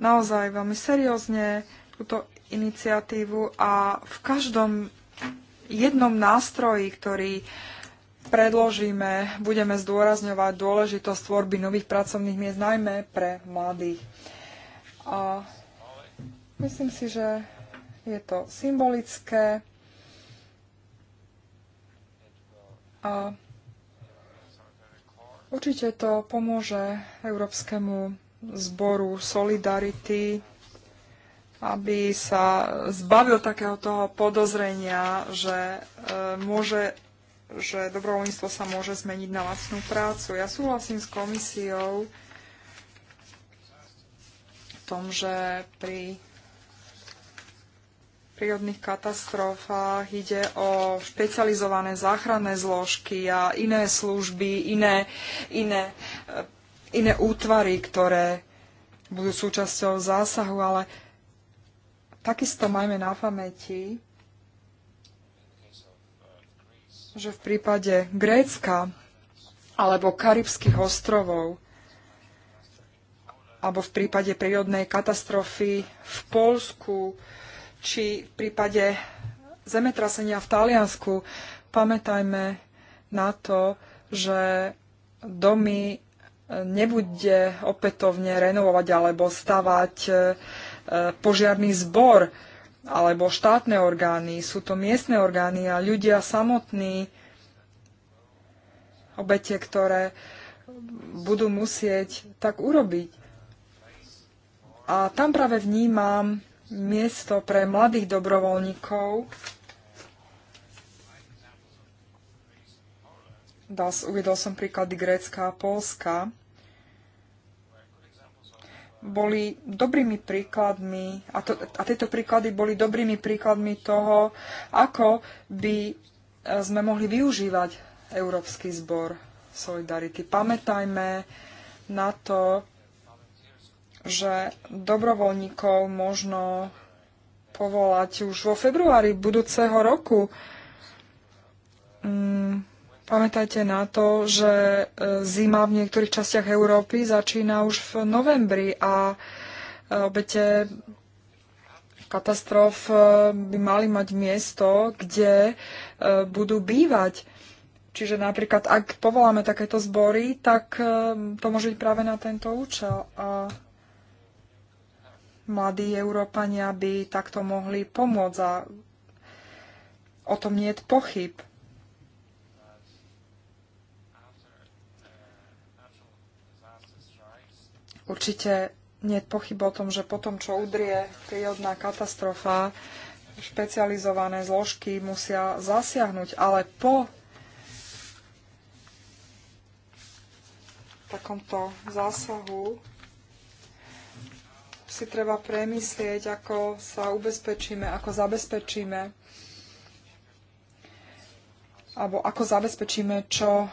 naozaj veľmi seriózne túto iniciatívu a v každom jednom nástroji, ktorý predložíme, budeme zdôrazňovať dôležitosť tvorby nových pracovných miest, najmä pre mladých. A myslím si, že je to symbolické. A Určite to pomôže Európskemu zboru Solidarity, aby sa zbavil takého toho podozrenia, že e, môže že dobrovoľníctvo sa môže zmeniť na vlastnú prácu. Ja súhlasím s komisiou v tom, že pri prírodných katastrofách, ide o špecializované záchranné zložky a iné služby, iné, iné, eh, iné útvary, ktoré budú súčasťou zásahu, ale takisto majme na pamäti, že v prípade Grécka alebo Karibských ostrovov alebo v prípade prírodnej katastrofy v Polsku, či v prípade zemetrasenia v Taliansku pamätajme na to, že domy nebude opätovne renovovať alebo stavať e, požiarný zbor alebo štátne orgány, sú to miestne orgány a ľudia samotní, obete, ktoré budú musieť tak urobiť. A tam práve vnímam miesto pre mladých dobrovoľníkov. uvedol som príklady Grécka a Polska. Boli dobrými príkladmi, a, to, a tieto príklady boli dobrými príkladmi toho, ako by e, sme mohli využívať Európsky zbor Solidarity. Pamätajme na to, že dobrovoľníkov možno povolať už vo februári budúceho roku. Mm, pamätajte na to, že e, zima v niektorých častiach Európy začína už v novembri a e, obete katastrof e, by mali mať miesto, kde budú bývať. Čiže napríklad, ak povoláme takéto zbory, tak to môže byť práve na tento účel. A mladí Európania by takto mohli pomôcť a o tom nie je pochyb. Určite nie je pochyb o tom, že potom, čo udrie prírodná katastrofa, špecializované zložky musia zasiahnuť, ale po takomto zásahu si treba premyslieť, ako sa ubezpečíme, ako zabezpečíme, alebo ako zabezpečíme čo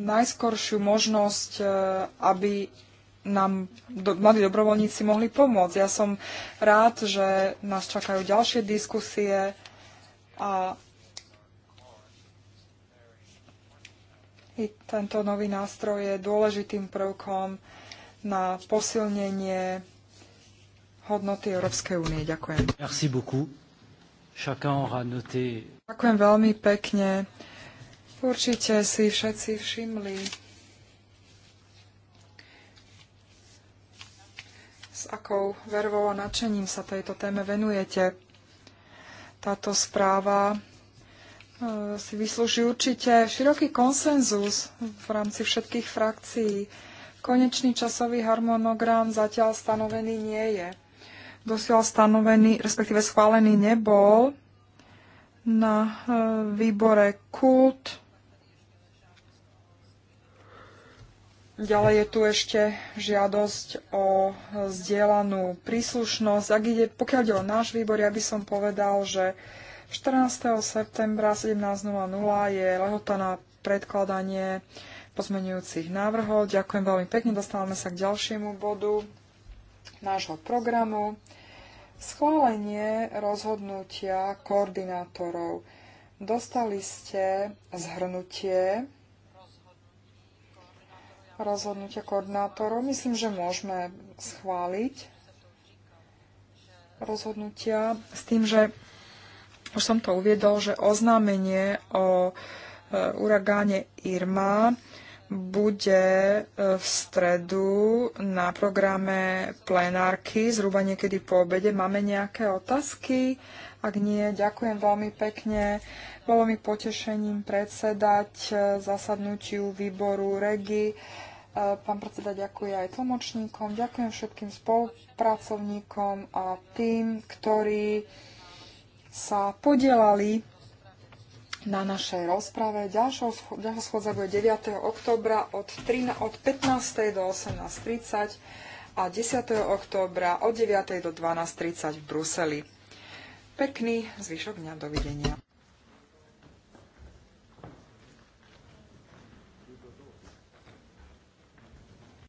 najskoršiu možnosť, e, aby nám do, mladí dobrovoľníci mohli pomôcť. Ja som rád, že nás čakajú ďalšie diskusie a i tento nový nástroj je dôležitým prvkom na posilnenie hodnoty Európskej únie. Ďakujem. Merci beaucoup. Chacun aura noté... Ďakujem veľmi pekne. Určite si všetci všimli, s akou vervou a nadšením sa tejto téme venujete. Táto správa e, si vyslúži určite široký konsenzus v rámci všetkých frakcií. Konečný časový harmonogram zatiaľ stanovený nie je dosiaľ stanovený, respektíve schválený nebol na e, výbore kult. Ďalej je tu ešte žiadosť o zdieľanú príslušnosť. Ak ide, pokiaľ ide o náš výbor, ja by som povedal, že 14. septembra 17.00 je lehota na predkladanie pozmenujúcich návrhov. Ďakujem veľmi pekne, dostávame sa k ďalšiemu bodu nášho programu schválenie rozhodnutia koordinátorov. Dostali ste zhrnutie rozhodnutia koordinátorov. Myslím, že môžeme schváliť rozhodnutia s tým, že už som to uviedol, že oznámenie o e, uragáne Irma bude e, v stredu na programe plenárky, zhruba niekedy po obede. Máme nejaké otázky? Ak nie, ďakujem veľmi pekne. Bolo mi potešením predsedať e, zasadnutiu výboru REGI. E, pán predseda ďakuje aj tlmočníkom, ďakujem všetkým spolupracovníkom a tým, ktorí sa podielali na našej rozprave. Ďalšou, ďalšia schôdza bude 9. oktobra od, od 15. do 18.30 a 10. oktobra od 9. do 12.30 v Bruseli. Pekný zvyšok dňa, dovidenia.